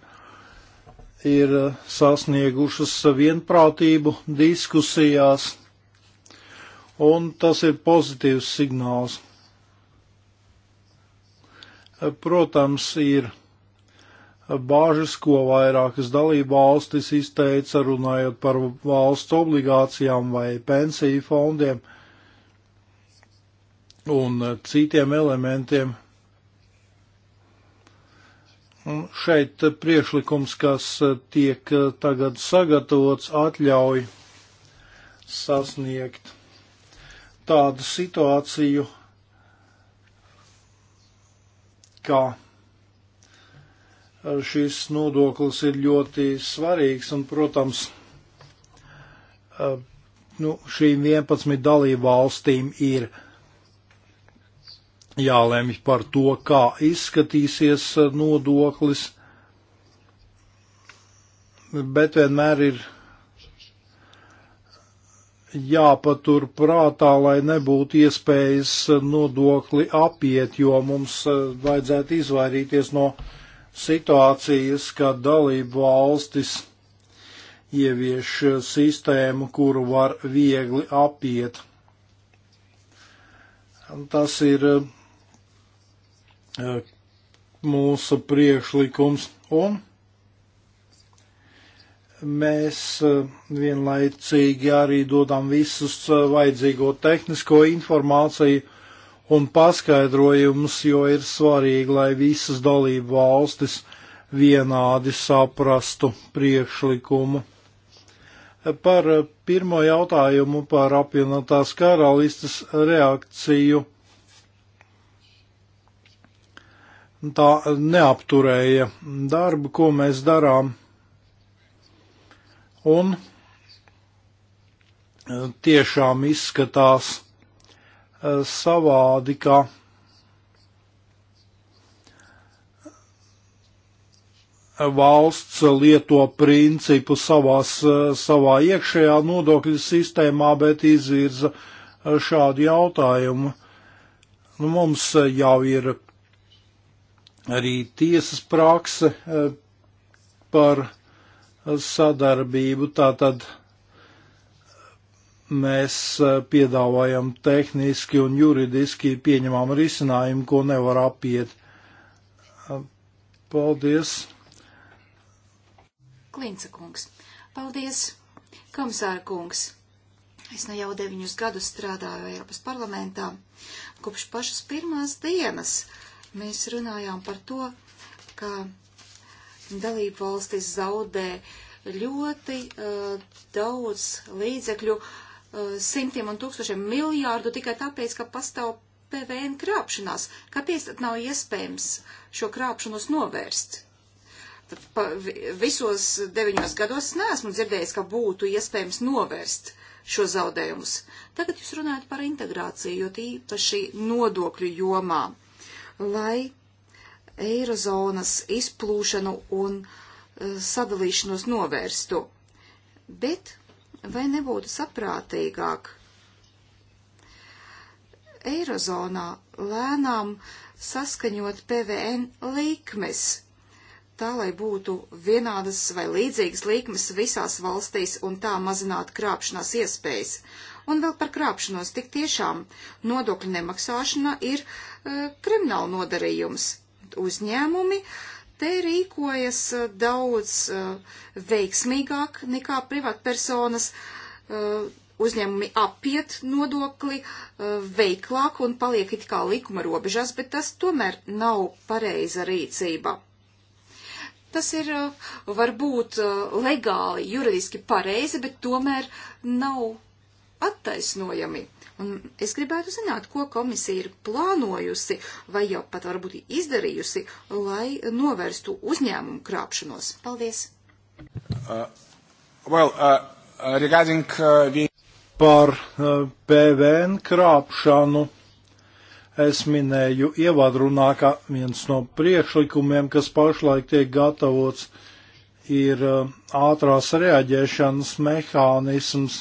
ir sasniegušas vienprātību diskusijās, un tas ir pozitīvs signāls. Protams, ir bāžas, ko vairākas dalībvalstis izteica runājot par valsts obligācijām vai pensiju fondiem un citiem elementiem. Un šeit priekšlikums, kas tiek tagad sagatavots, atļauj sasniegt tādu situāciju, kā šis nodoklis ir ļoti svarīgs un, protams, nu, šīm 11 dalību valstīm ir jālemj par to, kā izskatīsies nodoklis, bet vienmēr ir jāpatur prātā, lai nebūtu iespējas nodokli apiet, jo mums vajadzētu izvairīties no uh, situācijas, kad dalību valstis ievieš sistēmu, kuru var viegli apiet. Tas ir eh, mūsu priekšlikums un mēs eh, vienlaicīgi arī dodam visus eh, vajadzīgo tehnisko informāciju un paskaidrojumus, jo ir svarīgi, lai visas dalību valstis vienādi saprastu priekšlikumu. Par pirmo jautājumu par apvienotās karalistes reakciju. Tā neapturēja darbu, ko mēs darām. Un tiešām izskatās, savādi, ka valsts lieto principu savās, savā iekšējā nodokļu sistēmā, bet izvirza šādu jautājumu. Nu, mums jau ir arī tiesas prakse eh, par sadarbību, tātad Mēs eh, piedāvājam tehniski un juridiski pieņemam risinājumu, ko nevar apiet. Eh, paldies! Klinca kungs. Paldies, komisāra kungs. Es nu jau deviņus gadus strādāju Eiropas parlamentā. Kopš pašas pirmās dienas mēs runājām par to, ka dalību valstis zaudē ļoti uh, daudz līdzekļu simtiem un tūkstošiem miljārdu tikai tāpēc, ka pastāv PVN krāpšanās. Kāpēc tad nav iespējams šo krāpšanos novērst? Tad pa, visos deviņos gados neesmu dzirdējis, ka būtu iespējams novērst šo zaudējumus. Tagad jūs runājat par integrāciju, jo tīpaši nodokļu jomā, lai eirozonas izplūšanu un eh, sadalīšanos novērstu. Bet Vai nebūtu saprātīgāk Eirozonā lēnām saskaņot PVN likmes, tā lai būtu vienādas vai līdzīgas likmes visās valstīs un tā mazināt krāpšanās iespējas? Un vēl par krāpšanos tik tiešām nodokļu nemaksāšana ir e, krimināla nodarījums. Uzņēmumi e, Te rīkojas eh, daudz eh, veiksmīgāk nekā privatpersonas eh, uzņēmumi apiet nodokli veiklāk un paliek it kā likuma robežās, bet tas tomēr nav pareiza rīcība. Tas ir varbūt legāli, juridiski pareizi, bet tomēr nav attaisnojami. Un es gribētu zināt, ko komisija ir plānojusi vai jau pat varbūt izdarījusi, lai novērstu uzņēmumu krāpšanos. Paldies! Uh, well, uh, uh regarding, uh, the... Par uh, PVN krāpšanu es minēju ievadrunā, ka viens no priekšlikumiem, kas pašlaik tiek gatavots, ir uh, ātrās reaģēšanas mehānisms,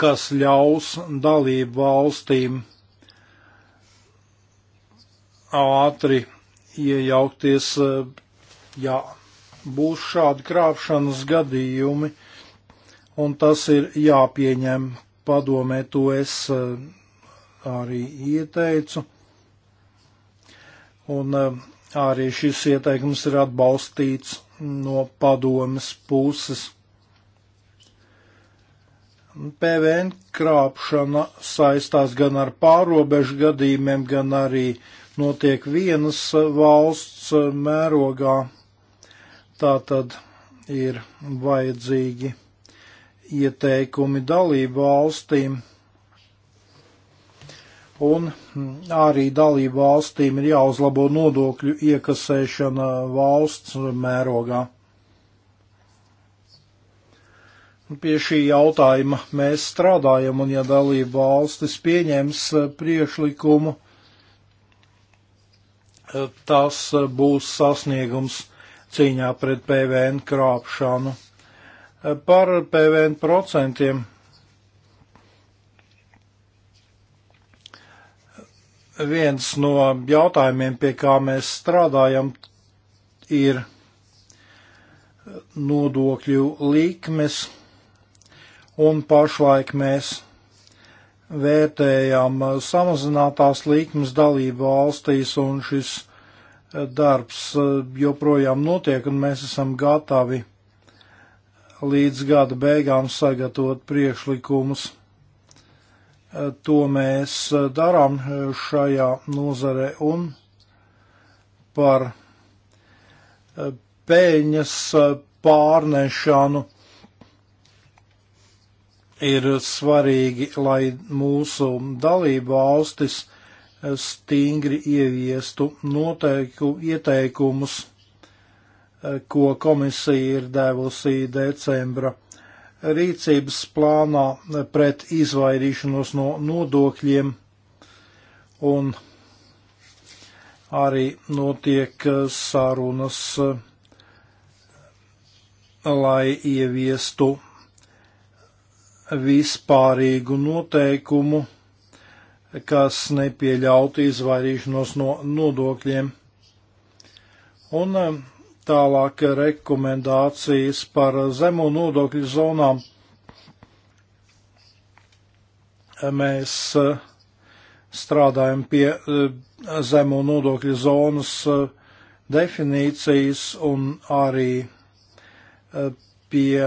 kas ļaus dalību valstīm ātri iejaukties, ja būs šādi krāpšanas gadījumi, un tas ir jāpieņem padomē, to es eh, arī ieteicu. Un eh, arī šis ieteikums ir atbalstīts no padomes puses. PVN krāpšana saistās gan ar pārobežu gadījumiem, gan arī notiek vienas valsts mērogā. Tā tad ir vajadzīgi ieteikumi dalību valstīm, un arī dalību valstīm ir jāuzlabo nodokļu iekasēšana valsts mērogā. Pie šī jautājuma mēs strādājam, un ja dalība valstis pieņems eh, priekšlikumu, eh, tas eh, būs sasniegums cīņā pret PVN krāpšanu. Par PVN procentiem viens no jautājumiem, pie kā mēs strādājam, ir nodokļu likmes un pašlaik mēs vērtējam samazinātās likmes dalību valstīs, un šis eh, darbs eh, joprojām notiek, un mēs esam gatavi līdz gada beigām sagatavot priekšlikumus. Eh, to mēs darām šajā nozare un par pēļņas pārnešanu ir svarīgi, lai mūsu dalība valstis stingri ieviestu noteiku, ieteikumus, ko komisija ir devusi decembra rīcības plānā pret izvairīšanos no nodokļiem un arī notiek sarunas, lai ieviestu vispārīgu noteikumu, kas nepieļautu izvairīšanos no nodokļiem. Un e, tālāk rekomendācijas par zemo nodokļu zonām. Mēs e, strādājam pie e, zemo nodokļu zonas definīcijas un arī pie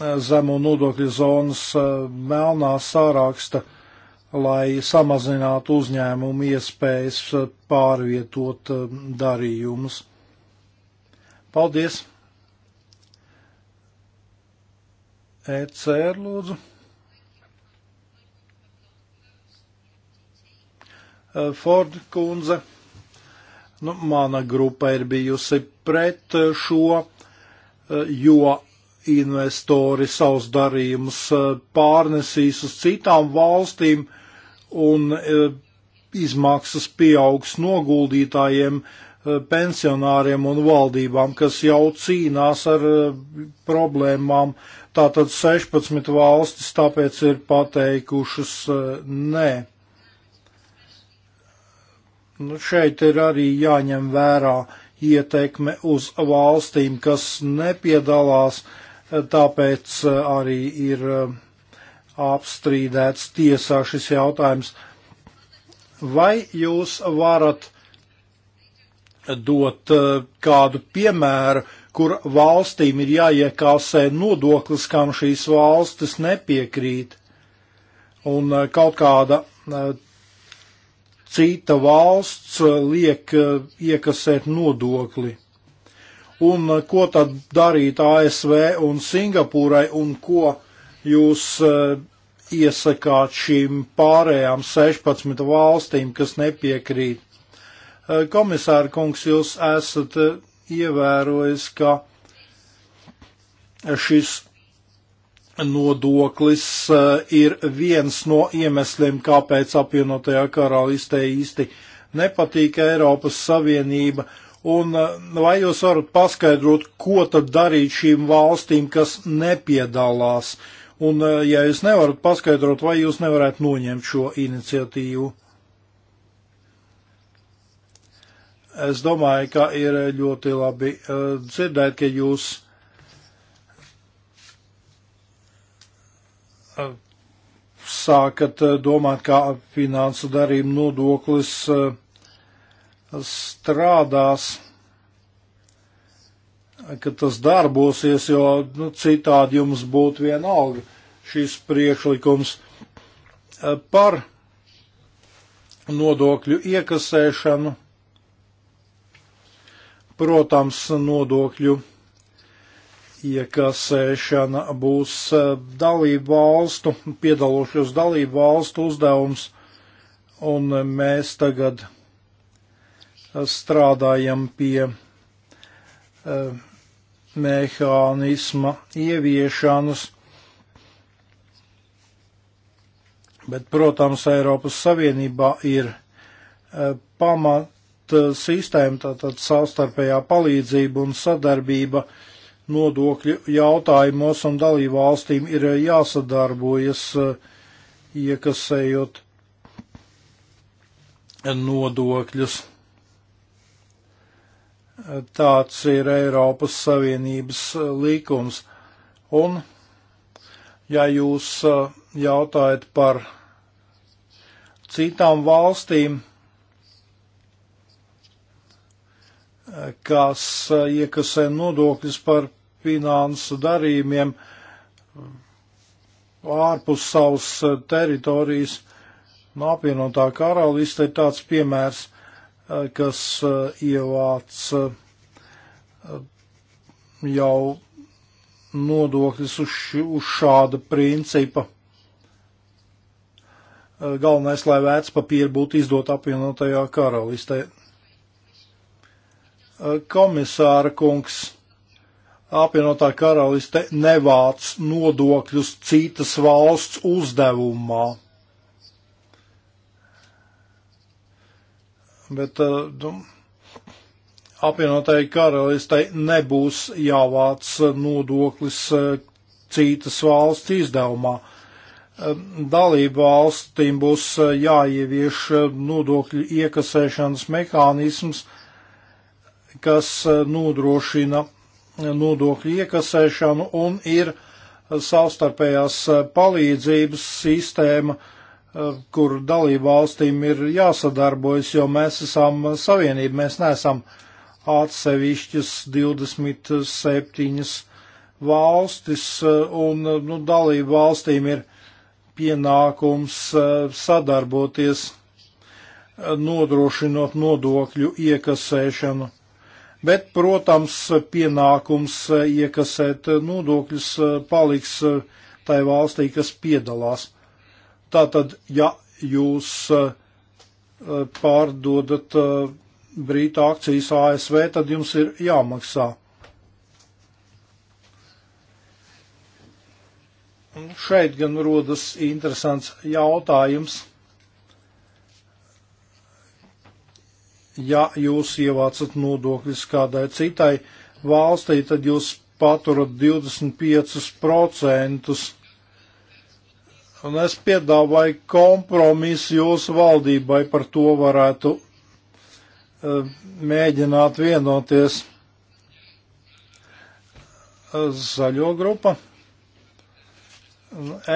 zemu nodokļu zonas eh, melnā sāraksta, lai samazinātu uzņēmumu iespējas eh, pārvietot eh, darījumus. Paldies! ECR lūdzu. Ford kundze, nu, mana grupa ir bijusi pret šo, jo investori savus darījumus eh, pārnesīs uz citām valstīm un eh, izmaksas pieaugs noguldītājiem, eh, pensionāriem un valdībām, kas jau cīnās ar problēmām. Tātad 16 valstis tāpēc ir pateikušas nē. Nu, šeit ir arī jāņem vērā ietekme uz valstīm, kas nepiedalās uh, tāpēc eh, arī ir eh, apstrīdēts tiesā šis jautājums. Vai jūs varat dot eh, kādu piemēru, kur valstīm ir jāiekasē nodoklis, kam šīs valstis nepiekrīt, un kaut kāda cita valsts liek iekasēt nodokli? un eh, ko tad darīt ASV un Singapūrai un ko jūs eh, iesakāt šīm pārējām 16 valstīm, kas nepiekrīt. Eh, komisāra kungs, jūs esat ievērojis, ka šis nodoklis ir viens no iemesliem, kāpēc apvienotajā karalistē īsti nepatīk Eiropas Savienība Un eh, vai jūs varat paskaidrot, ko tad darīt šīm valstīm, kas nepiedalās? Un, eh, ja jūs nevarat paskaidrot, vai jūs nevarat noņemt šo iniciatīvu? Es domāju, ka ir ļoti labi eh, dzirdēt, ka jūs sākat domāt, kā finansu darījuma nodoklis uh, strādās, ka tas darbosies, jo nu, citādi jums būtu vienalga šis priekšlikums eh, par nodokļu iekasēšanu. Protams, nodokļu iekasēšana būs eh, dalību valstu, piedalošos dalību valstu uzdevums, un eh, mēs tagad strādājam pie eh, mehānisma ieviešanas, bet, protams, Eiropas Savienībā ir eh, pamat eh, sistēma, tātad savstarpējā palīdzība un sadarbība nodokļu jautājumos, un dalībvalstīm ir jāsadarbojas iekasējot nodokļus. Tāds ir Eiropas Savienības līkums. Un, ja jūs uh, jautājat par citām valstīm, kas uh, iekasē nodokļus par finansu darījumiem ārpus savas uh, teritorijas. No apvienotā karaliste ir tāds piemērs. Eh, kas eh, ievāc eh, jau nodokļus uz, uz šāda principa. Galvenais, lai vērts papīri būtu izdot apvienotajā karalistē. Komisāra kungs apvienotā karaliste nevāc nodokļus citas valsts uzdevumā. bet nu, apvienotai karalistei nebūs jāvāc nodoklis eh, citas valsts izdevumā. Eh, Dalību valstīm būs jāievieš nodokļu iekasēšanas mehānisms, kas nodrošina nodokļu iekasēšanu un ir savstarpējās palīdzības sistēma, uh, Eh, kur dalību valstīm ir jāsadarbojas, jo mēs esam savienība, mēs neesam atsevišķas 27 valstis, eh, un eh, nu, dalību valstīm ir pienākums sadarboties, nodrošinot nodokļu iekasēšanu. Bet, protams, pienākums iekasēt nodokļus paliks tai valstī, kas piedalās. Tātad, ja jūs eh, pārdodat eh, brītu akcijas ASV, tad jums ir jāmaksā. Un šeit gan rodas interesants jautājums. Ja jūs ievācat nodokļus kādai citai valstī, tad jūs paturat 25% Un es piedāvāju kompromisu jūsu valdībai par to varētu eh, mēģināt vienoties. Zaļo grupa.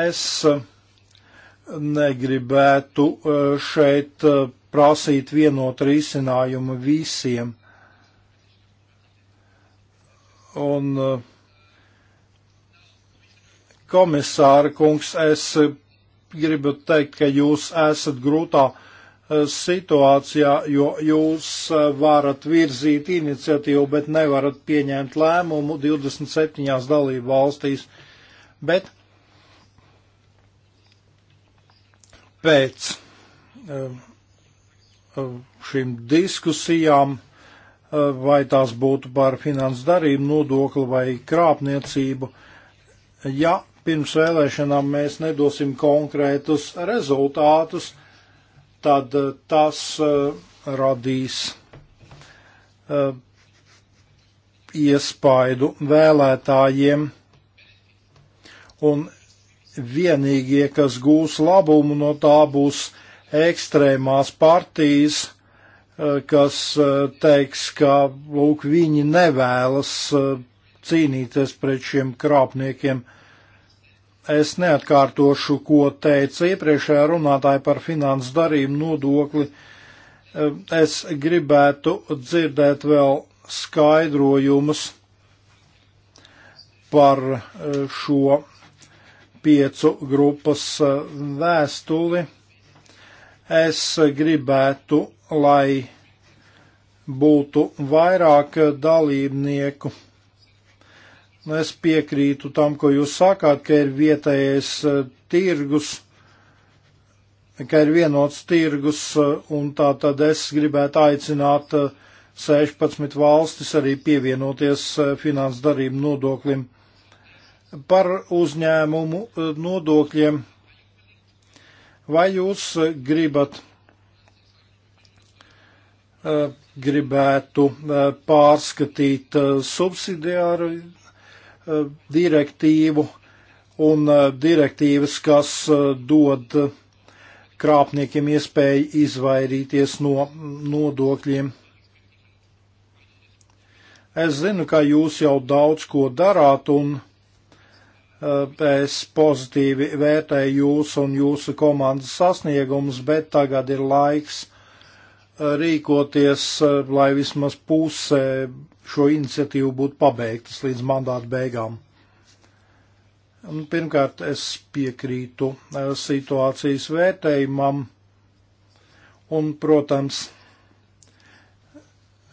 Es eh, negribētu eh, šeit prasīt vienot risinājumu visiem. Un uh, komisāra kungs, es gribu teikt, ka jūs esat grūtā eh, situācijā, jo jūs eh, varat virzīt iniciatīvu, bet nevarat pieņemt lēmumu 27. dalību valstīs. Bet pēc eh, šīm diskusijām, vai tās būtu par finansu darījumu nodokli vai krāpniecību, ja pirms vēlēšanām mēs nedosim konkrētus rezultātus, tad eh, tas eh, radīs eh, iespaidu vēlētājiem. Un vienīgie, kas gūs labumu no tā, būs ekstrēmās partijas, kas teiks, ka lūk, viņi nevēlas cīnīties pret šiem krāpniekiem. Uh, Es neatkārtošu, ko teica iepriekšējā runātāja par finansu darījumu nodokli. Eh, es gribētu dzirdēt vēl skaidrojumus par eh, šo piecu grupas eh, vēstuli. Es gribētu, lai būtu vairāk dalībnieku Nu, es piekrītu tam, ko jūs sakāt, ka ir vietējais eh, tirgus, ka ir vienots tirgus, eh, un tā tad es gribētu aicināt 16 eh, valstis arī pievienoties finansdarījumu nodoklim. Par uzņēmumu nodokļiem. Vai jūs gribat gribētu pārskatīt subsidiāru Eh, direktīvu un eh, direktīvas, kas eh, dod krāpniekiem iespēju izvairīties no nodokļiem. Es zinu, ka jūs jau daudz ko darāt, un es pozitīvi vērtēju jūs un jūsu komandas sasniegumus, bet tagad ir laiks rīkoties, eh, lai vismaz pusē šo iniciatīvu būtu pabeigtas līdz mandāta beigām. Un pirmkārt, es piekrītu eh, situācijas vērtējumam un, protams,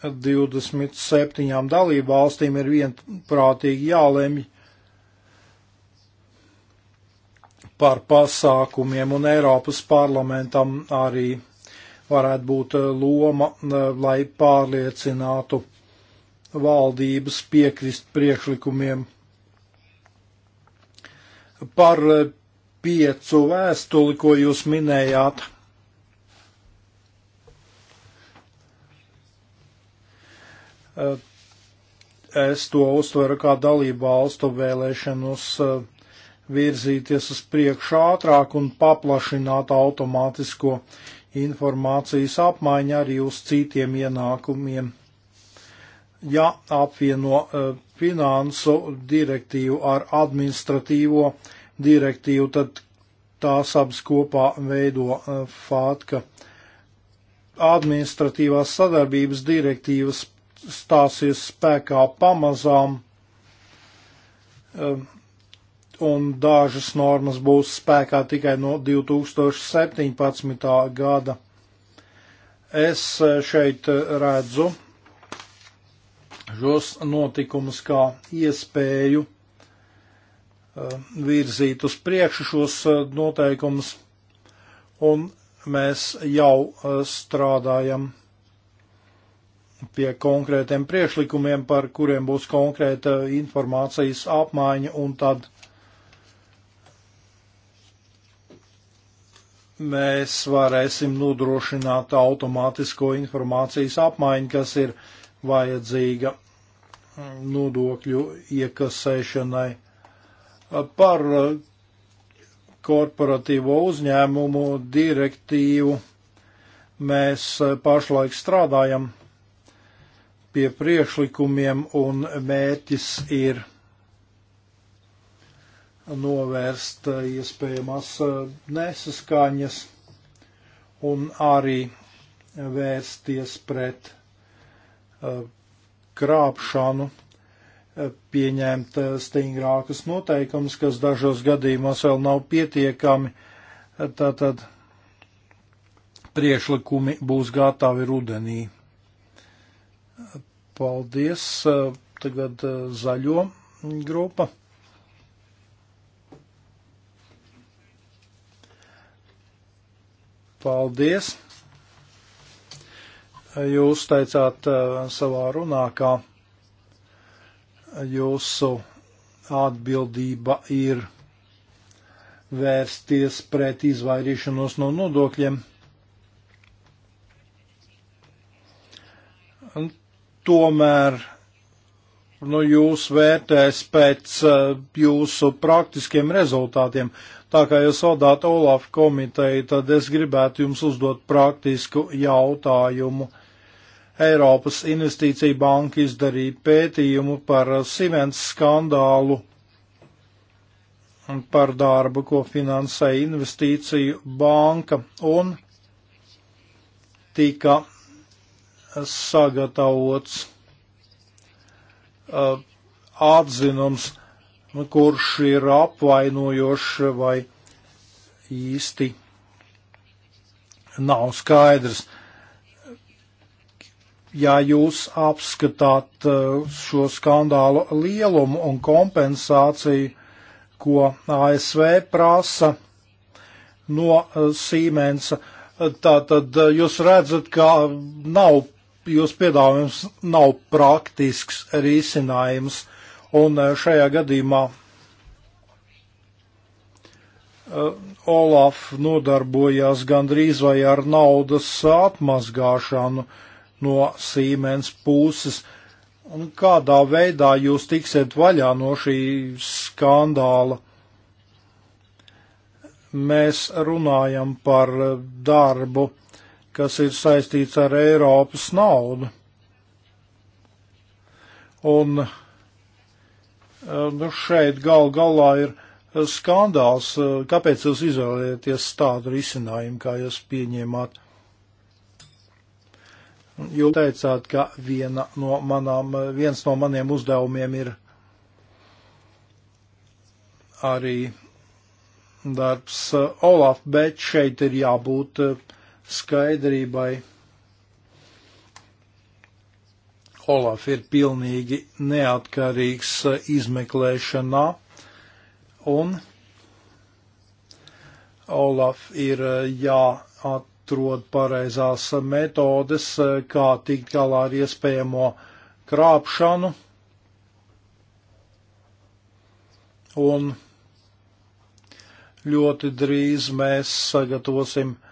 27 dalību valstīm ir vienprātīgi jālemj par pasākumiem, un Eiropas parlamentam arī varētu būt eh, loma, eh, lai pārliecinātu valdības piekrist priekšlikumiem. Par eh, piecu vēstuli, ko jūs minējāt. Es to uztveru kā dalību valstu vēlēšanos virzīties uz priekšu ātrāk un paplašināt automātisko informācijas apmaiņa arī uz citiem ienākumiem. Ja apvieno eh, finansu direktīvu ar administratīvo direktīvu, tad tās abas kopā veido eh, FATKA. Administratīvās sadarbības direktīvas stāsies spēkā pamazām eh, un dažas normas būs spēkā tikai no 2017. gada. Es e, šeit e, redzu šos notikumus kā iespēju e, virzīt uz priekšu šos noteikumus, un mēs jau strādājam pie konkrētiem priekšlikumiem, par kuriem būs konkrēta informācijas apmaiņa, un tad mēs varēsim nodrošināt automātisko informācijas apmaiņu, kas ir vajadzīga nodokļu iekasēšanai. Par korporatīvo uzņēmumu direktīvu mēs pašlaik strādājam pie priekšlikumiem un mērķis ir novērst eh, iespējamās eh, nesaskaņas un arī vērsties pret eh, krāpšanu, pieņemt stingrākas noteikumus, kas dažos gadījumos vēl nav pietiekami. Tātad priešlikumi būs gatavi rudenī. Paldies. Tagad zaļo grupa. Paldies! Jūs teicāt eh, savā runā, ka jūsu atbildība ir vērsties pret izvairīšanos no nodokļiem. Un tomēr nu, jūs vērtēs pēc eh, jūsu praktiskiem rezultātiem. Tā kā jūs vadāt Olaf komiteju, tad es gribētu jums uzdot praktisku jautājumu. Eiropas Investīcija banka izdarīja pētījumu par Simens skandālu un par darbu, ko finansēja Investīciju banka, un tika sagatavots uh, atzinums kurš ir apvainojošs vai īsti nav skaidrs. Ja jūs apskatāt uh, šo skandālu lielumu un kompensāciju, ko ASV prasa no uh, Siemensa, tātad uh, jūs redzat, ka nav, jūs piedāvājums nav praktisks risinājums Un eh, šajā gadījumā eh, Olaf nodarbojās gandrīz vai ar naudas atmazgāšanu no Siemens puses. Un kādā veidā jūs tiksiet vaļā no šī skandāla? Mēs runājam par eh, darbu, kas ir saistīts ar Eiropas naudu. Un uh, Eh, nu šeit gal galā ir eh, skandāls, eh, kāpēc jūs izvēlēties tādu risinājumu, kā jūs pieņēmāt. Jūs teicāt, ka viena no manām, viens no maniem uzdevumiem ir arī darbs Olaf, bet šeit ir jābūt skaidrībai Olaf ir pilnīgi neatkarīgs eh, izmeklēšanā, un Olaf ir eh, jāatrod pareizās metodes, eh, kā tikt galā ar iespējamo krāpšanu. Un ļoti drīz mēs sagatavosim uh,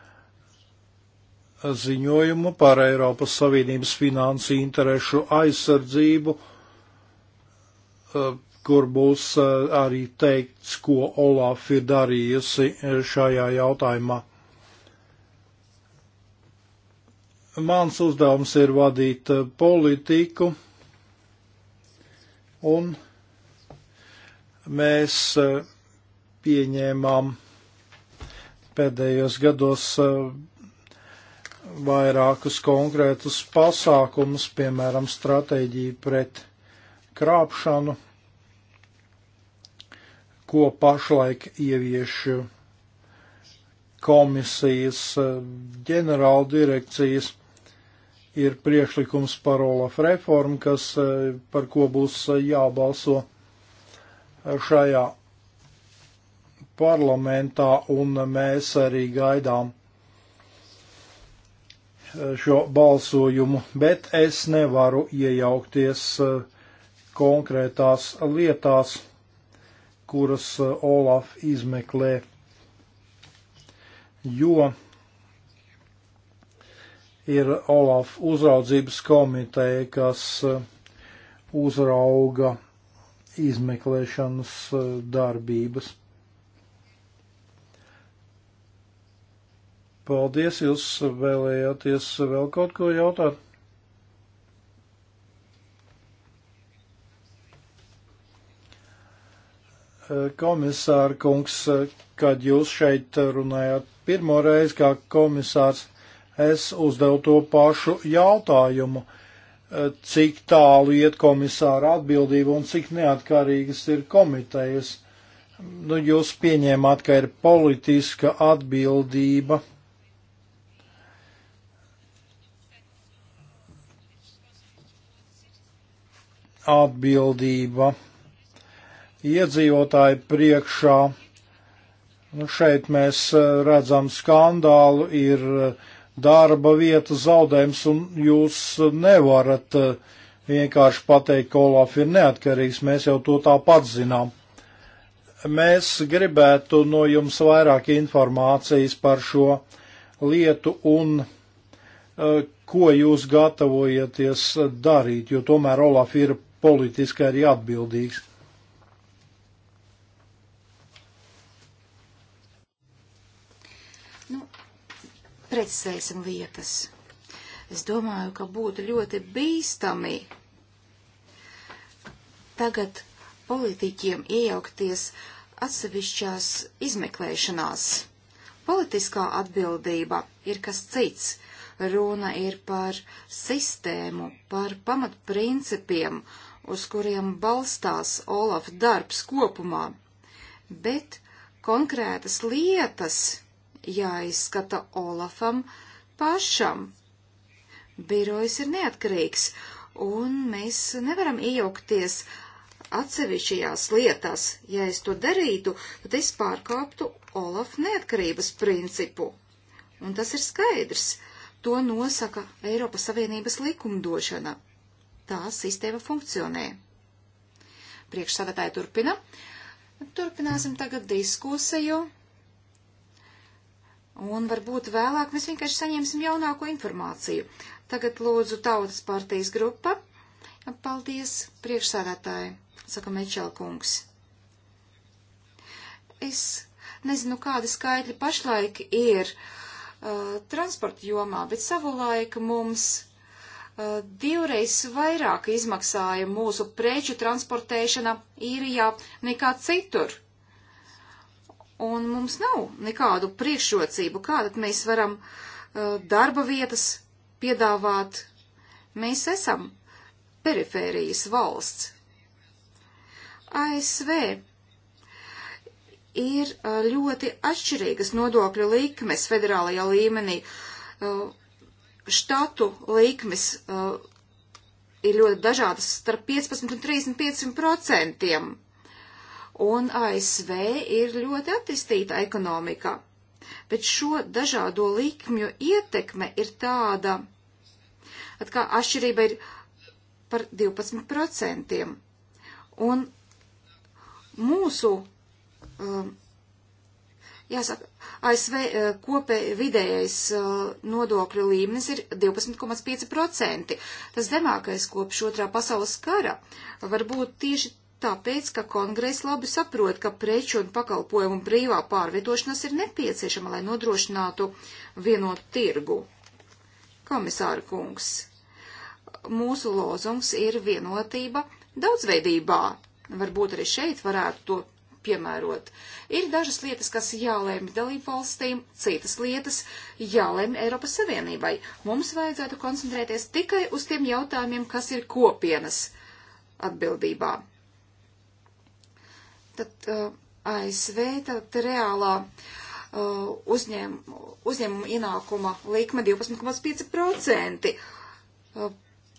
ziņojumu par Eiropas Savienības finansu interešu aizsardzību, eh, kur būs eh, arī teikts, ko Olaf ir darījusi eh, šajā jautājumā. Mans uzdevums ir vadīt politiku, un mēs pieņēmām pēdējos gados vairākus konkrētus pasākumus, piemēram, stratēģiju pret krāpšanu, ko pašlaik ievieš komisijas eh, ģenerāla direkcijas. Ir priekšlikums par Olaf reformu, kas, eh, par ko būs jābalso šajā parlamentā, un mēs arī gaidām šo balsojumu, bet es nevaru iejaukties eh, konkrētās lietās, kuras eh, Olaf izmeklē, jo ir Olaf uzraudzības komiteja, kas eh, uzrauga izmeklēšanas darbības. Paldies, jūs vēlējāties vēl kaut ko jautāt? Komisāra kungs, kad jūs šeit runājāt pirmo reizi kā komisārs, es uzdevu to pašu jautājumu, cik tālu iet komisāra atbildība un cik neatkarīgas ir komitejas. Nu, jūs pieņēmāt, ka ir politiska atbildība atbildība iedzīvotāju priekšā. Nu, šeit mēs eh, redzam skandālu, ir eh, darba vieta zaudējums, un jūs nevarat eh, vienkārši pateikt, ka Olaf ir neatkarīgs, mēs jau to tāpat zinām. Mēs gribētu no jums vairāk informācijas par šo lietu un ko jūs gatavojaties darīt, jo tomēr Olaf ir politiski arī atbildīgs. Nu, precizēsim lietas. Es domāju, ka būtu ļoti bīstami tagad politiķiem iejaukties atsevišķās izmeklēšanās. Politiskā atbildība ir kas cits. Runa ir par sistēmu, par pamatprincipiem, uh, uz kuriem balstās Olaf darbs kopumā, bet konkrētas lietas jāizskata Olafam pašam. Birojs ir neatkarīgs, un mēs nevaram iejaukties atsevišķajās lietās. Ja es to darītu, tad es pārkāptu Olaf neatkarības principu. Un tas ir skaidrs. To nosaka Eiropas Savienības likumdošana tā sistēma funkcionē. Priekšsādātāji turpina. Turpināsim tagad diskusiju. Un varbūt vēlāk mēs vienkārši saņemsim jaunāko informāciju. Tagad lūdzu Tautas partijas grupa. Paldies, priekšsādātāji, saka Mečelkungs. Es nezinu, kādi skaitļi pašlaik ir uh, transporta jomā, bet savulaik mums Eh, divreiz vairāk izmaksāja mūsu preču transportēšana īrijā nekā citur. Un mums nav nekādu priekšrocību, kā tad mēs varam uh, darba vietas piedāvāt. Mēs esam perifērijas valsts. ASV ir uh, ļoti atšķirīgas nodokļu likmes federālajā līmenī. Uh, štatu likmes uh, ir ļoti dažādas starp 15 un 35 procentiem. Un ASV ir ļoti attīstīta ekonomika. Bet šo dažādo likmju ietekme ir tāda, atkā atšķirība ir par 12 procentiem. Un mūsu um, Jāsaka, ASV eh, kopē vidējais eh, nodokļu līmenis ir 12,5%. Tas zemākais kopš otrā pasaules kara varbūt tieši tāpēc, ka kongress labi saprot, ka preču un pakalpojumu brīvā pārvietošanās ir nepieciešama, lai nodrošinātu vienotu tirgu. Komisāra kungs, mūsu lozungs ir vienotība daudzveidībā. Varbūt arī šeit varētu to piemērot. Ir dažas lietas, kas jālēma dalību valstīm, citas lietas jālēma Eiropas Savienībai. Mums vajadzētu koncentrēties tikai uz tiem jautājumiem, kas ir kopienas atbildībā. Tad uh, ASV tad reālā uh, uzņēm, uzņēmuma ienākuma likme 12,5%. Uh,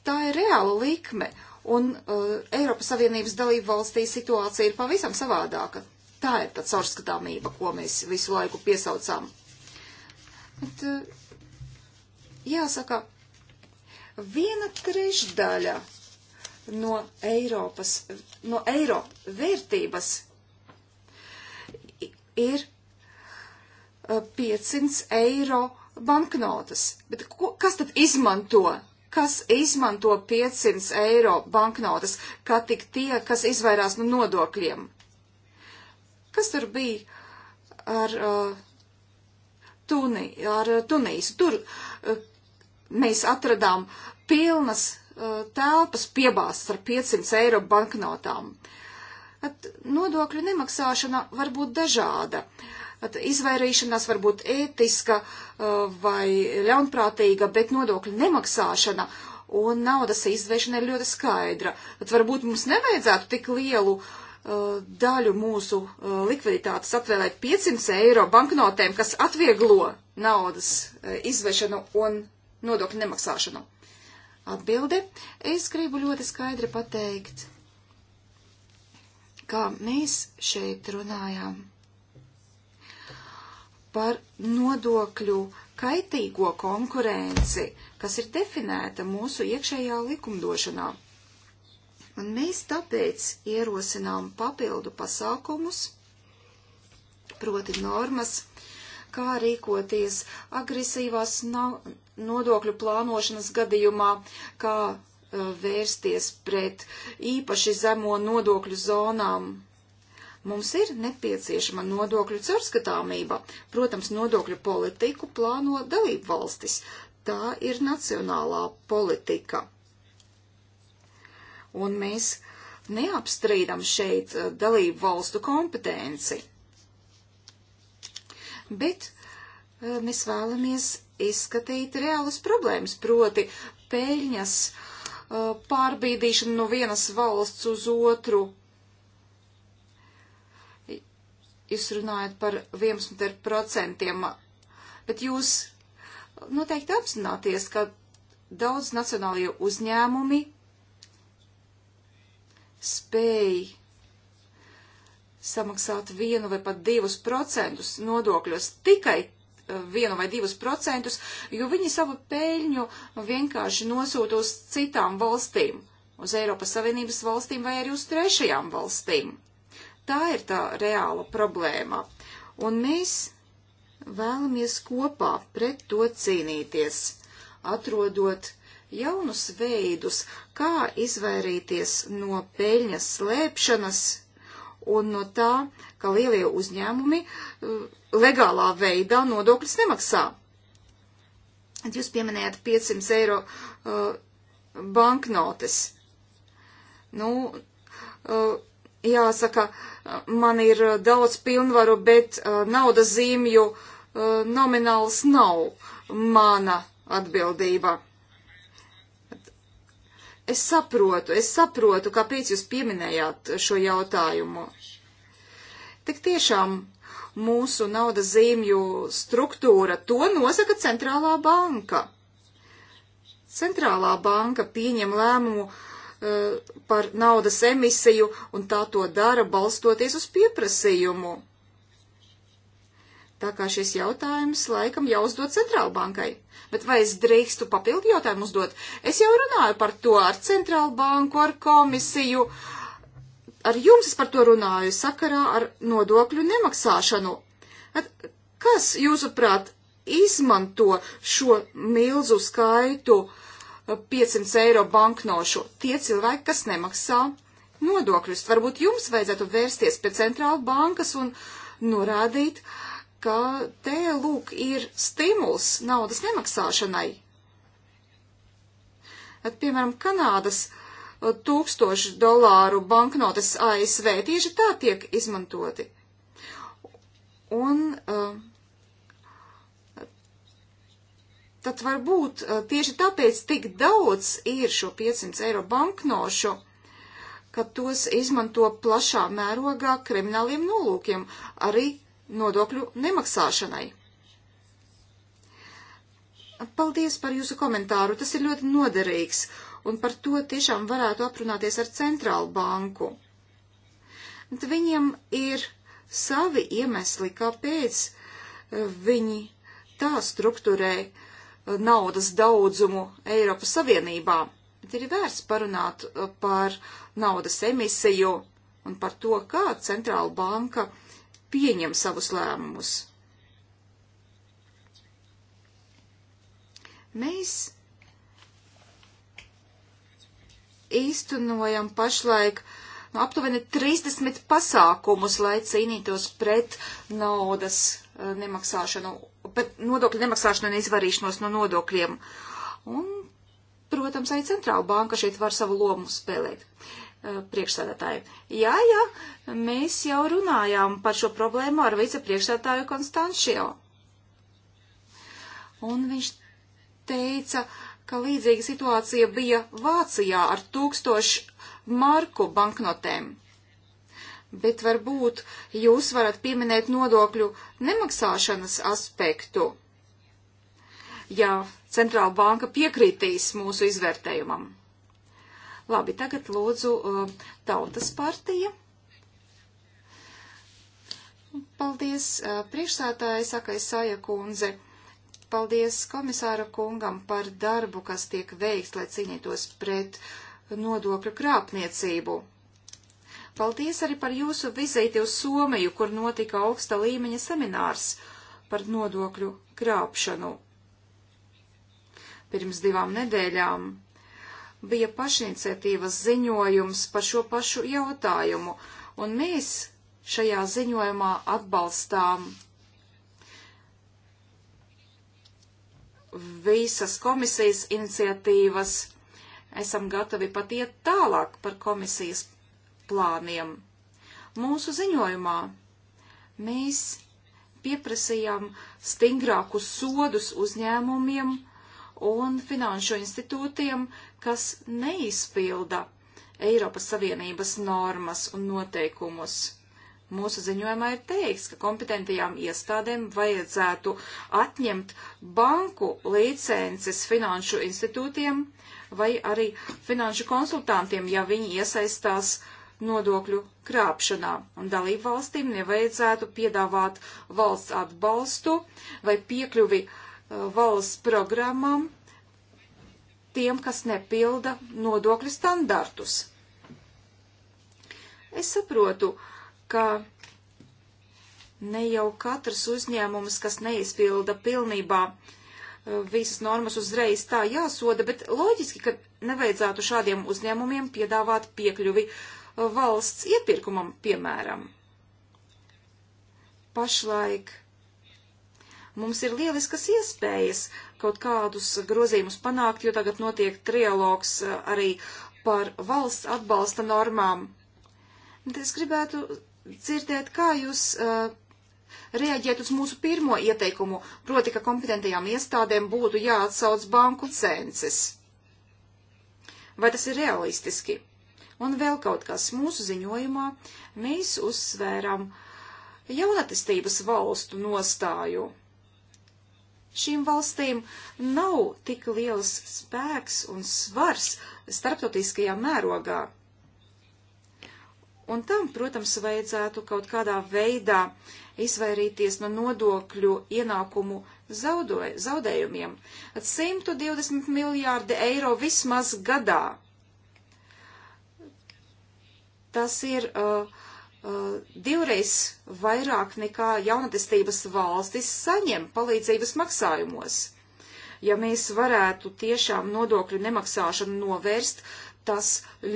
tā ir reāla likme. Uh, Un uh, Eiropas Savienības dalību valstī situācija ir pavisam savādāka. Tā ir tā caurskatāmība, ko mēs visu laiku piesaucām. Bet, uh, jāsaka, viena trešdaļa no Eiropas, no eiro vērtības ir 500 eh, eiro banknotas. Bet ko, kas tad izmanto kas izmanto 500 eiro banknotes, kā tik tie, kas izvairās no nodokļiem. Kas tur bija ar, uh, tuni, ar uh, Tunīsu? Tur uh, mēs atradām pilnas uh, telpas piebāstas ar 500 eiro banknotām. At nodokļu nemaksāšana var būt dažāda. Uh, izvairīšanās var būt ētiska uh, vai ļaunprātīga, bet nodokļu nemaksāšana un naudas izvēršana ir ļoti skaidra. Tad varbūt mums nevajadzētu tik lielu uh, daļu mūsu uh, likviditātes atvēlēt 500 eiro banknotēm, kas atvieglo naudas uh, izvešanu un nodokļu nemaksāšanu. Atbilde. Es gribu ļoti skaidri pateikt, kā mēs šeit runājām par nodokļu kaitīgo konkurenci, kas ir definēta mūsu iekšējā likumdošanā. Un mēs tāpēc ierosinām papildu pasākumus, proti normas, kā rīkoties agresīvās nodokļu plānošanas gadījumā, kā uh, vērsties pret īpaši zemo nodokļu zonām Mums ir nepieciešama nodokļu caurskatāmība. Protams, nodokļu politiku plāno dalību valstis. Tā ir nacionālā politika. Un mēs neapstrīdam šeit eh, dalību valstu kompetenci. Bet eh, mēs vēlamies izskatīt reālas problēmas, proti peļņas eh, pārbīdīšanu no vienas valsts uz otru, jūs runājat par 11%, bet jūs noteikti apzināties, ka daudz nacionālajie uzņēmumi spēj samaksāt vienu vai pat divus procentus nodokļos tikai eh, vienu vai divus procentus, jo viņi savu peļņu vienkārši nosūta uz citām valstīm, uz Eiropas Savienības valstīm vai arī uz trešajām valstīm. Tā ir tā reāla problēma. Un mēs vēlamies kopā pret to cīnīties, atrodot jaunus veidus, kā izvairīties no peļņas slēpšanas un no tā, ka lielie uzņēmumi uh, legālā veidā nodokļus nemaksā. Jūs pieminējat 500 eiro uh, banknotes. Nu, uh, jāsaka, uh, man ir eh, daudz pilnvaru, bet eh, naudas zīmju eh, nomināls nav mana atbildība. Es saprotu, es saprotu, kāpēc jūs pieminējāt šo jautājumu. Tik tiešām mūsu naudas zīmju struktūra to nosaka centrālā banka. Centrālā banka pieņem lēmumu uh, Eh, par naudas emisiju, un tā to dara balstoties uz pieprasījumu. Tā kā šis jautājums laikam jāuzdod centrālbankai. Bet vai es drīkstu papildu jautājumu uzdot? Es jau runāju par to ar centrālbanku, ar komisiju. Ar jums es par to runāju sakarā ar nodokļu nemaksāšanu. At, kas, jūsuprāt, izmanto šo milzu skaitu uh, 500 eiro banknošu tie cilvēki, kas nemaksā nodokļus. Varbūt jums vajadzētu vērsties pie centrāla bankas un norādīt, ka te lūk ir stimuls naudas nemaksāšanai. At, piemēram, Kanādas tūkstošu dolāru banknotes ASV tieši tā tiek izmantoti. Un uh, tad varbūt tieši tāpēc tik daudz ir šo 500 eiro banknošu, ka tos izmanto plašā mērogā krimināliem nolūkiem, arī nodokļu nemaksāšanai. Paldies par jūsu komentāru, tas ir ļoti noderīgs, un par to tiešām varētu aprunāties ar centrālu banku. Bet viņiem ir savi iemesli, kāpēc viņi tā struktūrē uh, naudas daudzumu Eiropas Savienībā, bet ir vērts parunāt par naudas emisiju un par to, kā centrāla banka pieņem savus lēmumus. Mēs īstenojam pašlaik nu, aptuveni 30 pasākumus, lai cīnītos pret naudas eh, nemaksāšanu bet nodokļu nemaksāšana un izvarīšanos no nodokļiem. Un, protams, arī centrāla banka šeit var savu lomu spēlēt eh, priekšsēdētāju. Jā, jā, mēs jau runājām par šo problēmu ar vicepriekšsēdētāju Konstančio. Un viņš teica, ka līdzīga situācija bija Vācijā ar tūkstošu marku banknotēm bet varbūt jūs varat pieminēt nodokļu nemaksāšanas aspektu, ja centrāla banka piekritīs mūsu izvērtējumam. Labi, tagad lūdzu uh, tautas partija. Paldies, uh, priekšsētāja Sakai Saja kundze. Paldies komisāra kungam par darbu, kas tiek veikts, lai cīnītos pret nodokļu krāpniecību Paldies arī par jūsu vizīti uz Somiju, kur notika augsta līmeņa seminārs par nodokļu krāpšanu. Pirms divām nedēļām bija pašiniciatīvas ziņojums par šo pašu jautājumu, un mēs šajā ziņojumā atbalstām visas komisijas iniciatīvas. Esam gatavi pat iet tālāk par komisijas plāniem. Mūsu ziņojumā mēs pieprasījām stingrākus sodus uzņēmumiem un finanšu institūtiem, kas neizpilda Eiropas Savienības normas un noteikumus. Mūsu ziņojumā ir teikts, ka kompetentajām iestādēm vajadzētu atņemt banku licences finanšu institūtiem vai arī finanšu konsultantiem, ja viņi iesaistās uh, nodokļu krāpšanā, un dalību valstīm nevajadzētu piedāvāt valsts atbalstu vai piekļuvi eh, valsts programmam tiem, kas nepilda nodokļu standartus. Es saprotu, ka ne jau katrs uzņēmums, kas neizpilda pilnībā eh, visas normas uzreiz tā jāsoda, bet loģiski, ka nevajadzētu šādiem uzņēmumiem piedāvāt piekļuvi valsts iepirkumam, piemēram. Pašlaik mums ir lieliskas iespējas kaut kādus grozījumus panākt, jo tagad notiek trialogs eh, arī par valsts atbalsta normām. Es gribētu dzirdēt, kā jūs uh, eh, reaģēt uz mūsu pirmo ieteikumu, proti, ka kompetentajām iestādēm būtu jāatsauc banku censes. Vai tas ir realistiski? Un vēl kaut kas mūsu ziņojumā mēs uzsvēram jaunatistības valstu nostāju. Šīm valstīm nav tik liels spēks un svars starptautiskajā mērogā. Un tam, protams, vajadzētu kaut kādā veidā izvairīties no nodokļu ienākumu zaudoja, zaudējumiem. 120 miljārdi eiro vismaz gadā Tas ir uh, uh, divreiz vairāk nekā jaunatistības valstis saņem palīdzības maksājumos. Ja mēs varētu tiešām nodokļu nemaksāšanu novērst, tas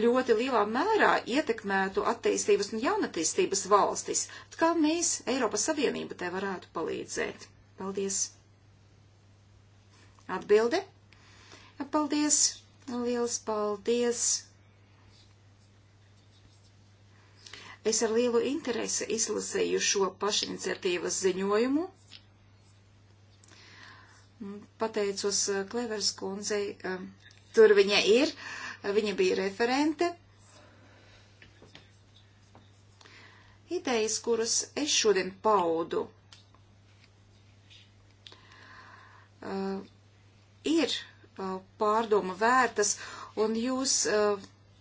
ļoti lielā mērā ietekmētu attīstības un jaunatīstības valstis. Kā mēs, Eiropas Savienība, te varētu palīdzēt? Paldies! Atbilde? Paldies! Liels paldies Es ar lielu interesi izlasīju šo pašiniciatīvas ziņojumu. Pateicos eh, Klevers kundzei, eh, tur viņa ir, viņa bija referente. Idejas, kuras es šodien paudu, eh, ir pārdomu vērtas, un jūs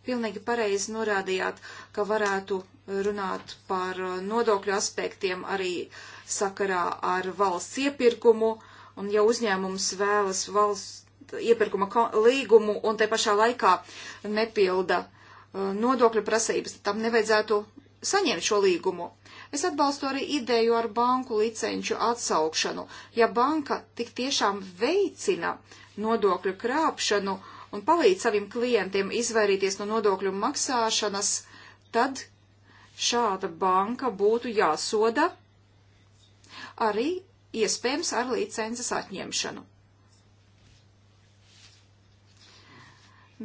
pilnīgi pareizi norādījāt, ka varētu runāt par uh, nodokļu aspektiem arī sakarā ar valsts iepirkumu, un ja uzņēmums vēlas valsts iepirkuma līgumu un te pašā laikā nepilda uh, nodokļu prasības, tam nevajadzētu saņemt šo līgumu. Es atbalstu arī ideju ar banku licenču atsaukšanu. Ja banka tik tiešām veicina nodokļu krāpšanu un palīdz saviem klientiem izvairīties no nodokļu maksāšanas, tad šāda banka būtu jāsoda arī iespējams ar licences atņemšanu.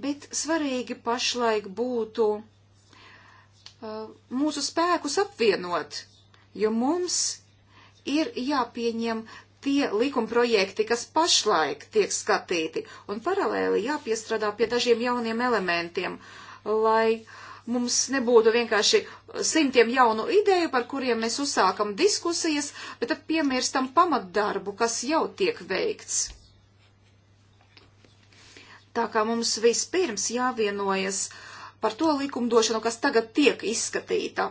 Bet svarīgi pašlaik būtu uh, mūsu spēkus apvienot, jo mums ir jāpieņem tie likumprojekti, kas pašlaik tiek skatīti, un paralēli jāpiestrādā pie dažiem jauniem elementiem, lai uh, mums nebūtu vienkārši simtiem jaunu ideju, par kuriem mēs uzsākam diskusijas, bet tad piemirstam pamatdarbu, kas jau tiek veikts. Tā kā mums vispirms jāvienojas par to likumdošanu, kas tagad tiek izskatīta.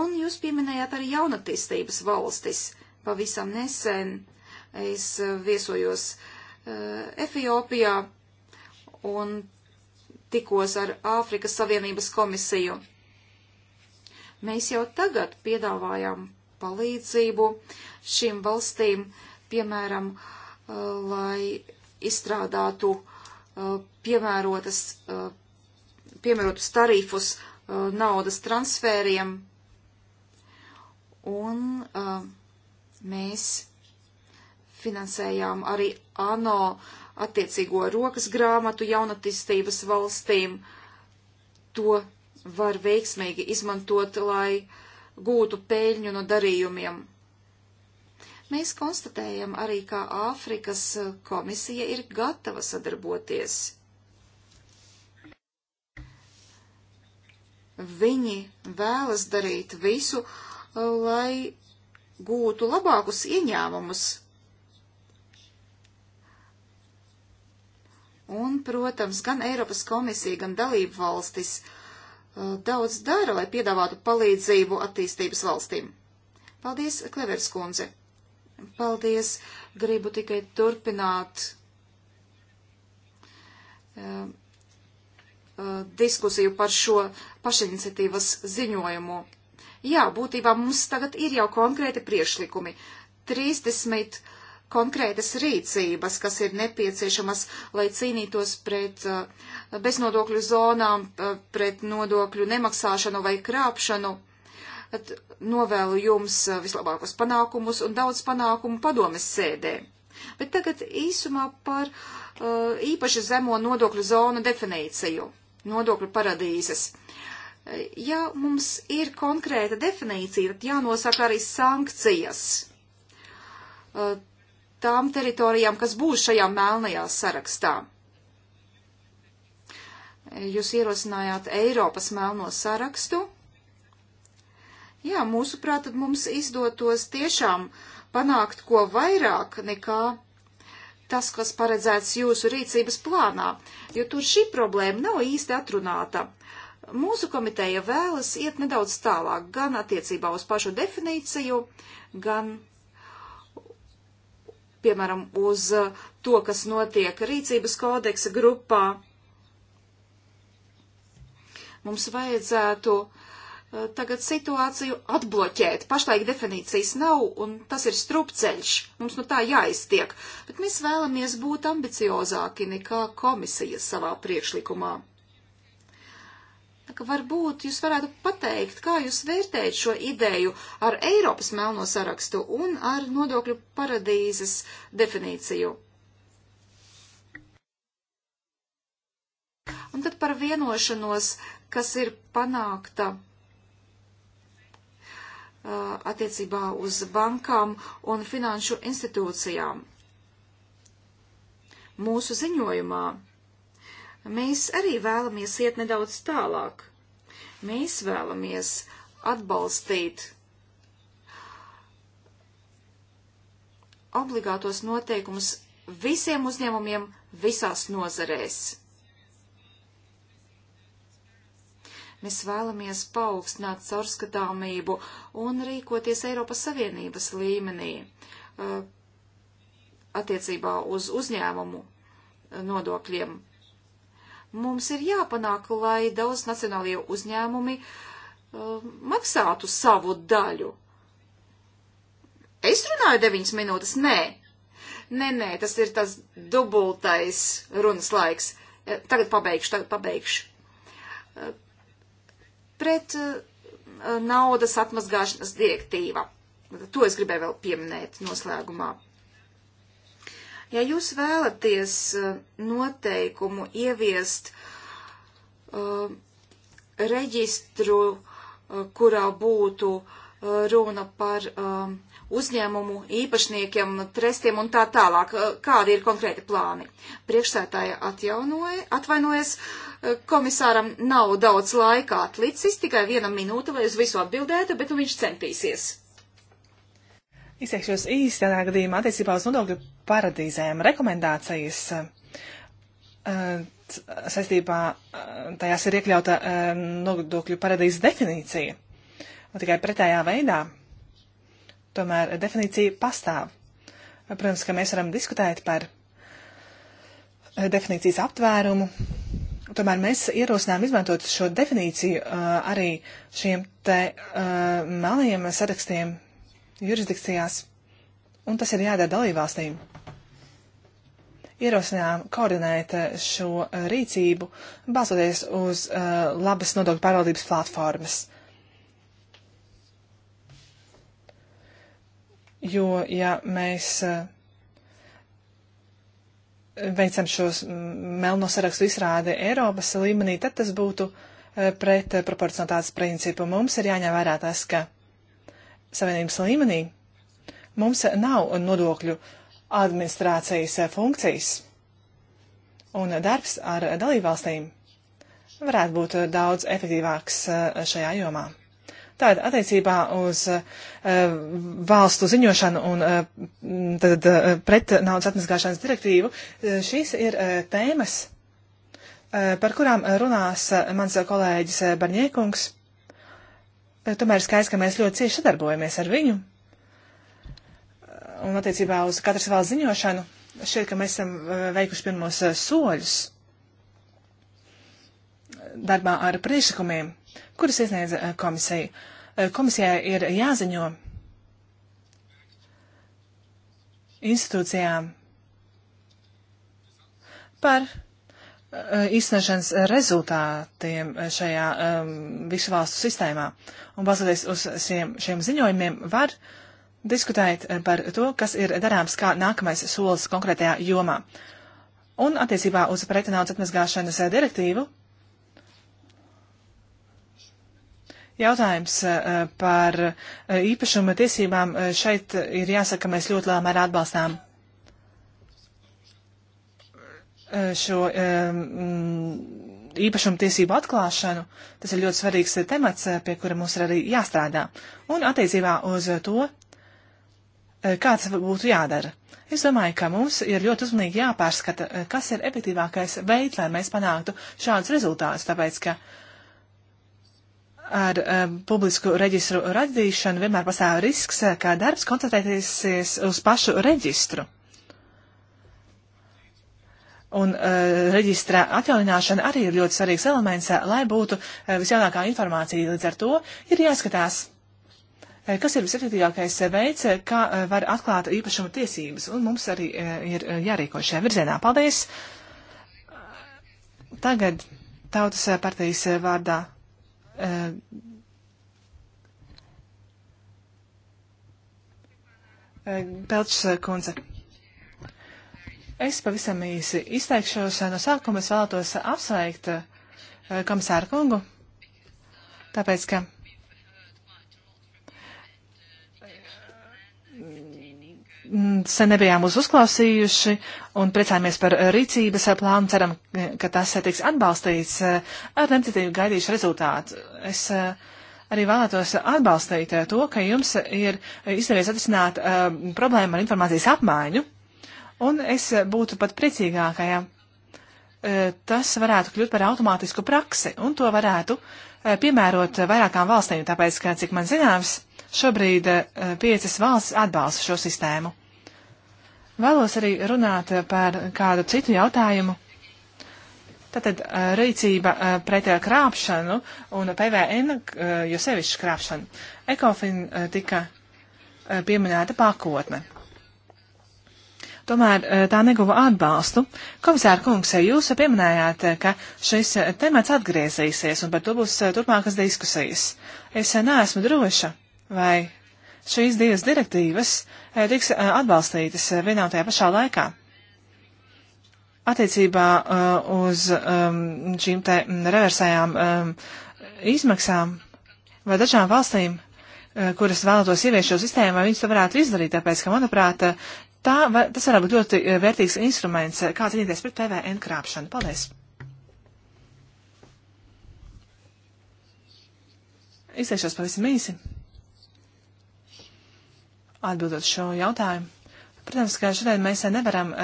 Un jūs pieminējāt arī jaunatīstības valstis. Pavisam nesen es viesojos uh, eh, Efiopijā, un tikos ar Āfrikas Savienības komisiju. Mēs jau tagad piedāvājam palīdzību šīm valstīm, piemēram, uh, lai izstrādātu uh, piemērotas, uh, piemērotus tarifus naudas transfēriem. Un mēs finansējām arī ANO uh, attiecīgo rokas grāmatu jaunatīstības valstīm. To var veiksmīgi izmantot, lai gūtu peļņu no darījumiem. Mēs konstatējam arī, ka Āfrikas komisija ir gatava sadarboties. Viņi vēlas darīt visu, lai gūtu labākus ieņēmumus Un, protams, gan Eiropas komisija, gan dalību valstis uh, daudz dara, lai piedāvātu palīdzību attīstības valstīm. Paldies, Klevers kundze. Paldies. Gribu tikai turpināt uh, uh, diskusiju par šo pašiniciatīvas ziņojumu. Jā, būtībā mums tagad ir jau konkrēti priešlikumi. 30 konkrētas rīcības, kas ir nepieciešamas, lai cīnītos pret uh, beznodokļu zonām, uh, pret nodokļu nemaksāšanu vai krāpšanu. At novēlu jums uh, vislabākos panākumus un daudz panākumu padomes sēdē. Bet tagad īsumā par īpaši zemo nodokļu zonu definīciju - nodokļu paradīzes. Ja mums ir konkrēta definīcija, tad jānosaka arī sankcijas tām teritorijām, kas būs šajā melnajā sarakstā. Jūs ierosinājāt Eiropas melno sarakstu. Jā, mūsuprāt, tad mums izdotos tiešām panākt ko vairāk nekā tas, kas paredzēts jūsu rīcības plānā, jo tur šī problēma nav īsti atrunāta. Mūsu komiteja vēlas iet nedaudz tālāk gan attiecībā uz pašu definīciju, gan piemēram, uz uh, to, kas notiek rīcības kodeksa grupā. Mums vajadzētu uh, tagad situāciju atbloķēt. Pašlaik definīcijas nav, un tas ir strupceļš. Mums no tā jāiztiek. Bet mēs vēlamies būt ambiciozāki nekā komisija savā priekšlikumā. Varbūt jūs varētu pateikt, kā jūs vērtējat šo ideju ar Eiropas melno sarakstu un ar nodokļu paradīzes definīciju. Un tad par vienošanos, kas ir panākta uh, attiecībā uz bankām un finanšu institūcijām. Mūsu ziņojumā Mēs arī vēlamies iet nedaudz tālāk. Mēs vēlamies atbalstīt obligātos noteikumus visiem uzņēmumiem visās nozarēs. Mēs vēlamies paaugstināt caurskatāmību un rīkoties Eiropas Savienības līmenī eh, attiecībā uz uzņēmumu nodokļiem Mums ir jāpanāk, lai daudz nacionālie uzņēmumi uh, maksātu savu daļu. Es runāju deviņas minūtes, nē. Nē, nē, tas ir tas dubultais runas laiks. Eh, tagad pabeigšu, tagad pabeigšu. Uh, pret uh, naudas atmazgāšanas direktīva. To es gribēju vēl pieminēt noslēgumā. Ja jūs vēlaties eh, noteikumu ieviest uh, reģistru, uh, kurā būtu uh, runa par uzņēmumu īpašniekiem, trestiem un tā tālāk, kādi ir konkrēti plāni. Priekšsētāja atjaunoja, atvainojas, komisāram nav daudz laika atlicis, tikai viena minūte, lai uz visu atbildētu, bet nu viņš centīsies. Izteikšos īsi tādā gadījumā attiecībā uz nodokļu paradīzēm. Rekomendācijas eh, saistībā eh, tajās ir iekļauta eh, nodokļu paradīzes definīcija. Tikai pretējā veidā. Tomēr definīcija pastāv. Protams, ka mēs varam diskutēt par definīcijas aptvērumu. Tomēr mēs ierosinām izmantot šo definīciju arī šiem te melnajiem sarakstiem jurisdikcijās, un tas ir jādara dalībvalstīm. Ierosinām koordinēt eh, šo eh, rīcību, balstoties uz uh, labas nodokļu pārvaldības platformas. Jo, ja mēs uh, veicam šos melno sarakstu izrādi Eiropas līmenī, tad tas būtu pret proporcionātātes principu. Mums ir jāņem vērā tas, ka Savienības līmenī mums nav nodokļu administrācijas funkcijas, un darbs ar dalībvalstīm varētu būt daudz efektīvāks eh, šajā jomā. Tātad attiecībā uz uh, valstu ziņošanu un uh, tad, uh, pret naudas atmaskāšanas direktīvu šīs ir tēmas, par kurām runās mans kolēģis Barņēkungs Eh, tomēr skaidrs, ka mēs ļoti cieši sadarbojamies ar viņu. Un attiecībā uz katru savu ziņošanu, šķiet, ka mēs esam eh, veikuši pirmos eh, soļus darbā ar priekšlikumiem, kurus iesniedz komisija. Komisijai ir jāziņo institūcijām par īstenošanas eh, rezultātiem eh, šajā um, visu valstu sistēmā. Un balstoties uz šiem, šiem ziņojumiem, var diskutēt par to, kas ir darāms kā nākamais solis konkrētajā jomā. Un attiecībā uz pretināts atmazgāšanas direktīvu Jautājums par īpašuma tiesībām šeit ir jāsaka, mēs ļoti lielā mērā atbalstām Eh, šo eh, mm, īpašumu tiesību atklāšanu. Tas ir ļoti svarīgs temats, eh, pie kura mums ir arī jāstrādā. Un attiecībā uz to, kāds būtu jādara. Es domāju, ka mums ir ļoti uzmanīgi jāpārskata, kas ir efektīvākais veids, lai mēs panāktu šādus rezultātus, tāpēc ka ar um, publisku reģistru radīšanu vienmēr pastāv risks, ka darbs koncentrēties uz pašu reģistru. Un uh, reģistra atjaunināšana arī ir ļoti svarīgs elements, eh, lai būtu uh, visjaunākā informācija. Līdz ar to ir jāskatās, uh, kas ir visefektīvākais veids, uh, kā uh, var atklāt īpašuma tiesības. Un mums arī uh, ir uh, jārīko šajā virzienā. Paldies! Tagad Tautas partijas vārdā. Uh, Pelčs kundze. Es pavisam īsi izteikšos no sākuma. Es vēlētos apsveikt eh, komisāru kungu, tāpēc ka mm, sen nebijām uz uzklausījuši un priecājamies par eh, rīcības eh, plānu. Ceram, ka tas tiks atbalstīts ar necietību gaidīšu rezultātu. Es arī vēlētos atbalstīt to, ka jums ir izdevies atrisināt problēmu ar informācijas apmaiņu. Un es eh, būtu pat priecīgākajā. Eh, tas varētu kļūt par automātisku praksi, un to varētu eh, piemērot vairākām valstīm, tāpēc, ka, cik man zināms, šobrīd piecas valsts atbalsta šo sistēmu. Vēlos arī runāt par kādu citu jautājumu. Tātad rīcība pret krāpšanu un PVN, jo sevišķi krāpšanu. Ekofin tika pieminēta pakotne tomēr eh, tā neguva atbalstu. Komisāra kungs, eh, jūs pieminējāt, eh, ka šis temats atgriezīsies un par to būs turpmākas diskusijas. Es neesmu droša, vai šīs divas direktīvas tiks atbalstītas vienā un tajā pašā laikā. Attiecībā uz ehm, šīm te mm, reversējām ehm, izmaksām vai dažām valstīm kuras vēlētos ieviest šo sistēmu, vai viņas to varētu izdarīt, tāpēc, ka, manuprāt, tā, var, tas varētu būt ļoti eh, vērtīgs instruments, eh, kā cīnīties pret PVN krāpšanu. Paldies! Izteikšos pavisam īsi. Atbildot šo jautājumu. Protams, ka šodien mēs eh, nevaram um,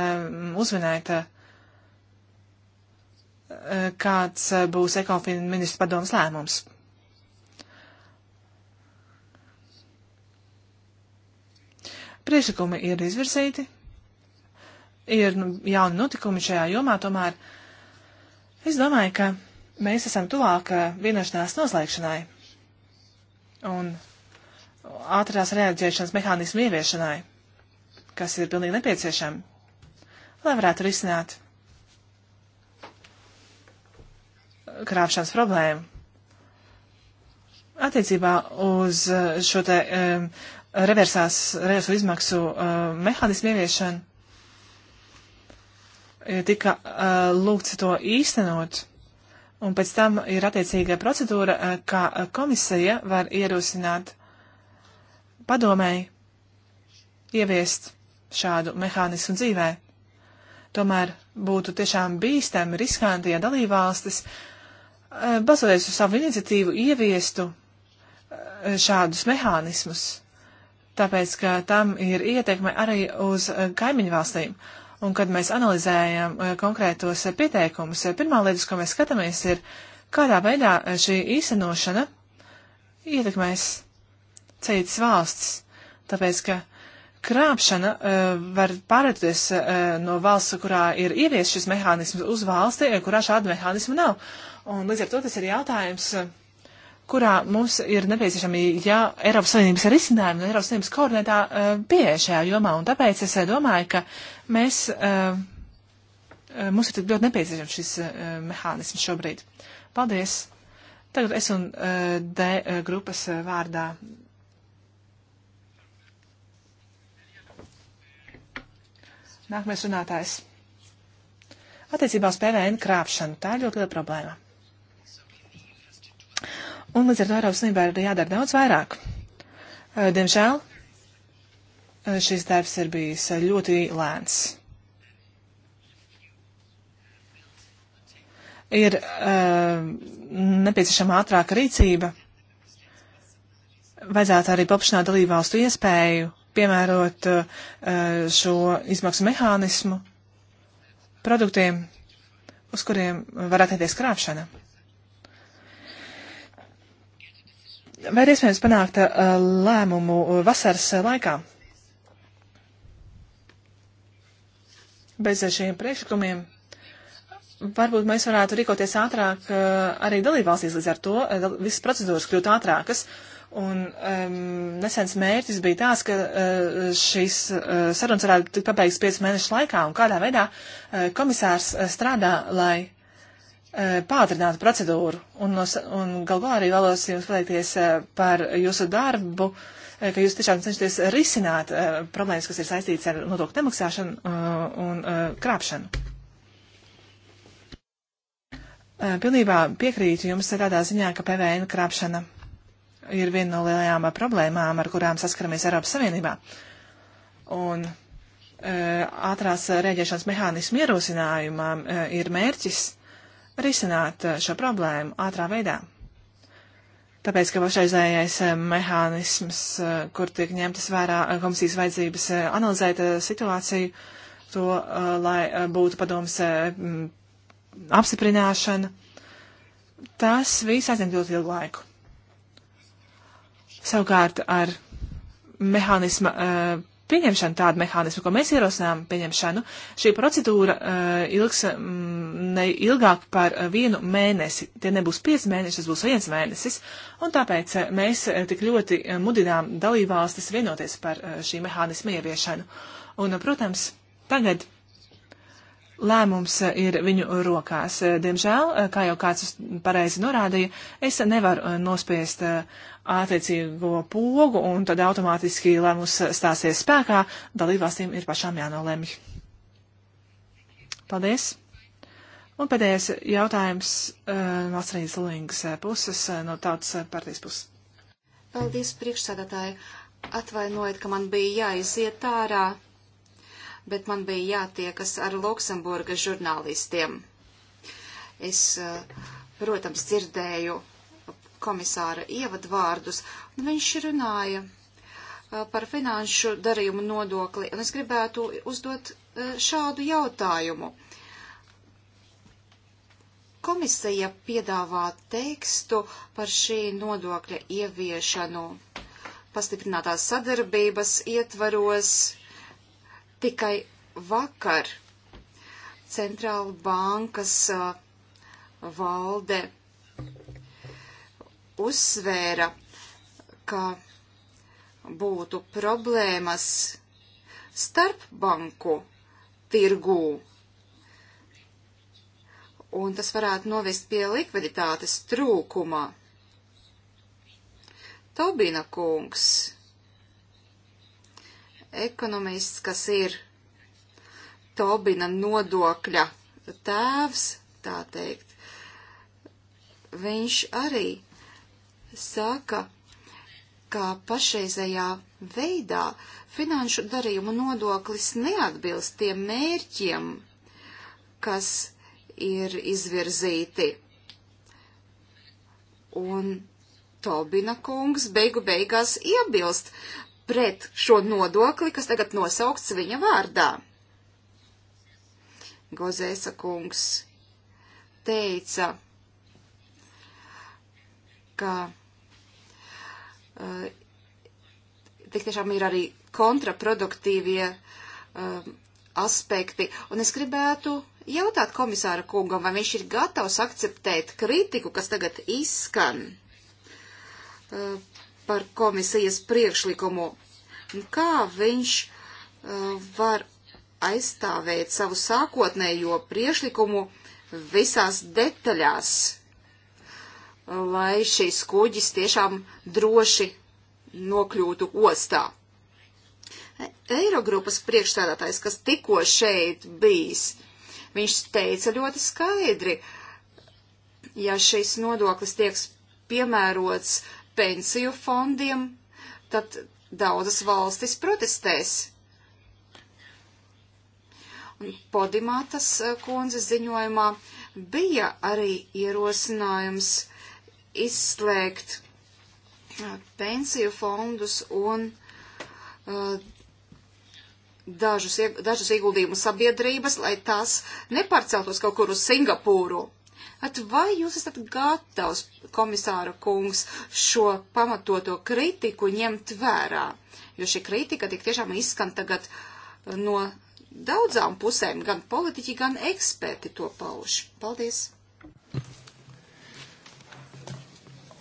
uzvinēt, uh, kāds būs ekofina ministra padomas lēmums. Priešlikumi ir izvirzīti, ir nu, jauni notikumi šajā jomā, tomēr es domāju, ka mēs esam tuvāk eh, vienošanās noslēgšanai un ātrās reaģēšanas mehānismu ieviešanai, kas ir pilnīgi nepieciešami, lai varētu risināt krāpšanas problēmu. Attiecībā uz eh, šo te um, reversās, reversu izmaksu uh, mehānismu ieviešanu, eh, tika uh, lūgts to īstenot. Un pēc tam ir attiecīga procedūra, eh, kā komisija var ierosināt padomēji ieviest šādu mehānismu dzīvē. Tomēr būtu tiešām bīstami, riskanti, ja dalībvalstis, eh, bazoties uz savu iniciatīvu, ieviestu šādus mehānismus tāpēc, ka tam ir ietekme arī uz eh, kaimiņu valstīm. Un kad mēs analizējam eh, konkrētos eh, pieteikumus, pirmā lieta, ko mēs skatāmies, ir, kādā veidā šī īstenošana ietekmēs citas valsts. Tāpēc, ka krāpšana uh, var pārēties uh, no valsts, kurā ir ievies šis mehānisms, uz valsti, kurā šāda mehānisma nav. Un līdz ar to tas ir jautājums. Uh, kurā mums ir nepieciešami jā, Eiropas Savienības risinājumi un Eiropas Savienības koordinētā uh, pieeja šajā jomā. Un tāpēc es uh, domāju, ka mēs, uh, mums ir tik ļoti nepieciešams šis uh, mehānisms šobrīd. Paldies! Tagad es un uh, D uh, grupas uh, vārdā. Nākamais runātājs. Attiecībā uz PVN krāpšanu tā ir ļoti liela problēma. Un līdz ar to Eiropas Savienībā ir jādara daudz vairāk. Diemžēl šis darbs ir bijis ļoti lēns. Ir uh, nepieciešama ātrāka rīcība. Vajadzētu arī paplašināt dalībvalstu iespēju piemērot uh, šo izmaksu mehānismu produktiem, uz kuriem var attiekties krāpšana. Vai ir iespējams panākt uh, lēmumu uh, vasaras uh, laikā? Bez šiem priekšlikumiem Varbūt mēs varētu rīkoties ātrāk arī dalībvalstīs, līdz ar to visas procedūras kļūtu ātrākas. Un um, nesens mērķis bija tās, ka uh, šīs uh, sarunas varētu tikt pabeigts 5 mēnešu laikā, un kādā veidā uh, komisārs uh, strādā, lai Eh, pātrinātu procedūru. Un, no, un galvā arī vēlos jums pateikties eh, par jūsu darbu, eh, ka jūs tiešām cenšaties risināt problēmas, kas ir saistītas ar nodokļu nemaksāšanu un krāpšanu. Pilnībā piekrītu jums tādā ziņā, ka PVN krāpšana ir viena no lielajām problēmām, ar kurām saskaramies Eiropas Savienībā. Un ātrās rēģēšanas mehānismu ierosinājumam ir mērķis risināt eh, šo problēmu ātrā veidā. Tāpēc, ka pašreizējais eh, mehānisms, eh, kur tiek ņemtas vērā komisijas vajadzības analizēt situāciju, to, lai būtu padomas apstiprināšana, tas viss aizņem ļoti ilgu laiku. Savukārt ar mehānisma uh, pieņemšanu, tādu mehānismu, ko mēs ierosinām pieņemšanu, šī procedūra uh, ilgs mm, ne ilgāk par vienu mēnesi. Tie nebūs pieci mēneši, tas būs viens mēnesis, un tāpēc eh, mēs eh, tik ļoti mudinām dalībvalstis vienoties par šī mehānisma ieviešanu. Un, protams, tagad. Lēmums ir viņu rokās. Diemžēl, kā jau kāds pareizi norādīja, es nevaru nospiest attiecīgo pogu, un tad automātiski lēmums stāsies spēkā, dalībvalstīm ir pašām jānolēmj. Paldies! Un pēdējais jautājums uh, eh, Masrīdas Lingas eh, puses, eh, no tautas partijas puses. Paldies, priekšsēdētāji! Atvainojiet, ka man bija jāiziet ārā, bet man bija jātiekas ar Luksemburga žurnālistiem. Es, uh, protams, dzirdēju komisāra ievadvārdus, un viņš runāja uh, par finanšu darījumu nodokli, un es gribētu uzdot uh, šādu jautājumu. Komisija piedāvā tekstu par šī nodokļa ieviešanu pastiprinātās sadarbības ietvaros tikai vakar centrāla bankas uh, valde uzsvēra, ka būtu problēmas starp banku tirgū. Un tas varētu novest pie likviditātes trūkuma. Taubina kungs, ekonomists, kas ir Tobina nodokļa tēvs, tā teikt, viņš arī saka, ka pašreizējā veidā finanšu darījumu nodoklis neatbilst tiem mērķiem, kas ir izvirzīti. Un Tobina kungs beigu beigās iebilst pret šo nodokli, kas tagad nosaukts viņa vārdā. Gozēsa kungs teica, ka Eh, tik tiešām ir arī kontraproduktīvie um, aspekti. Un es gribētu jautāt komisāra kungam, vai viņš ir gatavs akceptēt kritiku, kas tagad izskan uh, par komisijas priekšlikumu. Un kā viņš uh, var aizstāvēt savu sākotnējo priešlikumu visās detaļās? lai šīs kuģis tiešām droši nokļūtu ostā. Eirogrupas priekšstādātājs, kas tikko šeit bijis, viņš teica ļoti skaidri, ja šis nodoklis tiek piemērots pensiju fondiem, tad daudzas valstis protestēs. Un Podimātas eh, kundzes ziņojumā bija arī ierosinājums izslēgt pensiju fondus un uh, dažus, dažus ieguldījumus sabiedrības, lai tās nepārceltos kaut kur uz Singapūru. At vai jūs esat gatavs, komisāra kungs, šo pamatoto kritiku ņemt vērā? Jo šī kritika tik tiešām izskan tagad uh, no daudzām pusēm, gan politiķi, gan eksperti to pauž. Paldies!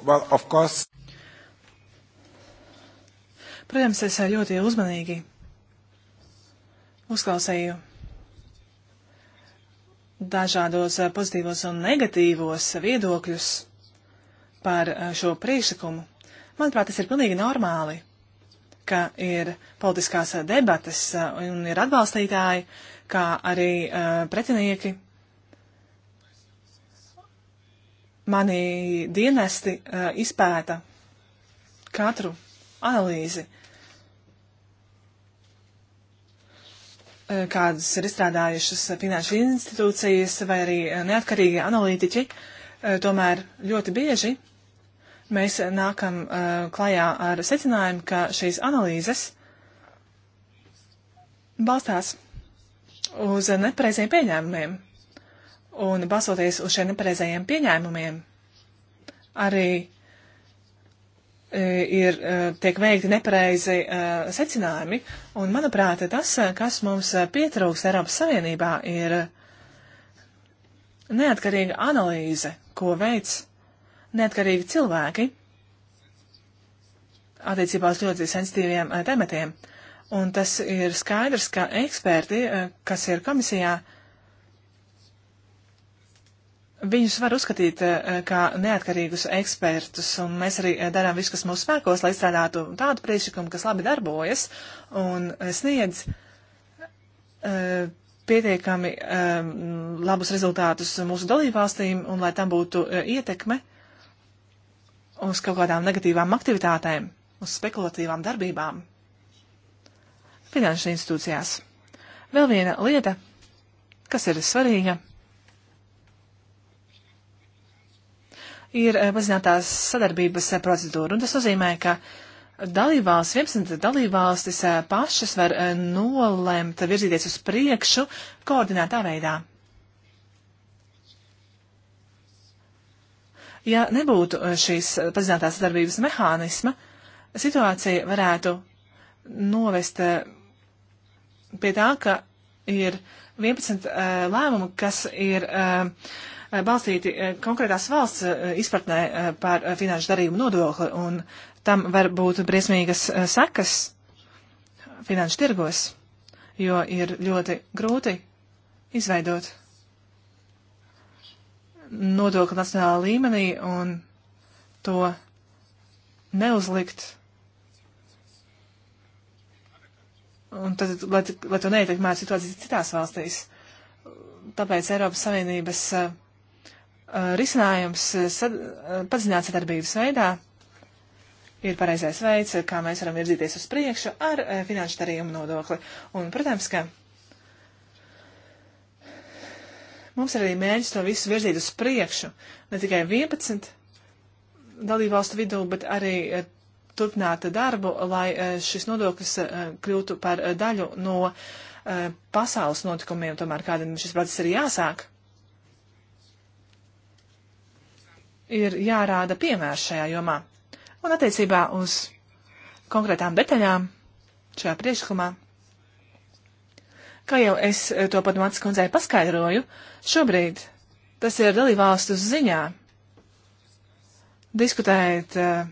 Well, of course. Protams, es eh, ļoti uzmanīgi uzklausīju dažādos eh, pozitīvos un negatīvos viedokļus par eh, šo priekšlikumu. Manuprāt, tas ir pilnīgi normāli, ka ir politiskās debates un ir atbalstītāji, kā arī pretinieki mani dienesti uh, izpēta katru analīzi, uh, kādas ir izstrādājušas finanšu institūcijas vai arī neatkarīgi analītiķi. Uh, tomēr ļoti bieži mēs nākam uh, klajā ar secinājumu, ka šīs analīzes balstās uz nepareiziem pieņēmumiem Un balsoties uz šiem nepareizajiem pieņēmumiem, arī e, ir, e, tiek veikti nepareizi e, secinājumi. Un, manuprāt, tas, kas mums pietrūks Eiropas Savienībā, ir neatkarīga analīze, ko veids neatkarīgi cilvēki attiecībā uz ļoti sensitīviem tematiem. Un tas ir skaidrs, ka eksperti, kas ir komisijā, Viņus var uzskatīt eh, kā neatkarīgus ekspertus, un mēs arī eh, darām visu, kas mūsu spēkos, lai izstrādātu tādu priekšlikumu, kas labi darbojas un eh, sniedz uh, pietiekami uh, labus rezultātus mūsu dalībvalstīm, un lai tam būtu uh, ietekme uz kaut kādām negatīvām aktivitātēm, uz spekulatīvām darbībām finanšu institūcijās. Vēl viena lieta, kas ir svarīga ir pazinātās eh, sadarbības eh, procedūra, un tas nozīmē, ka dalībvalsts, 11 dalībvalstis eh, pašas var nolemt virzīties uz priekšu koordinētā veidā. Ja nebūtu šīs pazinātās sadarbības mehānisma, situācija varētu novest pie tā, ka ir 11 lēmumu, kas ir uh, Eh, balstīti eh, konkrētās valsts eh, izpratnē par finanšu darījumu nodokli, un tam var būt briesmīgas sekas finanšu tirgos, jo ir ļoti grūti izveidot nodokli nacionālā līmenī un to neuzlikt. Un tad, lai, lai to neietekmētu situācijas citās valstīs. Tāpēc Eiropas Savienības uh, Uh, risinājums uh, sad, uh, padziļināt sadarbības veidā ir pareizais veids, kā mēs varam virzīties uz priekšu ar finanšu darījumu nodokli. Un, protams, ka mums ir arī mēģis to visu virzīt uz priekšu, ne tikai 11 dalībvalstu vidū, bet arī turpināt darbu, lai šis nodoklis kļūtu par daļu no pasaules notikumiem, tomēr kādam šis process ir jāsāk. ir jārāda piemērs šajā jomā. Un attiecībā uz konkrētām detaļām šajā priekšlikumā, kā jau es to pat Mats kundzei paskaidroju, šobrīd tas ir dalībvalstu ziņā diskutēt eh,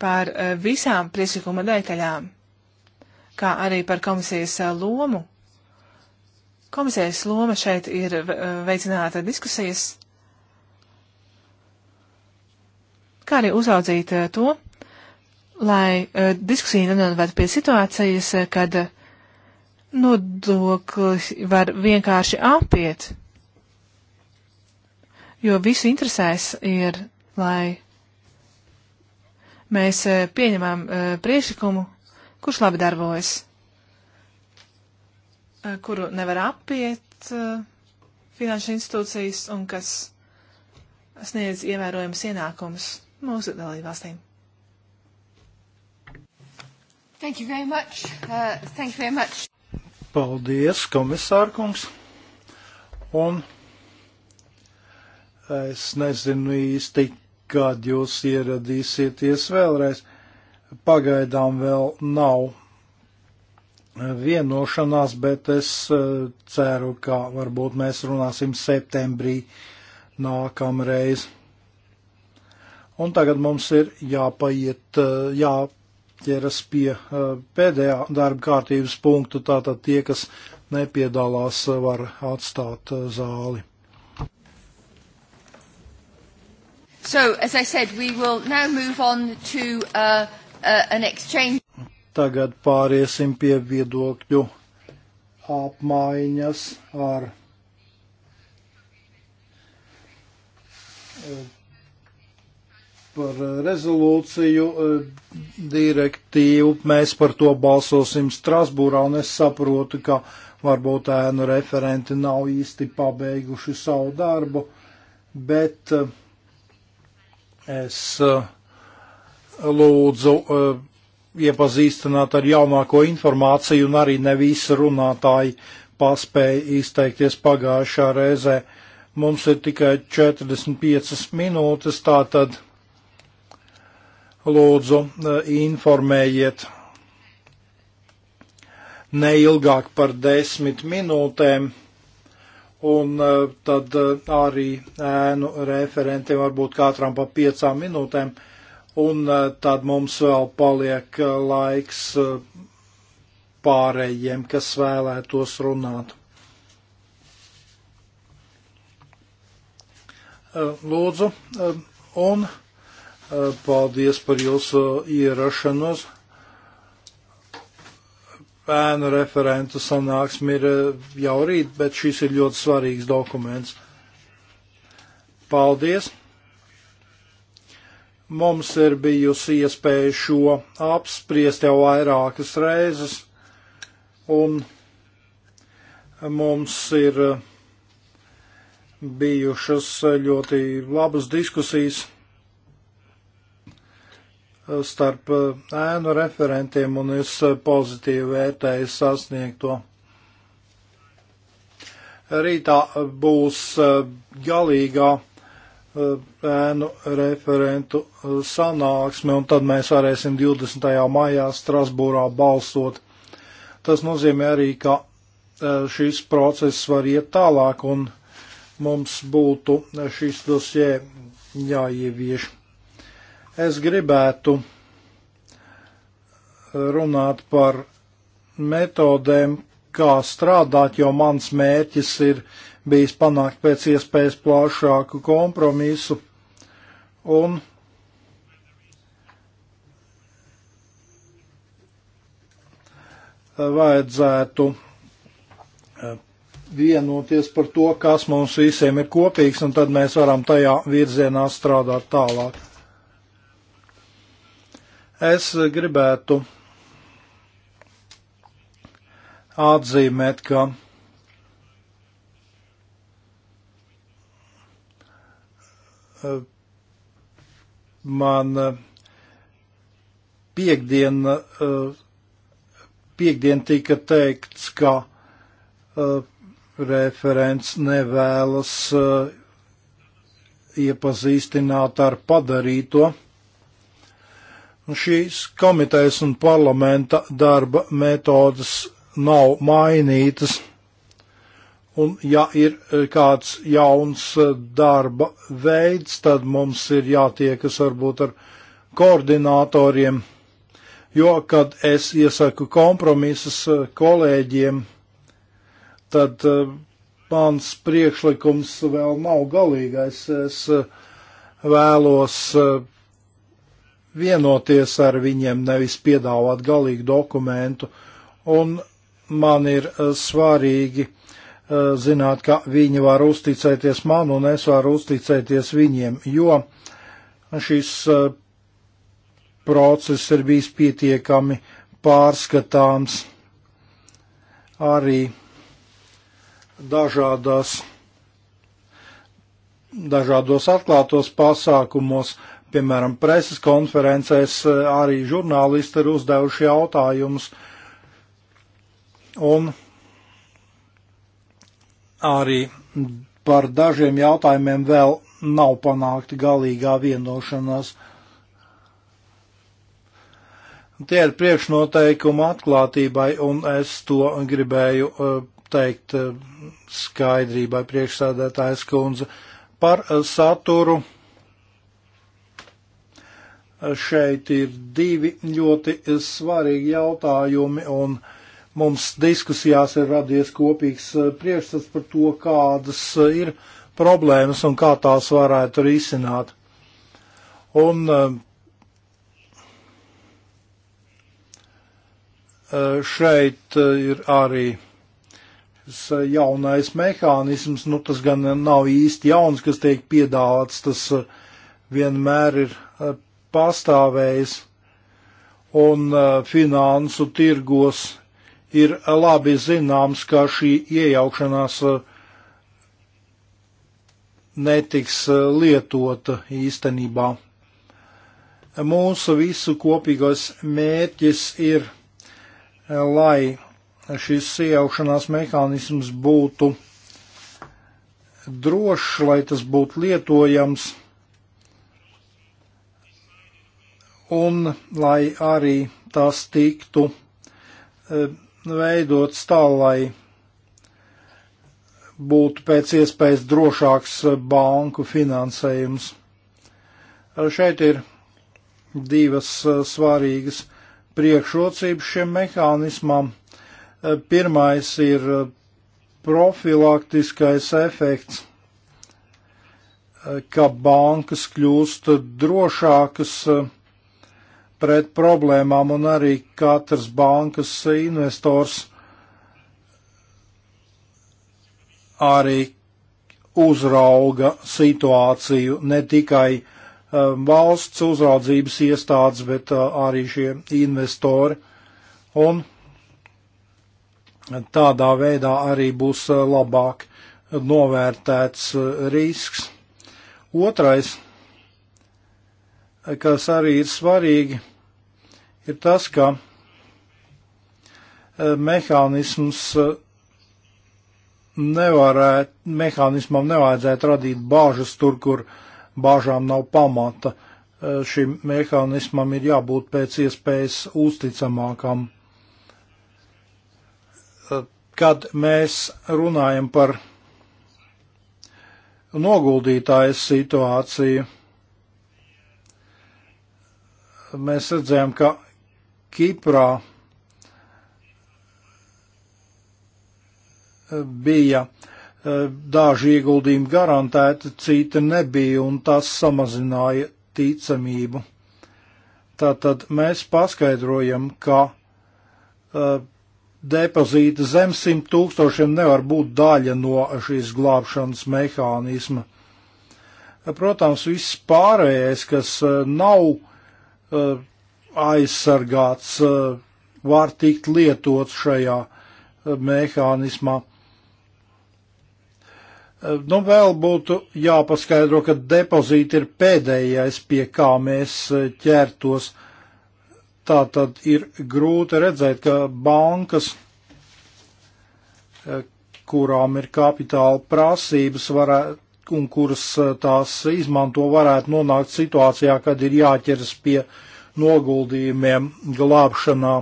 par eh, visām priekšlikuma detaļām, kā arī par komisijas eh, lomu. Komisijas loma šeit ir veicināta diskusijas kā arī uzraudzīt eh, to, lai eh, diskusija nenovērt pie situācijas, eh, kad nodoklis var vienkārši apiet, jo visu interesēs ir, lai mēs pieņemam priekšlikumu, kurš labi darbojas, kuru nevar apiet finanšu institūcijas un kas sniedz ievērojams ienākums mūsu dalībvalstīm. Thank you very much. Uh, thank you very much. Paldies, komisārkungs. Un es nezinu īsti, kad jūs ieradīsieties vēlreiz. Pagaidām vēl nav vienošanās, bet es uh, ceru, ka varbūt mēs runāsim septembrī nākamreiz. Un tagad mums ir jāpaiet, eh, jāķeras pie eh, pēdējā darba kārtības punktu, tātad tie, kas nepiedalās, eh, var atstāt zāli. So, as I said, we will now move on to uh, uh, an exchange. Tagad pāriesim pie viedokļu apmaiņas ar par eh, rezolūciju eh, direktīvu. Mēs par to balsosim Strasbūrā, un es saprotu, ka varbūt ēnu referenti nav īsti pabeiguši savu darbu, bet eh, es lūdzu iepazīstināt ar jaunāko informāciju, un arī ne visi runātāji paspēja izteikties pagājušā reizē. Mums ir tikai 45 minūtes, tātad lūdzu e, informējiet neilgāk par desmit minūtēm, un e, tad e, arī ēnu referentiem varbūt katram pa piecām minūtēm, un tad mums vēl paliek laiks pārējiem, kas vēlētos runāt. Lūdzu, un. Uh, Paldies par jūsu ierašanos. Ēnu referentu sanāksmi ir eh, jau rīt, bet šis ir ļoti svarīgs dokuments. Paldies! Mums ir bijusi iespēja šo apspriest jau vairākas reizes, un mums ir bijušas ļoti labas diskusijas starp eh, ēnu referentiem un es eh, pozitīvi vērtēju sasniegto. Rītā eh, būs galīgā ēnu referentu sanāksme, un tad mēs varēsim 20. maijā Strasbūrā balsot. Tas nozīmē arī, ka šis process var iet tālāk, un mums būtu šis dosie jāievieš. Es gribētu runāt par metodēm, kā strādāt, jo mans mērķis ir bijis panākt pēc iespējas plašāku kompromisu. Un vajadzētu eh, vienoties par to, kas mums visiem ir kopīgs, un tad mēs varam tajā virzienā strādāt tālāk. Es gribētu atzīmēt, ka man piekdiena, piekdien tika teikts, ka referents nevēlas iepazīstināt ar padarīto. Šīs komitejas un parlamenta darba metodas nav mainītas. Un ja ir e, kāds jauns e, darba veids, tad mums ir jātiekas varbūt ar koordinatoriem, jo, kad es iesaku kompromisus e, kolēģiem, tad mans priekšlikums vēl nav galīgais. Es vēlos vienoties ar viņiem, nevis piedāvāt galīgu dokumentu. Un man ir eh, svarīgi eh, zināt, ka viņi var uzticēties man un es varu uzticēties viņiem, jo šis eh, process ir bijis pietiekami pārskatāms arī dažādās, dažādos atklātos pasākumos, uh, Piemēram, preses konferencēs eh, arī žurnālisti ir uzdevuši jautājumus. Un arī par dažiem jautājumiem vēl nav panākta galīgā vienošanās. Tie ir priekšnoteikumi atklātībai, un es to gribēju eh, teikt eh, skaidrībai priekšsēdētājas kundze par saturu. Šeit ir divi ļoti svarīgi jautājumi, un mums diskusijās ir radies kopīgs eh, priekšstats par to, kādas eh, ir problēmas un kā tās varētu risināt. Un eh, šeit ir arī šis jaunais mehānisms, nu tas gan nav īsti jauns, kas tiek piedāvāts, tas vienmēr ir pastāvējis, un uh, finansu tirgos ir labi zināms, ka šī iejaukšanās uh, netiks uh, lietota īstenībā. Mūsu visu kopīgais mērķis ir, lai šis iejaukšanās mehānisms būtu drošs, lai tas būtu lietojams un lai arī tās tiktu e, veidots tā, lai būtu pēc iespējas drošāks banku finansējums. E, šeit ir divas e, svarīgas priekšrocības šiem mehānismam. Pirmais ir profilaktiskais efekts, ka bankas kļūst drošākas, uh, pret problēmām, un arī katrs bankas investors arī uzrauga situāciju ne tikai um, valsts uzraudzības iestādes, bet uh, arī šie investori. Un tādā veidā arī būs uh, labāk novērtēts uh, risks. Otrais, kas arī ir svarīgi, ir tas, ka eh, mehānisms eh, nevarētu, mehānismam nevajadzētu radīt bāžas tur, kur bāžām nav pamata. Eh, šim mehānismam ir jābūt pēc iespējas uzticamākam. Kad mēs runājam par noguldītājas situāciju, mēs redzējām, ka Kiprā eh, bija eh, daži ieguldījumi garantēti, cita nebija, un tas samazināja ticamību. Tātad mēs paskaidrojam, ka uh, depozīta zem simt tūkstošiem nevar būt daļa no šīs glābšanas mehānisma. Protams, viss pārējais, kas nav uh, aizsargāts, eh, var tikt lietots šajā eh, mehānismā. Eh, nu, vēl būtu jāpaskaidro, ka depozīti ir pēdējais, pie kā mēs ķertos. Tā tad ir grūti redzēt, ka bankas, kurām ir kapitāla prasības varētu, un kuras tās izmanto, varētu nonākt situācijā, kad ir jāķeras pie uh, noguldījumiem glābšanā.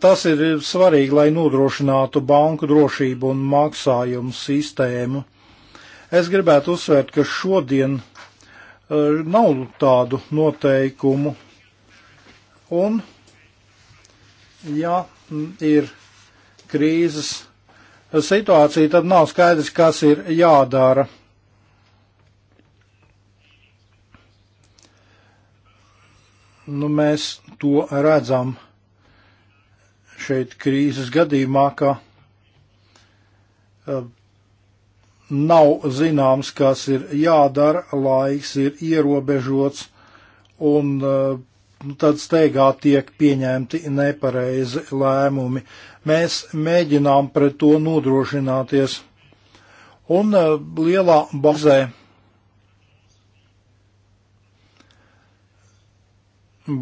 Tas ir svarīgi, lai nodrošinātu banku drošību un maksājumu sistēmu. Es gribētu uzsvērt, ka šodien eh, nav tādu noteikumu. Un, ja ir krīzes situācija, tad nav skaidrs, kas ir jādara. Nu, mēs to redzam šeit krīzes gadījumā, ka uh, nav zināms, kas ir jādara, laiks ir ierobežots un uh, tad steigā tiek pieņemti nepareizi lēmumi. Mēs mēģinām pret to nodrošināties. Un uh, lielā bazē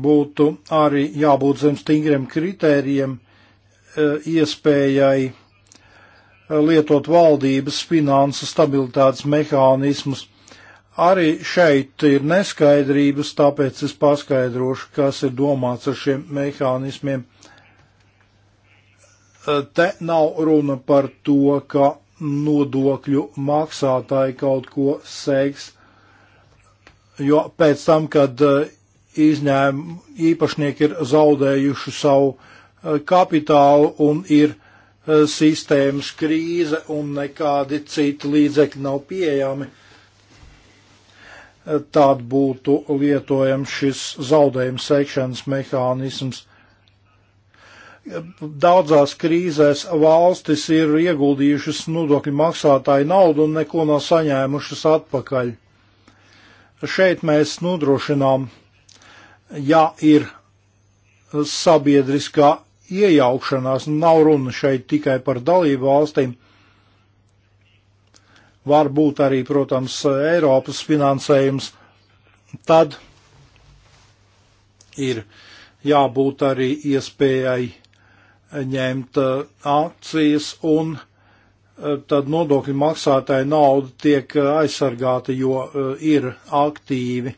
būtu arī jābūt zem stingriem kritērijiem e, iespējai e, lietot valdības finanses stabilitātes mehānismus. Arī šeit ir neskaidrības, tāpēc es paskaidrošu, kas ir domāts ar šiem mehānismiem. E, te nav runa par to, ka nodokļu maksātāji kaut ko sēks, jo pēc tam, kad izņēmumi īpašnieki ir zaudējuši savu eh, kapitālu un ir eh, sistēmas krīze un nekādi citi līdzekļi nav pieejami. Eh, Tād būtu lietojams šis zaudējuma sekšanas mehānisms. Daudzās krīzēs valstis ir ieguldījušas nodokļu maksātāju naudu un neko nav saņēmušas atpakaļ. Šeit mēs nodrošinām ja ir sabiedriskā iejaukšanās, nav runa šeit tikai par dalību valstīm, var būt arī, protams, Eiropas finansējums, tad ir jābūt arī iespējai ņemt uh, akcijas un uh, tad nodokļu maksātāja nauda tiek uh, aizsargāta, jo ir aktīvi.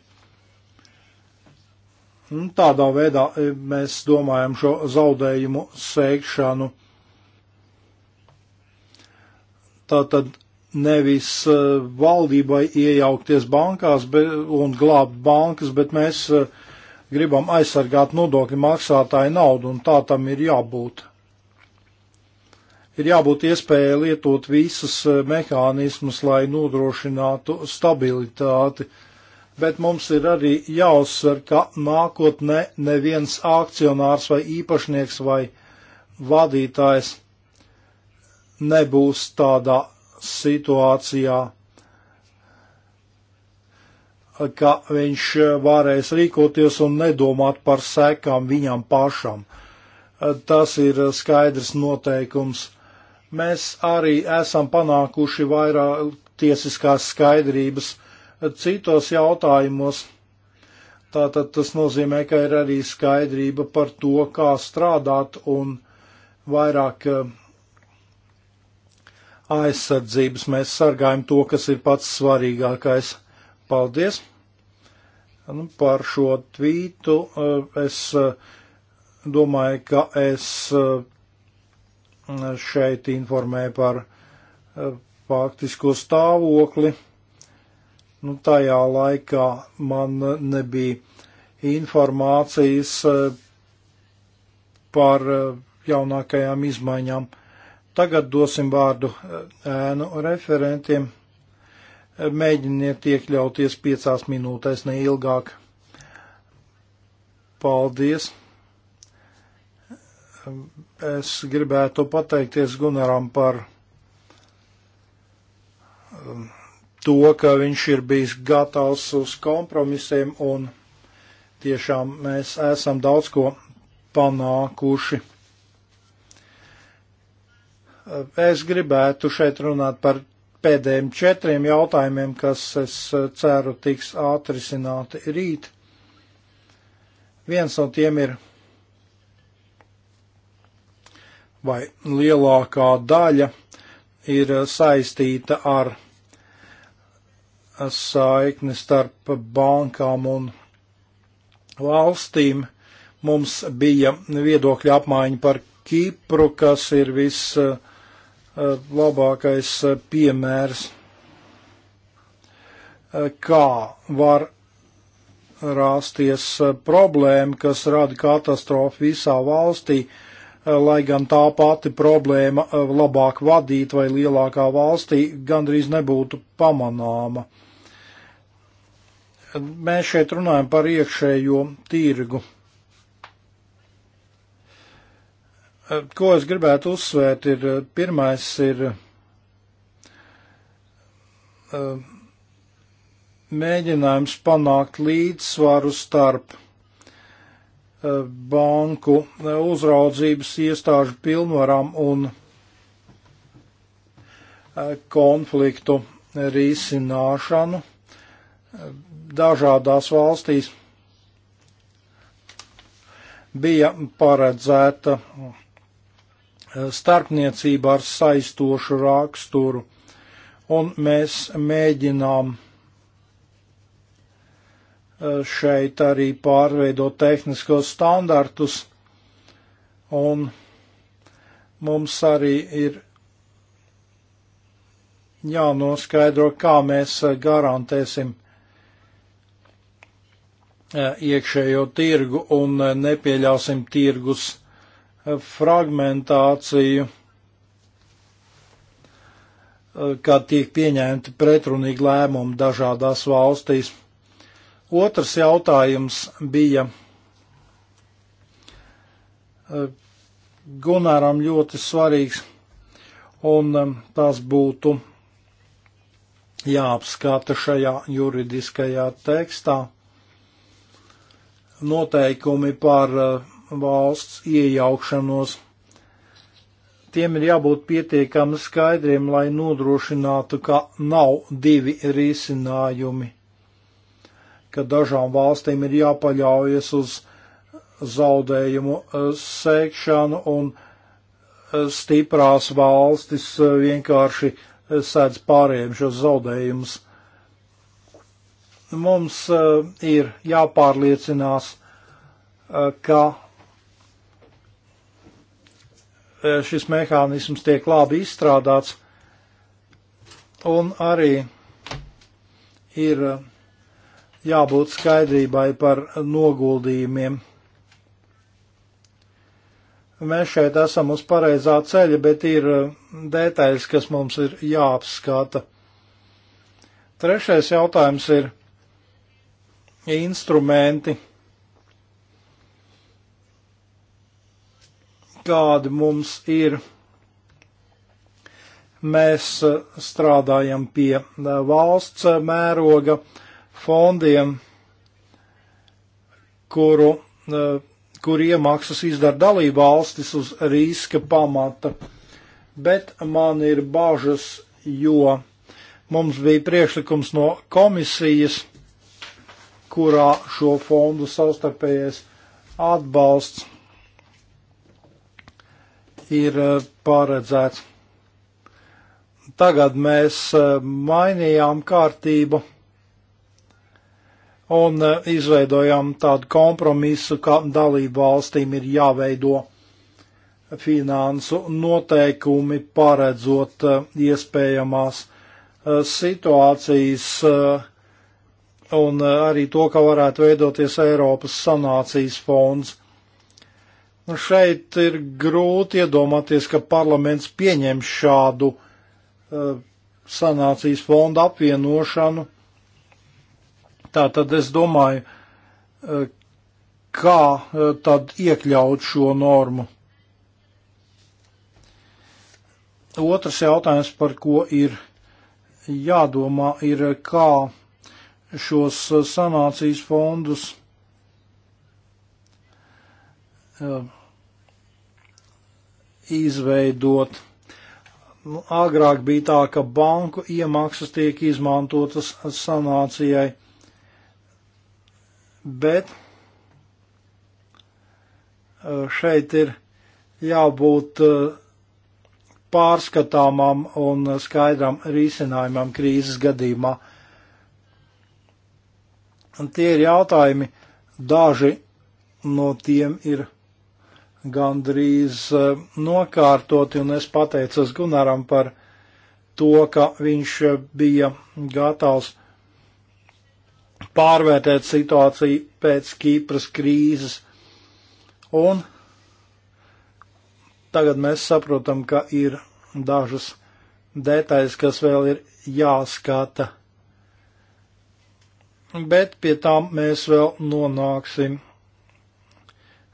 Tādā veidā e, mēs domājam šo zaudējumu sēkšanu. Tātad nevis e, valdībai iejaukties bankās un glābt bankas, bet mēs e, gribam aizsargāt nodokļu maksātāju naudu, un tā tam ir jābūt. Ir jābūt iespējai lietot visus mehānismus, lai nodrošinātu stabilitāti. Uh, bet mums ir arī jāuzsver, ka nākotnē neviens akcionārs vai īpašnieks vai vadītājs nebūs tādā situācijā, ka viņš varēs rīkoties un nedomāt par sekām viņam pašam. Tas ir skaidrs noteikums. Mēs arī esam panākuši vairāk tiesiskās skaidrības uh, citos jautājumos. Tātad tas nozīmē, ka ir arī skaidrība par to, kā strādāt un vairāk eh, aizsardzības mēs sargājam to, kas ir pats svarīgākais. Paldies! Nu, par šo tvītu eh, es eh, domāju, ka es šeit informēju par faktisko stāvokli. Nu, tajā laikā man nebija informācijas eh, par eh, jaunākajām izmaiņām. Tagad dosim vārdu eh, ēnu referentiem. Mēģiniet iekļauties piecās minūtēs neilgāk. Paldies! Es gribētu pateikties Gunaram par to, ka viņš ir bijis gatavs uz kompromisiem un tiešām mēs esam daudz ko panākuši. Eh, es gribētu šeit runāt par pēdējiem četriem jautājumiem, kas, es eh, ceru, tiks atrisināti rīt. Viens no tiem ir, vai lielākā daļa ir saistīta ar saikni starp bankām un valstīm. Mums bija viedokļa apmaiņa par Kipru, kas ir vislabākais eh, eh, piemērs, eh, kā var rāsties problēma, kas rada katastrofu visā valstī, lai gan tā pati problēma labāk vadīt vai lielākā valstī gandrīz nebūtu pamanāma. Mēs šeit runājam par iekšējo tirgu. Ko es gribētu uzsvērt, ir pirmais ir eh, mēģinājums panākt līdzsvaru starp eh, banku eh, uzraudzības iestāžu pilnvarām un konfliktu risināšanu dažādās valstīs bija paredzēta eh, starpniecība ar saistošu raksturu, un mēs mēģinām eh, šeit arī pārveidot tehniskos standartus, un mums arī ir jānoskaidro, kā mēs eh, garantēsim E, iekšējo tirgu un e, nepieļausim tirgus e, fragmentāciju, kā tiek pieņemti pretrunīgi lēmumi dažādās valstīs. Otrs jautājums bija Gunāram ļoti svarīgs, un tas būtu jāapskata šajā juridiskajā tekstā noteikumi par eh, valsts iejaukšanos. Tiem ir jābūt pietiekami skaidriem, lai nodrošinātu, ka nav divi risinājumi, ka dažām valstīm ir jāpaļaujas uz zaudējumu eh, sēkšanu un eh, stiprās valstis vienkārši sēdz pārējiem šos zaudējumus Mums eh, ir jāpārliecinās, eh, ka eh, šis mehānisms tiek labi izstrādāts un arī ir jābūt skaidrībai par noguldījumiem. Mēs šeit esam uz pareizā ceļa, bet ir detaļas, kas mums ir jāapskata. Trešais jautājums ir instrumenti, kādi mums ir. Mēs eh, strādājam pie eh, valsts eh, mēroga fondiem, kuru, kur iemaksas izdara dalība valstis uz riska pamata. Bet man ir bažas, jo mums bija priekšlikums no komisijas kurā šo fondu savstarpējais atbalsts ir eh, paredzēts. Tagad mēs eh, mainījām kārtību un eh, izveidojām tādu kompromisu, ka dalību valstīm ir jāveido finansu noteikumi paredzot iespējamās situācijas, un uh, arī to, ka varētu veidoties Eiropas sanācijas fonds. Un nu, šeit ir grūti iedomāties, ka parlaments pieņem šādu uh, sanācijas fondu apvienošanu. Tā tad es domāju, uh, kā uh, tad iekļaut šo normu. Otrs jautājums, par ko ir jādomā, ir kā šos uh, sanācijas fondus. Uh, izveidot. Nu, agrāk bija tā, ka banku iemaksas tiek izmantotas sanācijai, bet uh, šeit ir jābūt pārskatāmam un skaidram risinājumam krīzes gadījumā. Un tie ir jautājumi, daži no tiem ir gandrīz eh, nokārtoti, un es pateicos Gunaram par to, ka viņš eh, bija gatavs pārvērtēt situāciju pēc Kīpras krīzes. Un tagad mēs saprotam, ka ir dažas detaļas, kas vēl ir jāskata bet pie tām mēs vēl nonāksim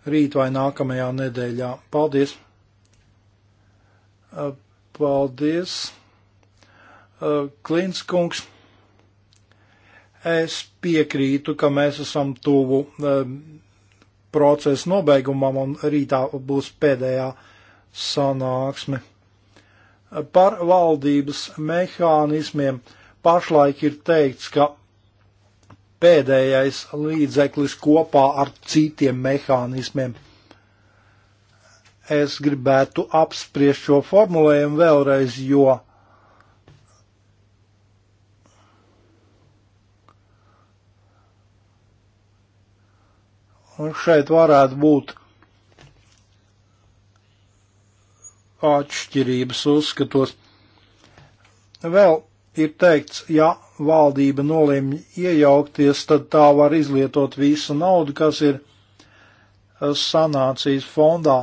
rīt vai nākamajā nedēļā. Paldies! Uh, paldies! Uh, Klinskungs! Es piekrītu, ka mēs esam tuvu um, procesa nobeigumam un rītā būs pēdējā sanāksme. Uh, par valdības mehānismiem pašlaik ir teikts, ka pēdējais līdzeklis kopā ar citiem mehānismiem. Es gribētu apspriest šo formulējumu vēlreiz, jo Un šeit varētu būt atšķirības uzskatos. Vēl ir teikts, ja valdība nolēma iejaukties, tad tā var izlietot visu naudu, kas ir eh, sanācijas fondā.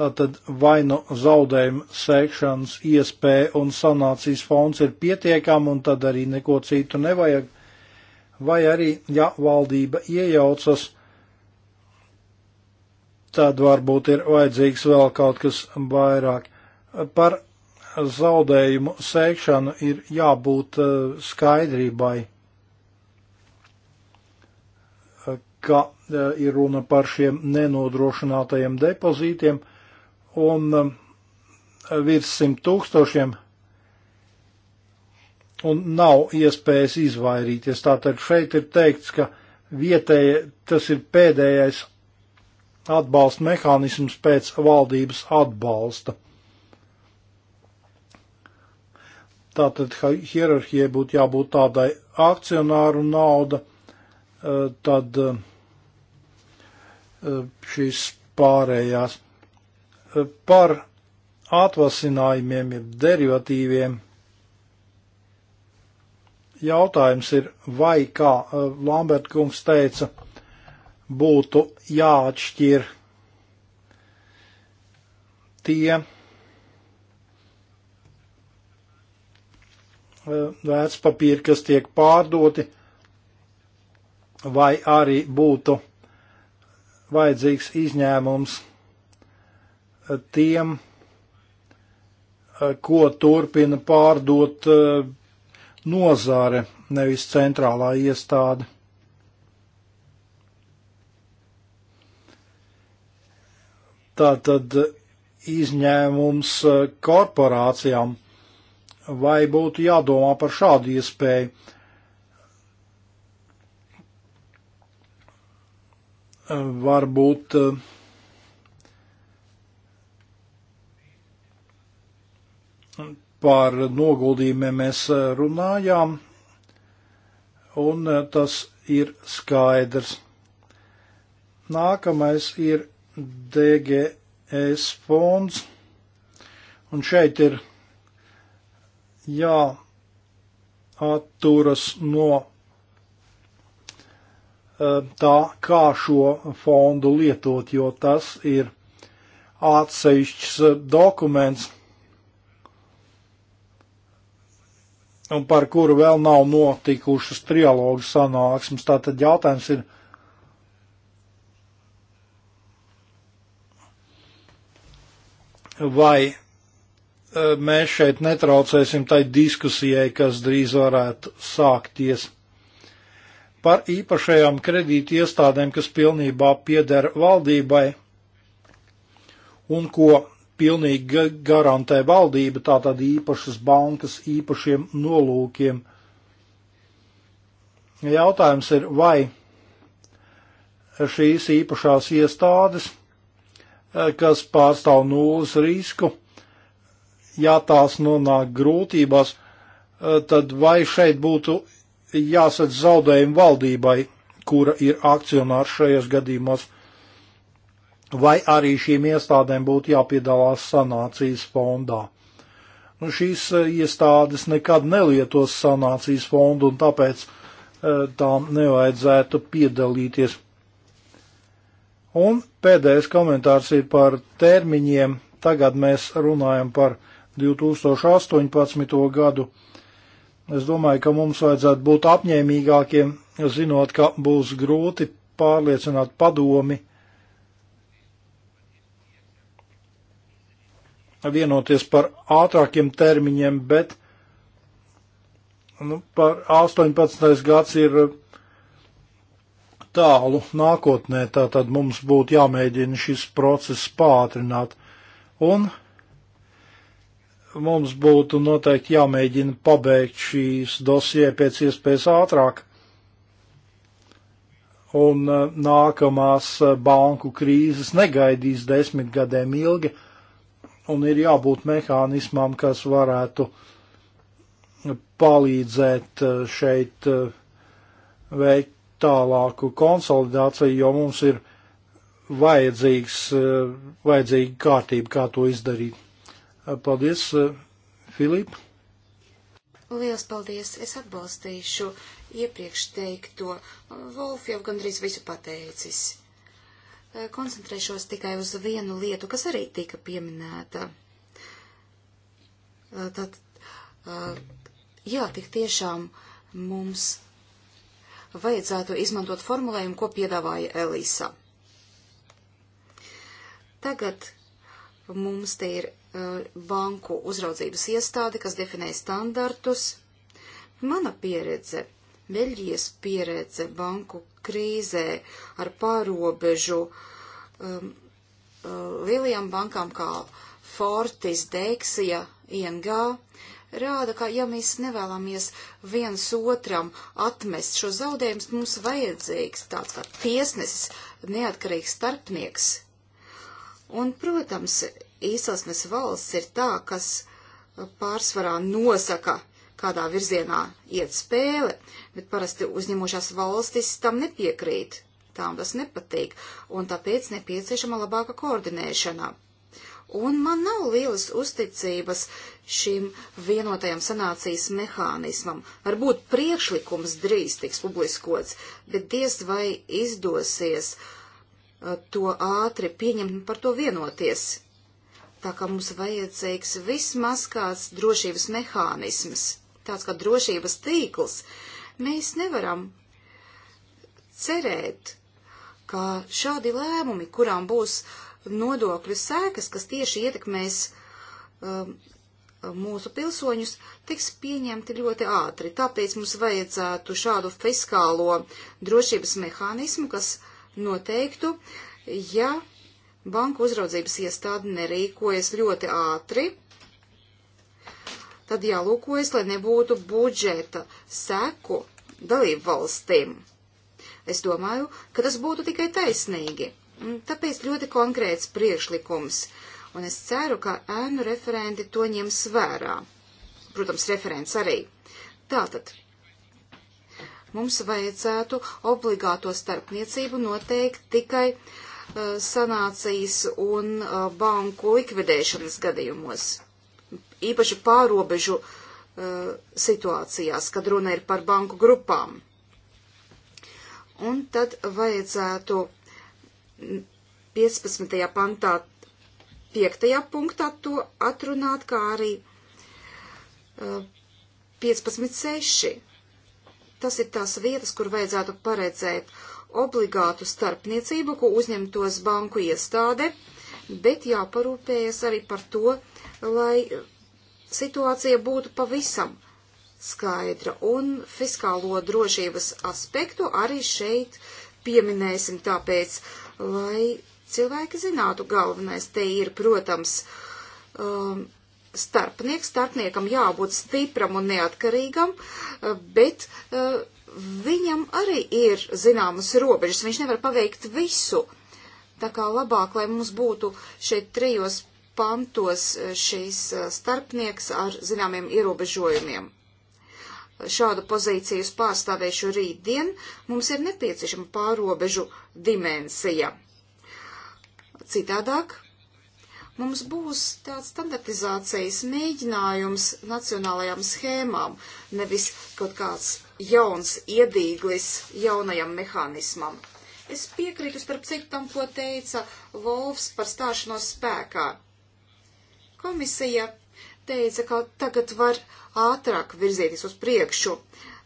Tātad vai nu zaudējuma sēkšanas iespēja un sanācijas fonds ir pietiekama un tad arī neko citu nevajag, vai arī, ja valdība iejaucas, tad varbūt ir vajadzīgs vēl kaut kas vairāk. Par zaudējumu sēkšanu ir jābūt eh, skaidrībai, ka eh, ir runa par šiem nenodrošinātajiem depozītiem un eh, virs simt tūkstošiem un nav iespējas izvairīties. Tātad šeit ir teikts, ka vietēja tas ir pēdējais atbalsta mehānisms pēc valdības atbalsta. Tātad hierarhijai būtu jābūt tādai akcionāru nauda, e, tad e, e, šīs pārējās par atvasinājumiem, jeb derivatīviem. Jautājums ir, vai, kā Lambert kungs teica, būtu jāatšķir tie, E, vērtspapīri, kas tiek pārdoti, vai arī būtu vajadzīgs izņēmums e, tiem, e, ko turpina pārdot nozāre, nevis centrālā iestāde. Tātad izņēmums korporācijām vai būtu jādomā par šādu iespēju. Varbūt eh, par noguldījumiem mēs eh, runājām, un eh, tas ir skaidrs. Nākamais ir DGS fonds, un šeit ir jāatturas no eh, tā, kā šo fondu lietot, jo tas ir atsevišķs eh, dokuments, un par kuru vēl nav notikušas trialogu sanāksmes. Tātad jautājums ir, vai Eh, mēs šeit netraucēsim tai diskusijai, kas drīz varētu sākties. Par īpašajām kredīti iestādēm, kas pilnībā pieder valdībai un ko pilnīgi garantē valdība, tātad īpašas bankas īpašiem nolūkiem. Jautājums ir, vai šīs īpašās iestādes, eh, kas pārstāv nulles risku, ja tās nonāk grūtībās, eh, tad vai šeit būtu jāsadz zaudējumu valdībai, kura ir akcionārs šajos gadījumos, vai arī šīm iestādēm būtu jāpiedalās sanācijas fondā. Nu, šīs eh, iestādes nekad nelietos sanācijas fondu un tāpēc eh, tām nevajadzētu piedalīties. Un pēdējais komentārs ir par termiņiem. Tagad mēs runājam par 2018. gadu. Es domāju, ka mums vajadzētu būt apņēmīgākiem, zinot, ka būs grūti pārliecināt padomi vienoties par ātrākiem termiņiem, bet nu, par 18. gads ir tālu nākotnē, tātad mums būtu jāmēģina šis process pātrināt. Un mums būtu noteikti jāmēģina pabeigt šīs dosie pēc iespējas ātrāk. Un eh, nākamās eh, banku krīzes negaidīs desmit gadiem ilgi, un ir jābūt mehānismam, kas varētu eh, palīdzēt šeit veikt tālāku konsolidāciju, jo mums ir vajadzīgs, vajadzīga kārtība, kā to izdarīt. Uh, paldies, uh, Filip! Lielas paldies! Es atbalstīšu iepriekš teikto. Volf jau gandrīz visu pateicis. Uh, koncentrēšos tikai uz vienu lietu, kas arī tika pieminēta. Tad, jā, tik tiešām mums vajadzētu izmantot formulējumu, ko piedāvāja Elīsa. Tagad Mums te ir uh, banku uzraudzības iestāde, kas definē standartus. Mana pieredze, Beļģijas pieredze banku krīzē ar pārobežu um, uh, lielajām bankām kā Fortis, Dexia, ING, rāda, ka ja mēs nevēlamies viens otram atmest šo zaudējumus, mums vajadzīgs tāds kā tiesnesis, neatkarīgs starpnieks, Un, protams, izcelsmes valsts ir tā, kas uh, pārsvarā nosaka, kādā virzienā iet spēle, bet parasti uzņemošās valstis tam nepiekrīt, tām tas nepatīk, un tāpēc nepieciešama labāka koordinēšana. Un man nav lielas uzticības šim vienotajam sanācijas mehānismam. Varbūt priekšlikums drīz tiks publiskots, bet diez vai izdosies uh, to ātri pieņemt un par to vienoties. Tā kā mums vajadzīgs vismaz kāds drošības mehānisms, tāds kā drošības tīkls, mēs nevaram cerēt, ka šādi lēmumi, kurām būs nodokļu sēkas, kas tieši ietekmēs um, mūsu pilsoņus, tiks pieņemti ļoti ātri. Tāpēc mums vajadzētu šādu fiskālo drošības mehānismu, kas noteiktu, ja banku uzraudzības iestāde nerīkojas ļoti ātri, tad jālūkojas, lai nebūtu budžeta seku dalību valstīm. Es domāju, ka tas būtu tikai taisnīgi. Tāpēc ļoti konkrēts priekšlikums, un es ceru, ka ēnu referenti to ņems vērā. Protams, referents arī. Tātad mums vajadzētu obligāto starpniecību noteikt tikai uh, sanācijas un uh, banku likvidēšanas gadījumos, īpaši pārobežu uh, situācijās, kad runa ir par banku grupām. Un tad vajadzētu 15. pantā, 5. punktā to atrunāt, kā arī 15.6 uh, Tas ir tās vietas, kur vajadzētu paredzēt obligātu starpniecību, ko uzņemtos banku iestāde, bet jāparūpējas arī par to, lai situācija būtu pavisam skaidra. Un fiskālo drošības aspektu arī šeit pieminēsim tāpēc, lai cilvēki zinātu galvenais. Te ir, protams, um, starpnieks. Starpniekam jābūt stipram un neatkarīgam, eh, bet eh, viņam arī ir zināmas robežas. Viņš nevar paveikt visu. Tā kā labāk, lai mums būtu šeit trijos pantos eh, šīs starpnieks ar zināmiem ierobežojumiem. Šādu pozīciju pārstāvēšu rītdien mums ir nepieciešama pārobežu dimensija. Citādāk Mums būs tāds standartizācijas mēģinājums nacionālajām schēmām, nevis kaut kāds jauns iedīglis jaunajam mehānismam. Es piekrītu starp citu tam, ko teica Volfs par stāšanos spēkā. Komisija teica, ka tagad var ātrāk virzīties uz priekšu.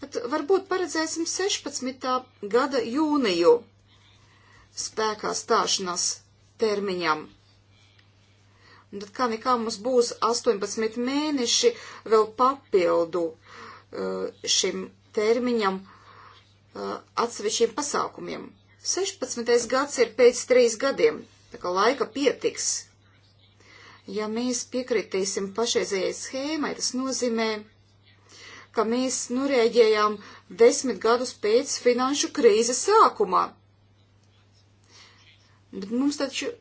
At varbūt paredzēsim 16. gada jūniju spēkā stāšanās termiņam. Bet kā nekā mums būs 18 mēneši vēl papildu eh, šim termiņam eh, atsevišķiem pasākumiem. 16. gads ir pēc trīs gadiem, tā kā laika pietiks. Ja mēs piekritīsim pašreizējai schēmai, tas nozīmē, ka mēs norēģējām desmit gadus pēc finanšu krīzes sākumā. Bet mums taču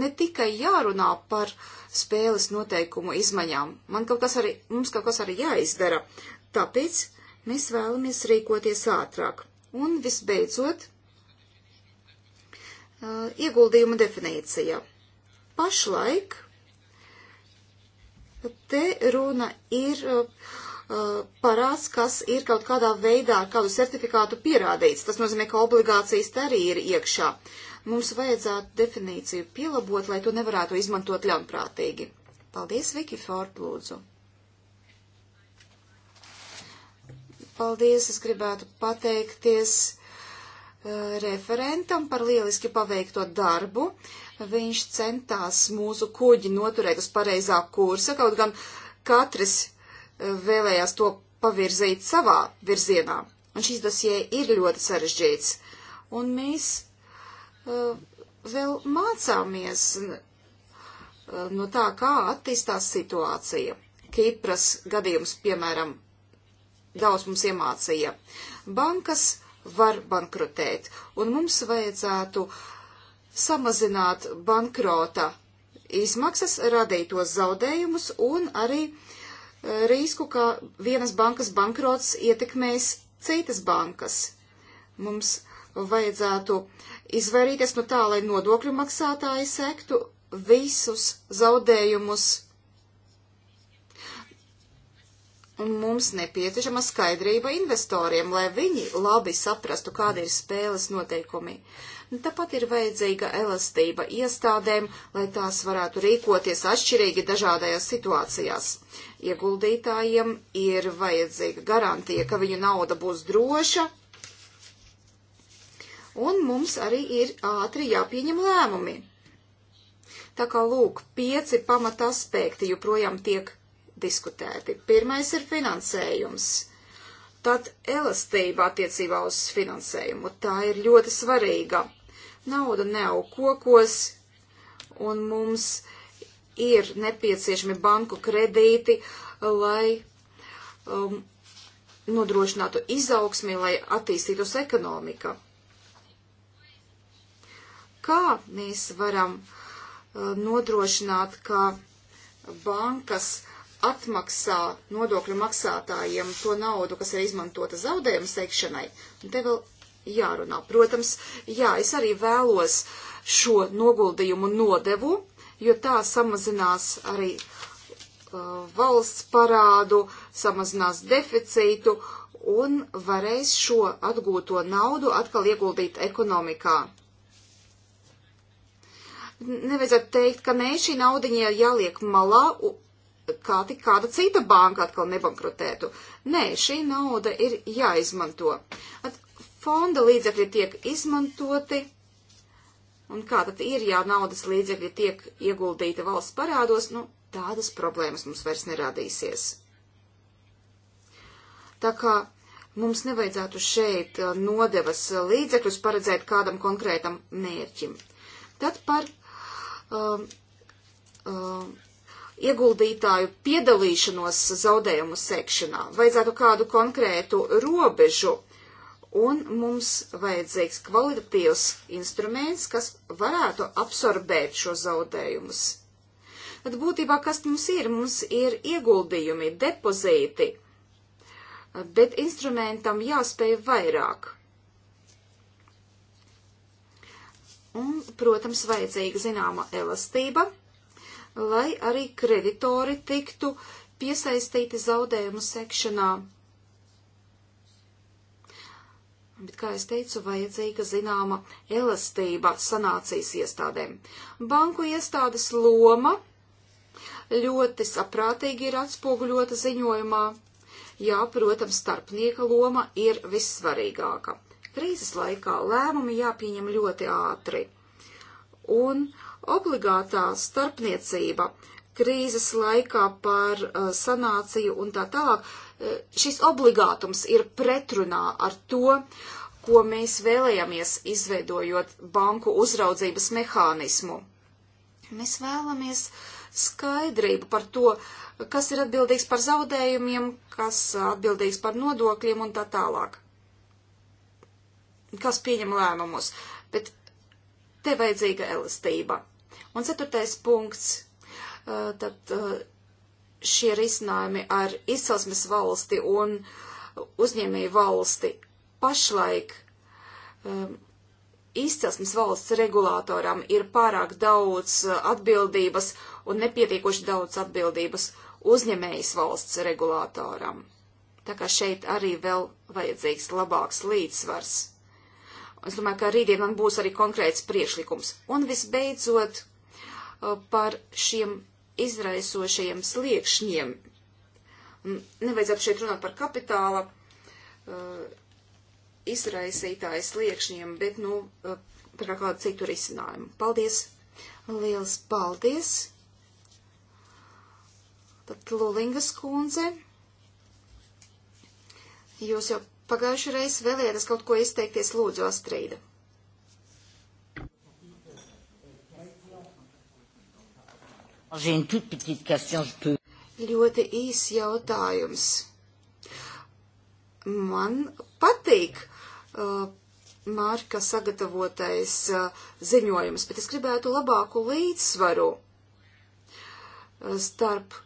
ne tikai jārunā par uh, spēles noteikumu izmaiņām. Man kaut kas arī, mums kaut kas arī jāizdara. Tāpēc mēs vēlamies rīkoties ātrāk. Un visbeidzot, ieguldījuma definīcija. Pašlaik te runa ir parāds, kas ir kaut kādā veidā ar kādu certifikātu pierādīts. Tas nozīmē, ka obligācijas tā arī ir iekšā. Uh, Mums vajadzētu definīciju pielabot, lai to nevarētu izmantot ļaunprātīgi. Paldies, Viki Ford, lūdzu. Paldies, es gribētu pateikties uh, referentam par lieliski paveikto darbu. Viņš centās mūsu kuģi noturēt uz pareizā kursa, kaut gan katrs uh, vēlējās to pavirzīt savā virzienā. Un šīs dosie ir ļoti sarežģīts. Un mēs Eh, vēl mācāmies eh, no tā, kā attīstās situācija. Kipras gadījums, piemēram, daudz mums iemācīja. Bankas var bankrotēt, un mums vajadzētu samazināt bankrota izmaksas, radītos zaudējumus un arī eh, risku, ka vienas bankas bankrots ietekmēs citas bankas. Mums vajadzētu uh, izvairīties no tā, lai nodokļu maksātāji sektu visus zaudējumus. Un mums nepieciešama skaidrība investoriem, lai viņi labi saprastu, kāda ir spēles noteikumi. Tāpat ir vajadzīga elastība iestādēm, lai tās varētu rīkoties atšķirīgi dažādajās situācijās. Ieguldītājiem ir vajadzīga garantija, ka viņu nauda būs droša un mums arī ir ātri jāpieņem lēmumi. Tā kā lūk, pieci pamata aspekti joprojām tiek diskutēti. Pirmais ir finansējums. Tad elastība attiecībā uz finansējumu. Tā ir ļoti svarīga. Nauda nav kokos, un mums ir nepieciešami banku kredīti, lai um, nodrošinātu izaugsmi, lai attīstītos ekonomika kā mēs varam uh, nodrošināt, ka bankas atmaksā nodokļu maksātājiem to naudu, kas ir izmantota zaudējumu sekšanai. Un te vēl jārunā. Protams, jā, es arī vēlos šo noguldījumu nodevu, jo tā samazinās arī uh, valsts parādu, samazinās deficītu un varēs šo atgūto naudu atkal ieguldīt ekonomikā nevajadzētu teikt, ka nē, šī naudiņa jāliek malā, kā tik kāda cita banka atkal nebankrotētu. Nē, šī nauda ir jāizmanto. At fonda līdzekļi tiek izmantoti, un kā tad ir, ja naudas līdzekļi tiek ieguldīti valsts parādos, nu, tādas problēmas mums vairs nerādīsies. Tā kā mums nevajadzētu šeit uh, nodevas uh, līdzekļus paredzēt kādam konkrētam mērķim. Tad par um, um, ieguldītāju piedalīšanos zaudējumu sekšanā. Vajadzētu kādu konkrētu robežu, un mums vajadzīgs kvalitatīvs instruments, kas varētu absorbēt šo zaudējumus. Tad būtībā, kas mums ir? Mums ir ieguldījumi, depozīti, bet instrumentam jāspēj vairāk. Un, protams, vajadzīga zināma elastība, lai arī kreditori tiktu piesaistīti zaudējumu sekšanā. Bet, kā es teicu, vajadzīga zināma elastība sanācijas iestādēm. Banku iestādes loma ļoti saprātīgi ir atspoguļota ziņojumā. Jā, protams, starpnieka loma ir vissvarīgāka. Krīzes laikā lēmumi jāpieņem ļoti ātri. Un obligātā starpniecība krīzes laikā par uh, sanāciju un tā tālāk, uh, šis obligātums ir pretrunā ar to, ko mēs vēlējāmies izveidojot banku uzraudzības mehānismu. Mēs vēlamies skaidrību par to, kas ir atbildīgs par zaudējumiem, kas atbildīgs par nodokļiem un tā tālāk kas pieņem lēmumus, bet te vajadzīga elastība. Un ceturtais punkts, tad šie risinājumi ar izcelsmes valsti un uzņēmēju valsti pašlaik izcelsmes valsts regulātoram ir pārāk daudz atbildības un nepietiekoši daudz atbildības uzņēmējas valsts regulātoram. Tā kā šeit arī vēl vajadzīgs labāks līdzsvars. Es domāju, ka rītdien man būs arī konkrēts priekšlikums. Un visbeidzot uh, par šiem izraisošajiem sliekšņiem. Mm, nevajadzētu šeit runāt par kapitāla uh, izraisītāju sliekšņiem, bet, nu, uh, par kādu citu risinājumu. Paldies! Liels paldies! Tad Lulingas kundze, jūs jau Pagājušajā reizē vēlējāties kaut ko izteikties, lūdzu, Astrīda. Ļoti īs jautājums. Man patīk uh, Mārka sagatavotais uh, ziņojums, bet es gribētu labāku līdzsvaru uh, starp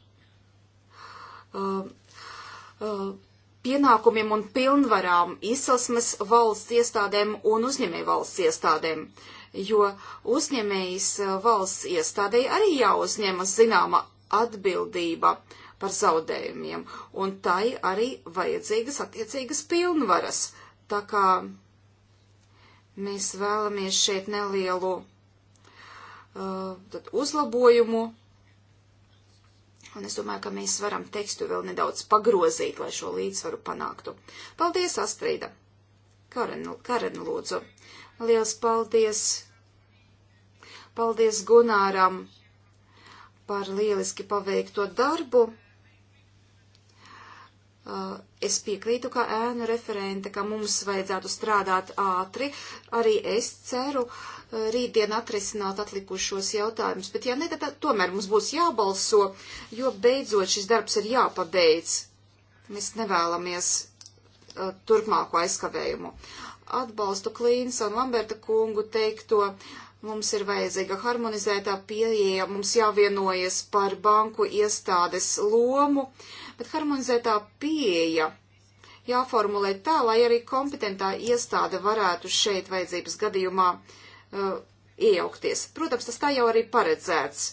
uh, uh, pienākumiem un pilnvarām izsasmes valsts iestādēm un uzņēmēju valsts iestādēm, jo uzņēmējas eh, valsts iestādē arī jāuzņemas zināma atbildība par zaudējumiem, un tai arī vajadzīgas attiecīgas pilnvaras. Tā kā mēs vēlamies šeit nelielu uh, uzlabojumu un es domāju, ka mēs varam tekstu vēl nedaudz pagrozīt, lai šo līdzsvaru panāktu. Paldies, Astrīda! Karen, Karen lūdzu! Liels paldies! Paldies Gunāram par lieliski paveikto darbu! Uh, es piekrītu, ka ēnu referente, ka mums vajadzētu strādāt ātri. Arī es ceru, uh, rītdien atrisināt atlikušos jautājumus, bet ja ne, tad tomēr mums būs jābalso, jo beidzot šis darbs ir jāpabeidz. Mēs nevēlamies uh, turpmāko aizkavējumu. Atbalstu Klīnsa un Lamberta kungu teikto, mums ir vajadzīga harmonizētā pieeja, mums jāvienojas par banku iestādes lomu, bet harmonizētā pieeja jāformulē tā, lai arī kompetentā iestāde varētu šeit vajadzības gadījumā uh, uh, iejaukties. Protams, tas tā jau arī paredzēts.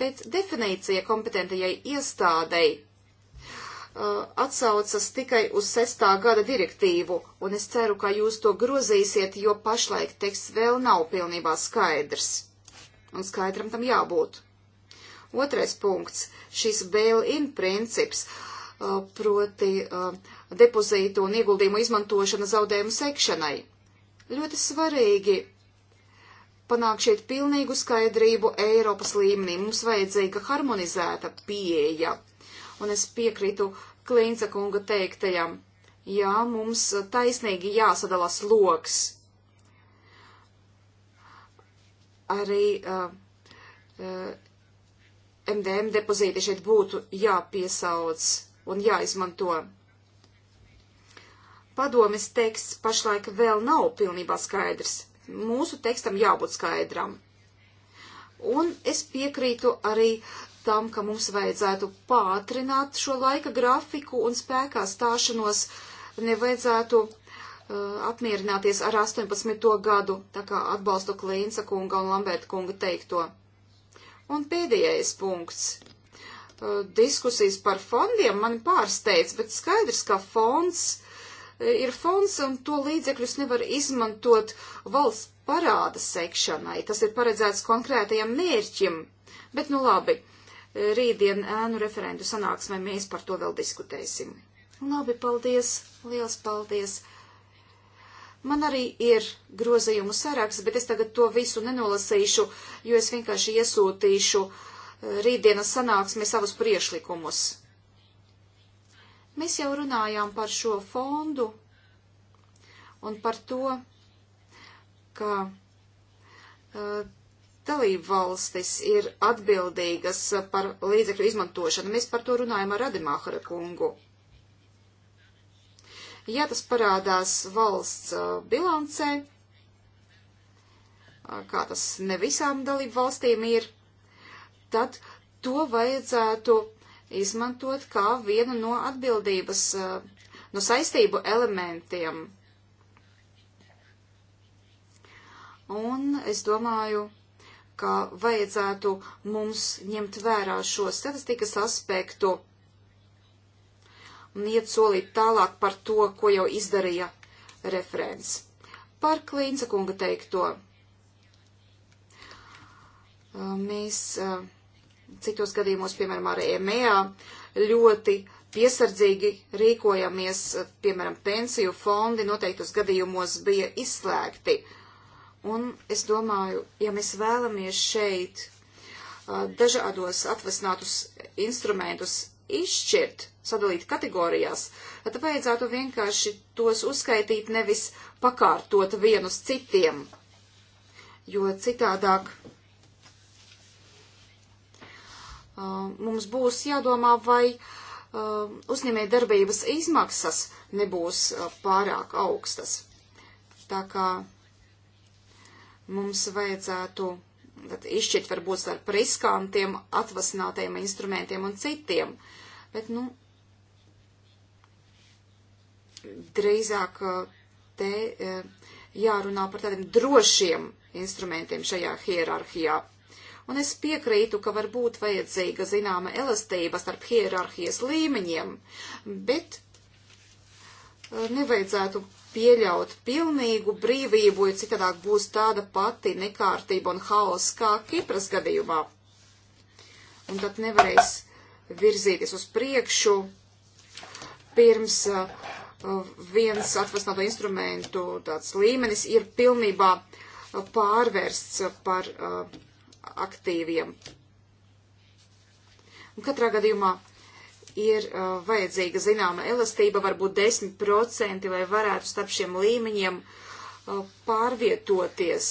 Bet definīcija kompetentajai iestādei uh, atsaucas tikai uz sestā gada direktīvu, un es ceru, ka jūs to grozīsiet, jo pašlaik teksts vēl nav pilnībā skaidrs. Un skaidram tam jābūt. Otrais punkts - šis bail-in princips, uh, proti uh, depozītu un ieguldījumu izmantošana zaudējumu sekšanai. Ļoti svarīgi panākt šeit pilnīgu skaidrību Eiropas līmenī. Mums vajadzīga harmonizēta pieeja. Un es piekrītu Klīnca kunga teiktajam. Jā, mums taisnīgi jāsadalās loks. Arī uh, uh, MDM depozīti šeit būtu jāpiesauc un jāizmanto. Padomis teksts pašlaik vēl nav pilnībā skaidrs mūsu tekstam jābūt skaidram. Un es piekrītu arī tam, ka mums vajadzētu pātrināt šo laika grafiku un spēkā stāšanos nevajadzētu uh, apmierināties ar 18. gadu, tā kā atbalstu Klīnsa kunga un Lamberta kunga teikto. Un pēdējais punkts. Uh, diskusijas par fondiem mani pārsteidz, bet skaidrs, ka fonds ir fonds, un to līdzekļus nevar izmantot valsts parāda sekšanai. Tas ir paredzēts konkrētajam mērķim. Bet, nu labi, rītdien ēnu referendu sanāksmē mēs par to vēl diskutēsim. Labi, paldies, liels paldies. Man arī ir grozījumu saraksts, bet es tagad to visu nenolasīšu, jo es vienkārši iesūtīšu eh, rītdienas sanāksmē savus priešlikumus. Mēs jau runājām par šo fondu un par to, ka uh, dalību valstis ir atbildīgas par līdzekļu izmantošanu. Mēs par to runājam ar Radimāhara kungu. Ja tas parādās valsts uh, bilancē, uh, kā tas ne visām dalību valstīm ir, tad to vajadzētu izmantot kā vienu no atbildības, eh, no saistību elementiem. Un es domāju, ka vajadzētu mums ņemt vērā šo statistikas aspektu un iet solīt tālāk par to, ko jau izdarīja referents. Par Klīnca kunga teikto. Mēs uh, citos gadījumos, piemēram, ar EMEA, ļoti piesardzīgi rīkojamies, piemēram, pensiju fondi noteiktos gadījumos bija izslēgti. Un es domāju, ja mēs vēlamies šeit dažādos atvesinātus instrumentus izšķirt, sadalīt kategorijās, tad vajadzētu vienkārši tos uzskaitīt nevis pakārtot vienus citiem, jo citādāk Uh, mums būs jādomā, vai uh, uzņēmēja darbības izmaksas nebūs uh, pārāk augstas. Tā kā mums vajadzētu izšķirt varbūt starp riskantiem, atvasinātajiem instrumentiem un citiem. Bet, nu, drīzāk te jārunā par tādiem drošiem instrumentiem šajā hierarhijā un es piekrītu, ka var būt vajadzīga zināma elastība starp hierarhijas līmeņiem, bet e, nevajadzētu pieļaut pilnīgu brīvību, jo citādāk būs tāda pati nekārtība un haoss kā Kipras gadījumā. Un tad nevarēs virzīties uz priekšu pirms e, viens atvasināto instrumentu tāds līmenis ir pilnībā e, pārvērsts par uh, aktīviem. Un katrā gadījumā ir uh, vajadzīga zināma elastība, varbūt 10%, lai varētu starp šiem līmeņiem uh, pārvietoties.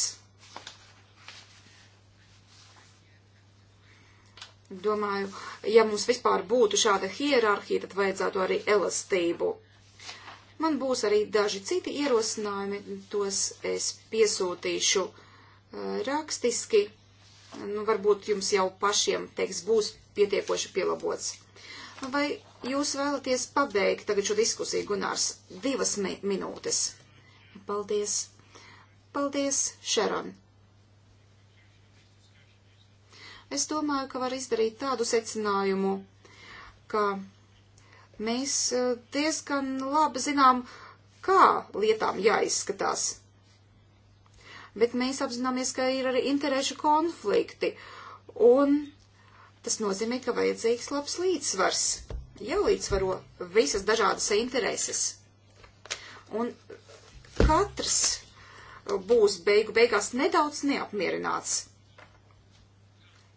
Domāju, ja mums vispār būtu šāda hierarhija, tad vajadzētu arī elastību. Man būs arī daži citi ierosinājumi, tos es piesūtīšu uh, rakstiski nu, varbūt jums jau pašiem, teiks, būs pietiekoši pielabots. Vai jūs vēlaties pabeigt tagad šo diskusiju, Gunārs, divas mi minūtes? Paldies. Paldies, Šeron. Es domāju, ka var izdarīt tādu secinājumu, ka mēs eh, diezgan labi zinām, kā lietām jāizskatās bet mēs apzināmies, ka ir arī interešu konflikti. Un tas nozīmē, ka vajadzīgs labs līdzsvars. Jālīdzvaro visas dažādas intereses. Un katrs būs beigu beigās nedaudz neapmierināts.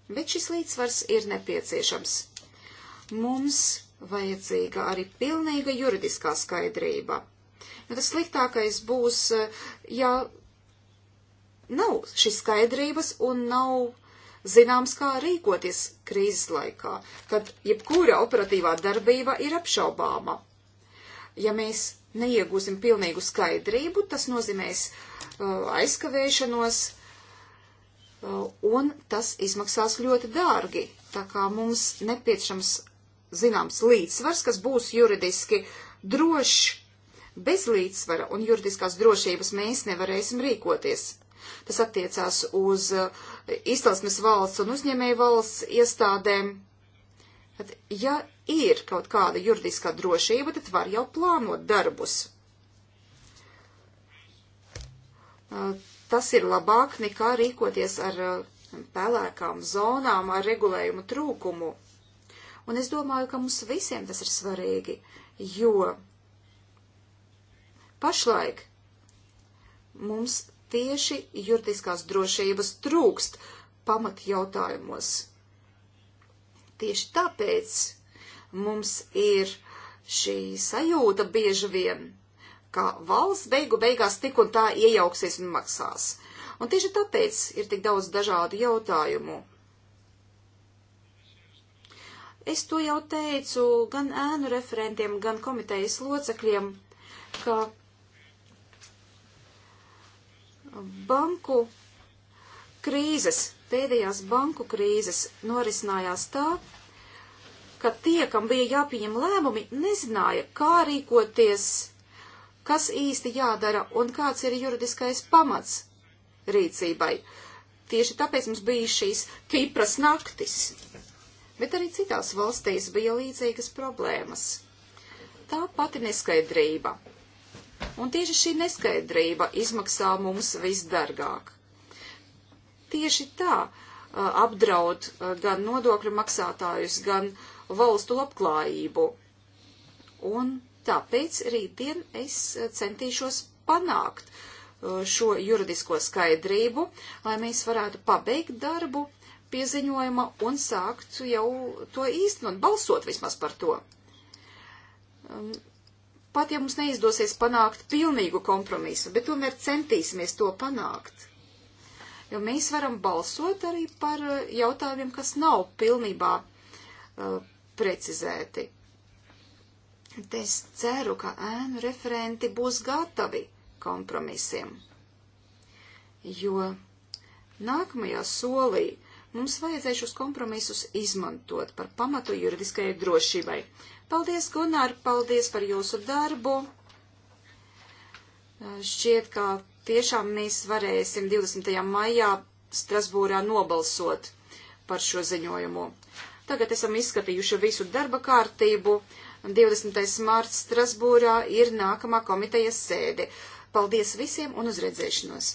Bet šis līdzsvars ir nepieciešams. Mums vajadzīga arī pilnīga juridiskā skaidrība. Nu, tas sliktākais būs, eh, ja nav šīs skaidrības un nav zināms, kā rīkoties krīzes laikā, kad jebkura operatīvā darbība ir apšaubāma. Ja mēs neiegūsim pilnīgu skaidrību, tas nozīmēs uh, aizkavēšanos, uh, un tas izmaksās ļoti dārgi. Tā kā mums nepieciešams zināms līdzsvars, kas būs juridiski drošs. Bez līdzsvara un juridiskās drošības mēs nevarēsim rīkoties. Tas attiecās uz uh, izcelsmes valsts un uzņēmēju valsts iestādēm. Tad, ja ir kaut kāda juridiskā drošība, tad var jau plānot darbus. Uh, tas ir labāk nekā rīkoties ar uh, pelēkām zonām, ar regulējumu trūkumu. Un es domāju, ka mums visiem tas ir svarīgi, jo pašlaik mums tieši juridiskās drošības trūkst pamatjautājumos. Tieši tāpēc mums ir šī sajūta bieži vien, ka valsts beigu beigās tik un tā iejauksies un maksās. Un tieši tāpēc ir tik daudz dažādu jautājumu. Es to jau teicu gan ēnu referentiem, gan komitejas locekļiem, ka Banku krīzes, pēdējās banku krīzes norisinājās tā, ka tie, kam bija jāpieņem lēmumi, nezināja, kā rīkoties, kas īsti jādara un kāds ir juridiskais pamats rīcībai. Tieši tāpēc mums bija šīs Kipras naktis. Bet arī citās valstīs bija līdzīgas problēmas. Tā pati neskaidrība Un tieši šī neskaidrība izmaksā mums visdargāk. Tieši tā apdraud gan nodokļu maksātājus, gan valstu labklājību. Un tāpēc rītdien es centīšos panākt šo juridisko skaidrību, lai mēs varētu pabeigt darbu pieziņojuma un sākt jau to īstenot, balsot vismaz par to. Pat ja mums neizdosies panākt pilnīgu kompromisu, bet tomēr centīsimies to panākt. Jo mēs varam balsot arī par eh, jautājumiem, kas nav pilnībā uh, precizēti. Te es ceru, ka ēnu referenti būs gatavi kompromisiem. Jo nākamajā solī mums vajadzēs šos kompromisus izmantot par pamatu juridiskajai drošībai. Paldies, Gunār, paldies par jūsu darbu. Šķiet, ka tiešām mēs varēsim 20. maijā Strasbūrā nobalsot par šo ziņojumu. Tagad esam izskatījuši visu darba kārtību. 20. mārts Strasbūrā ir nākamā komitejas sēde. Paldies visiem un uz redzēšanos!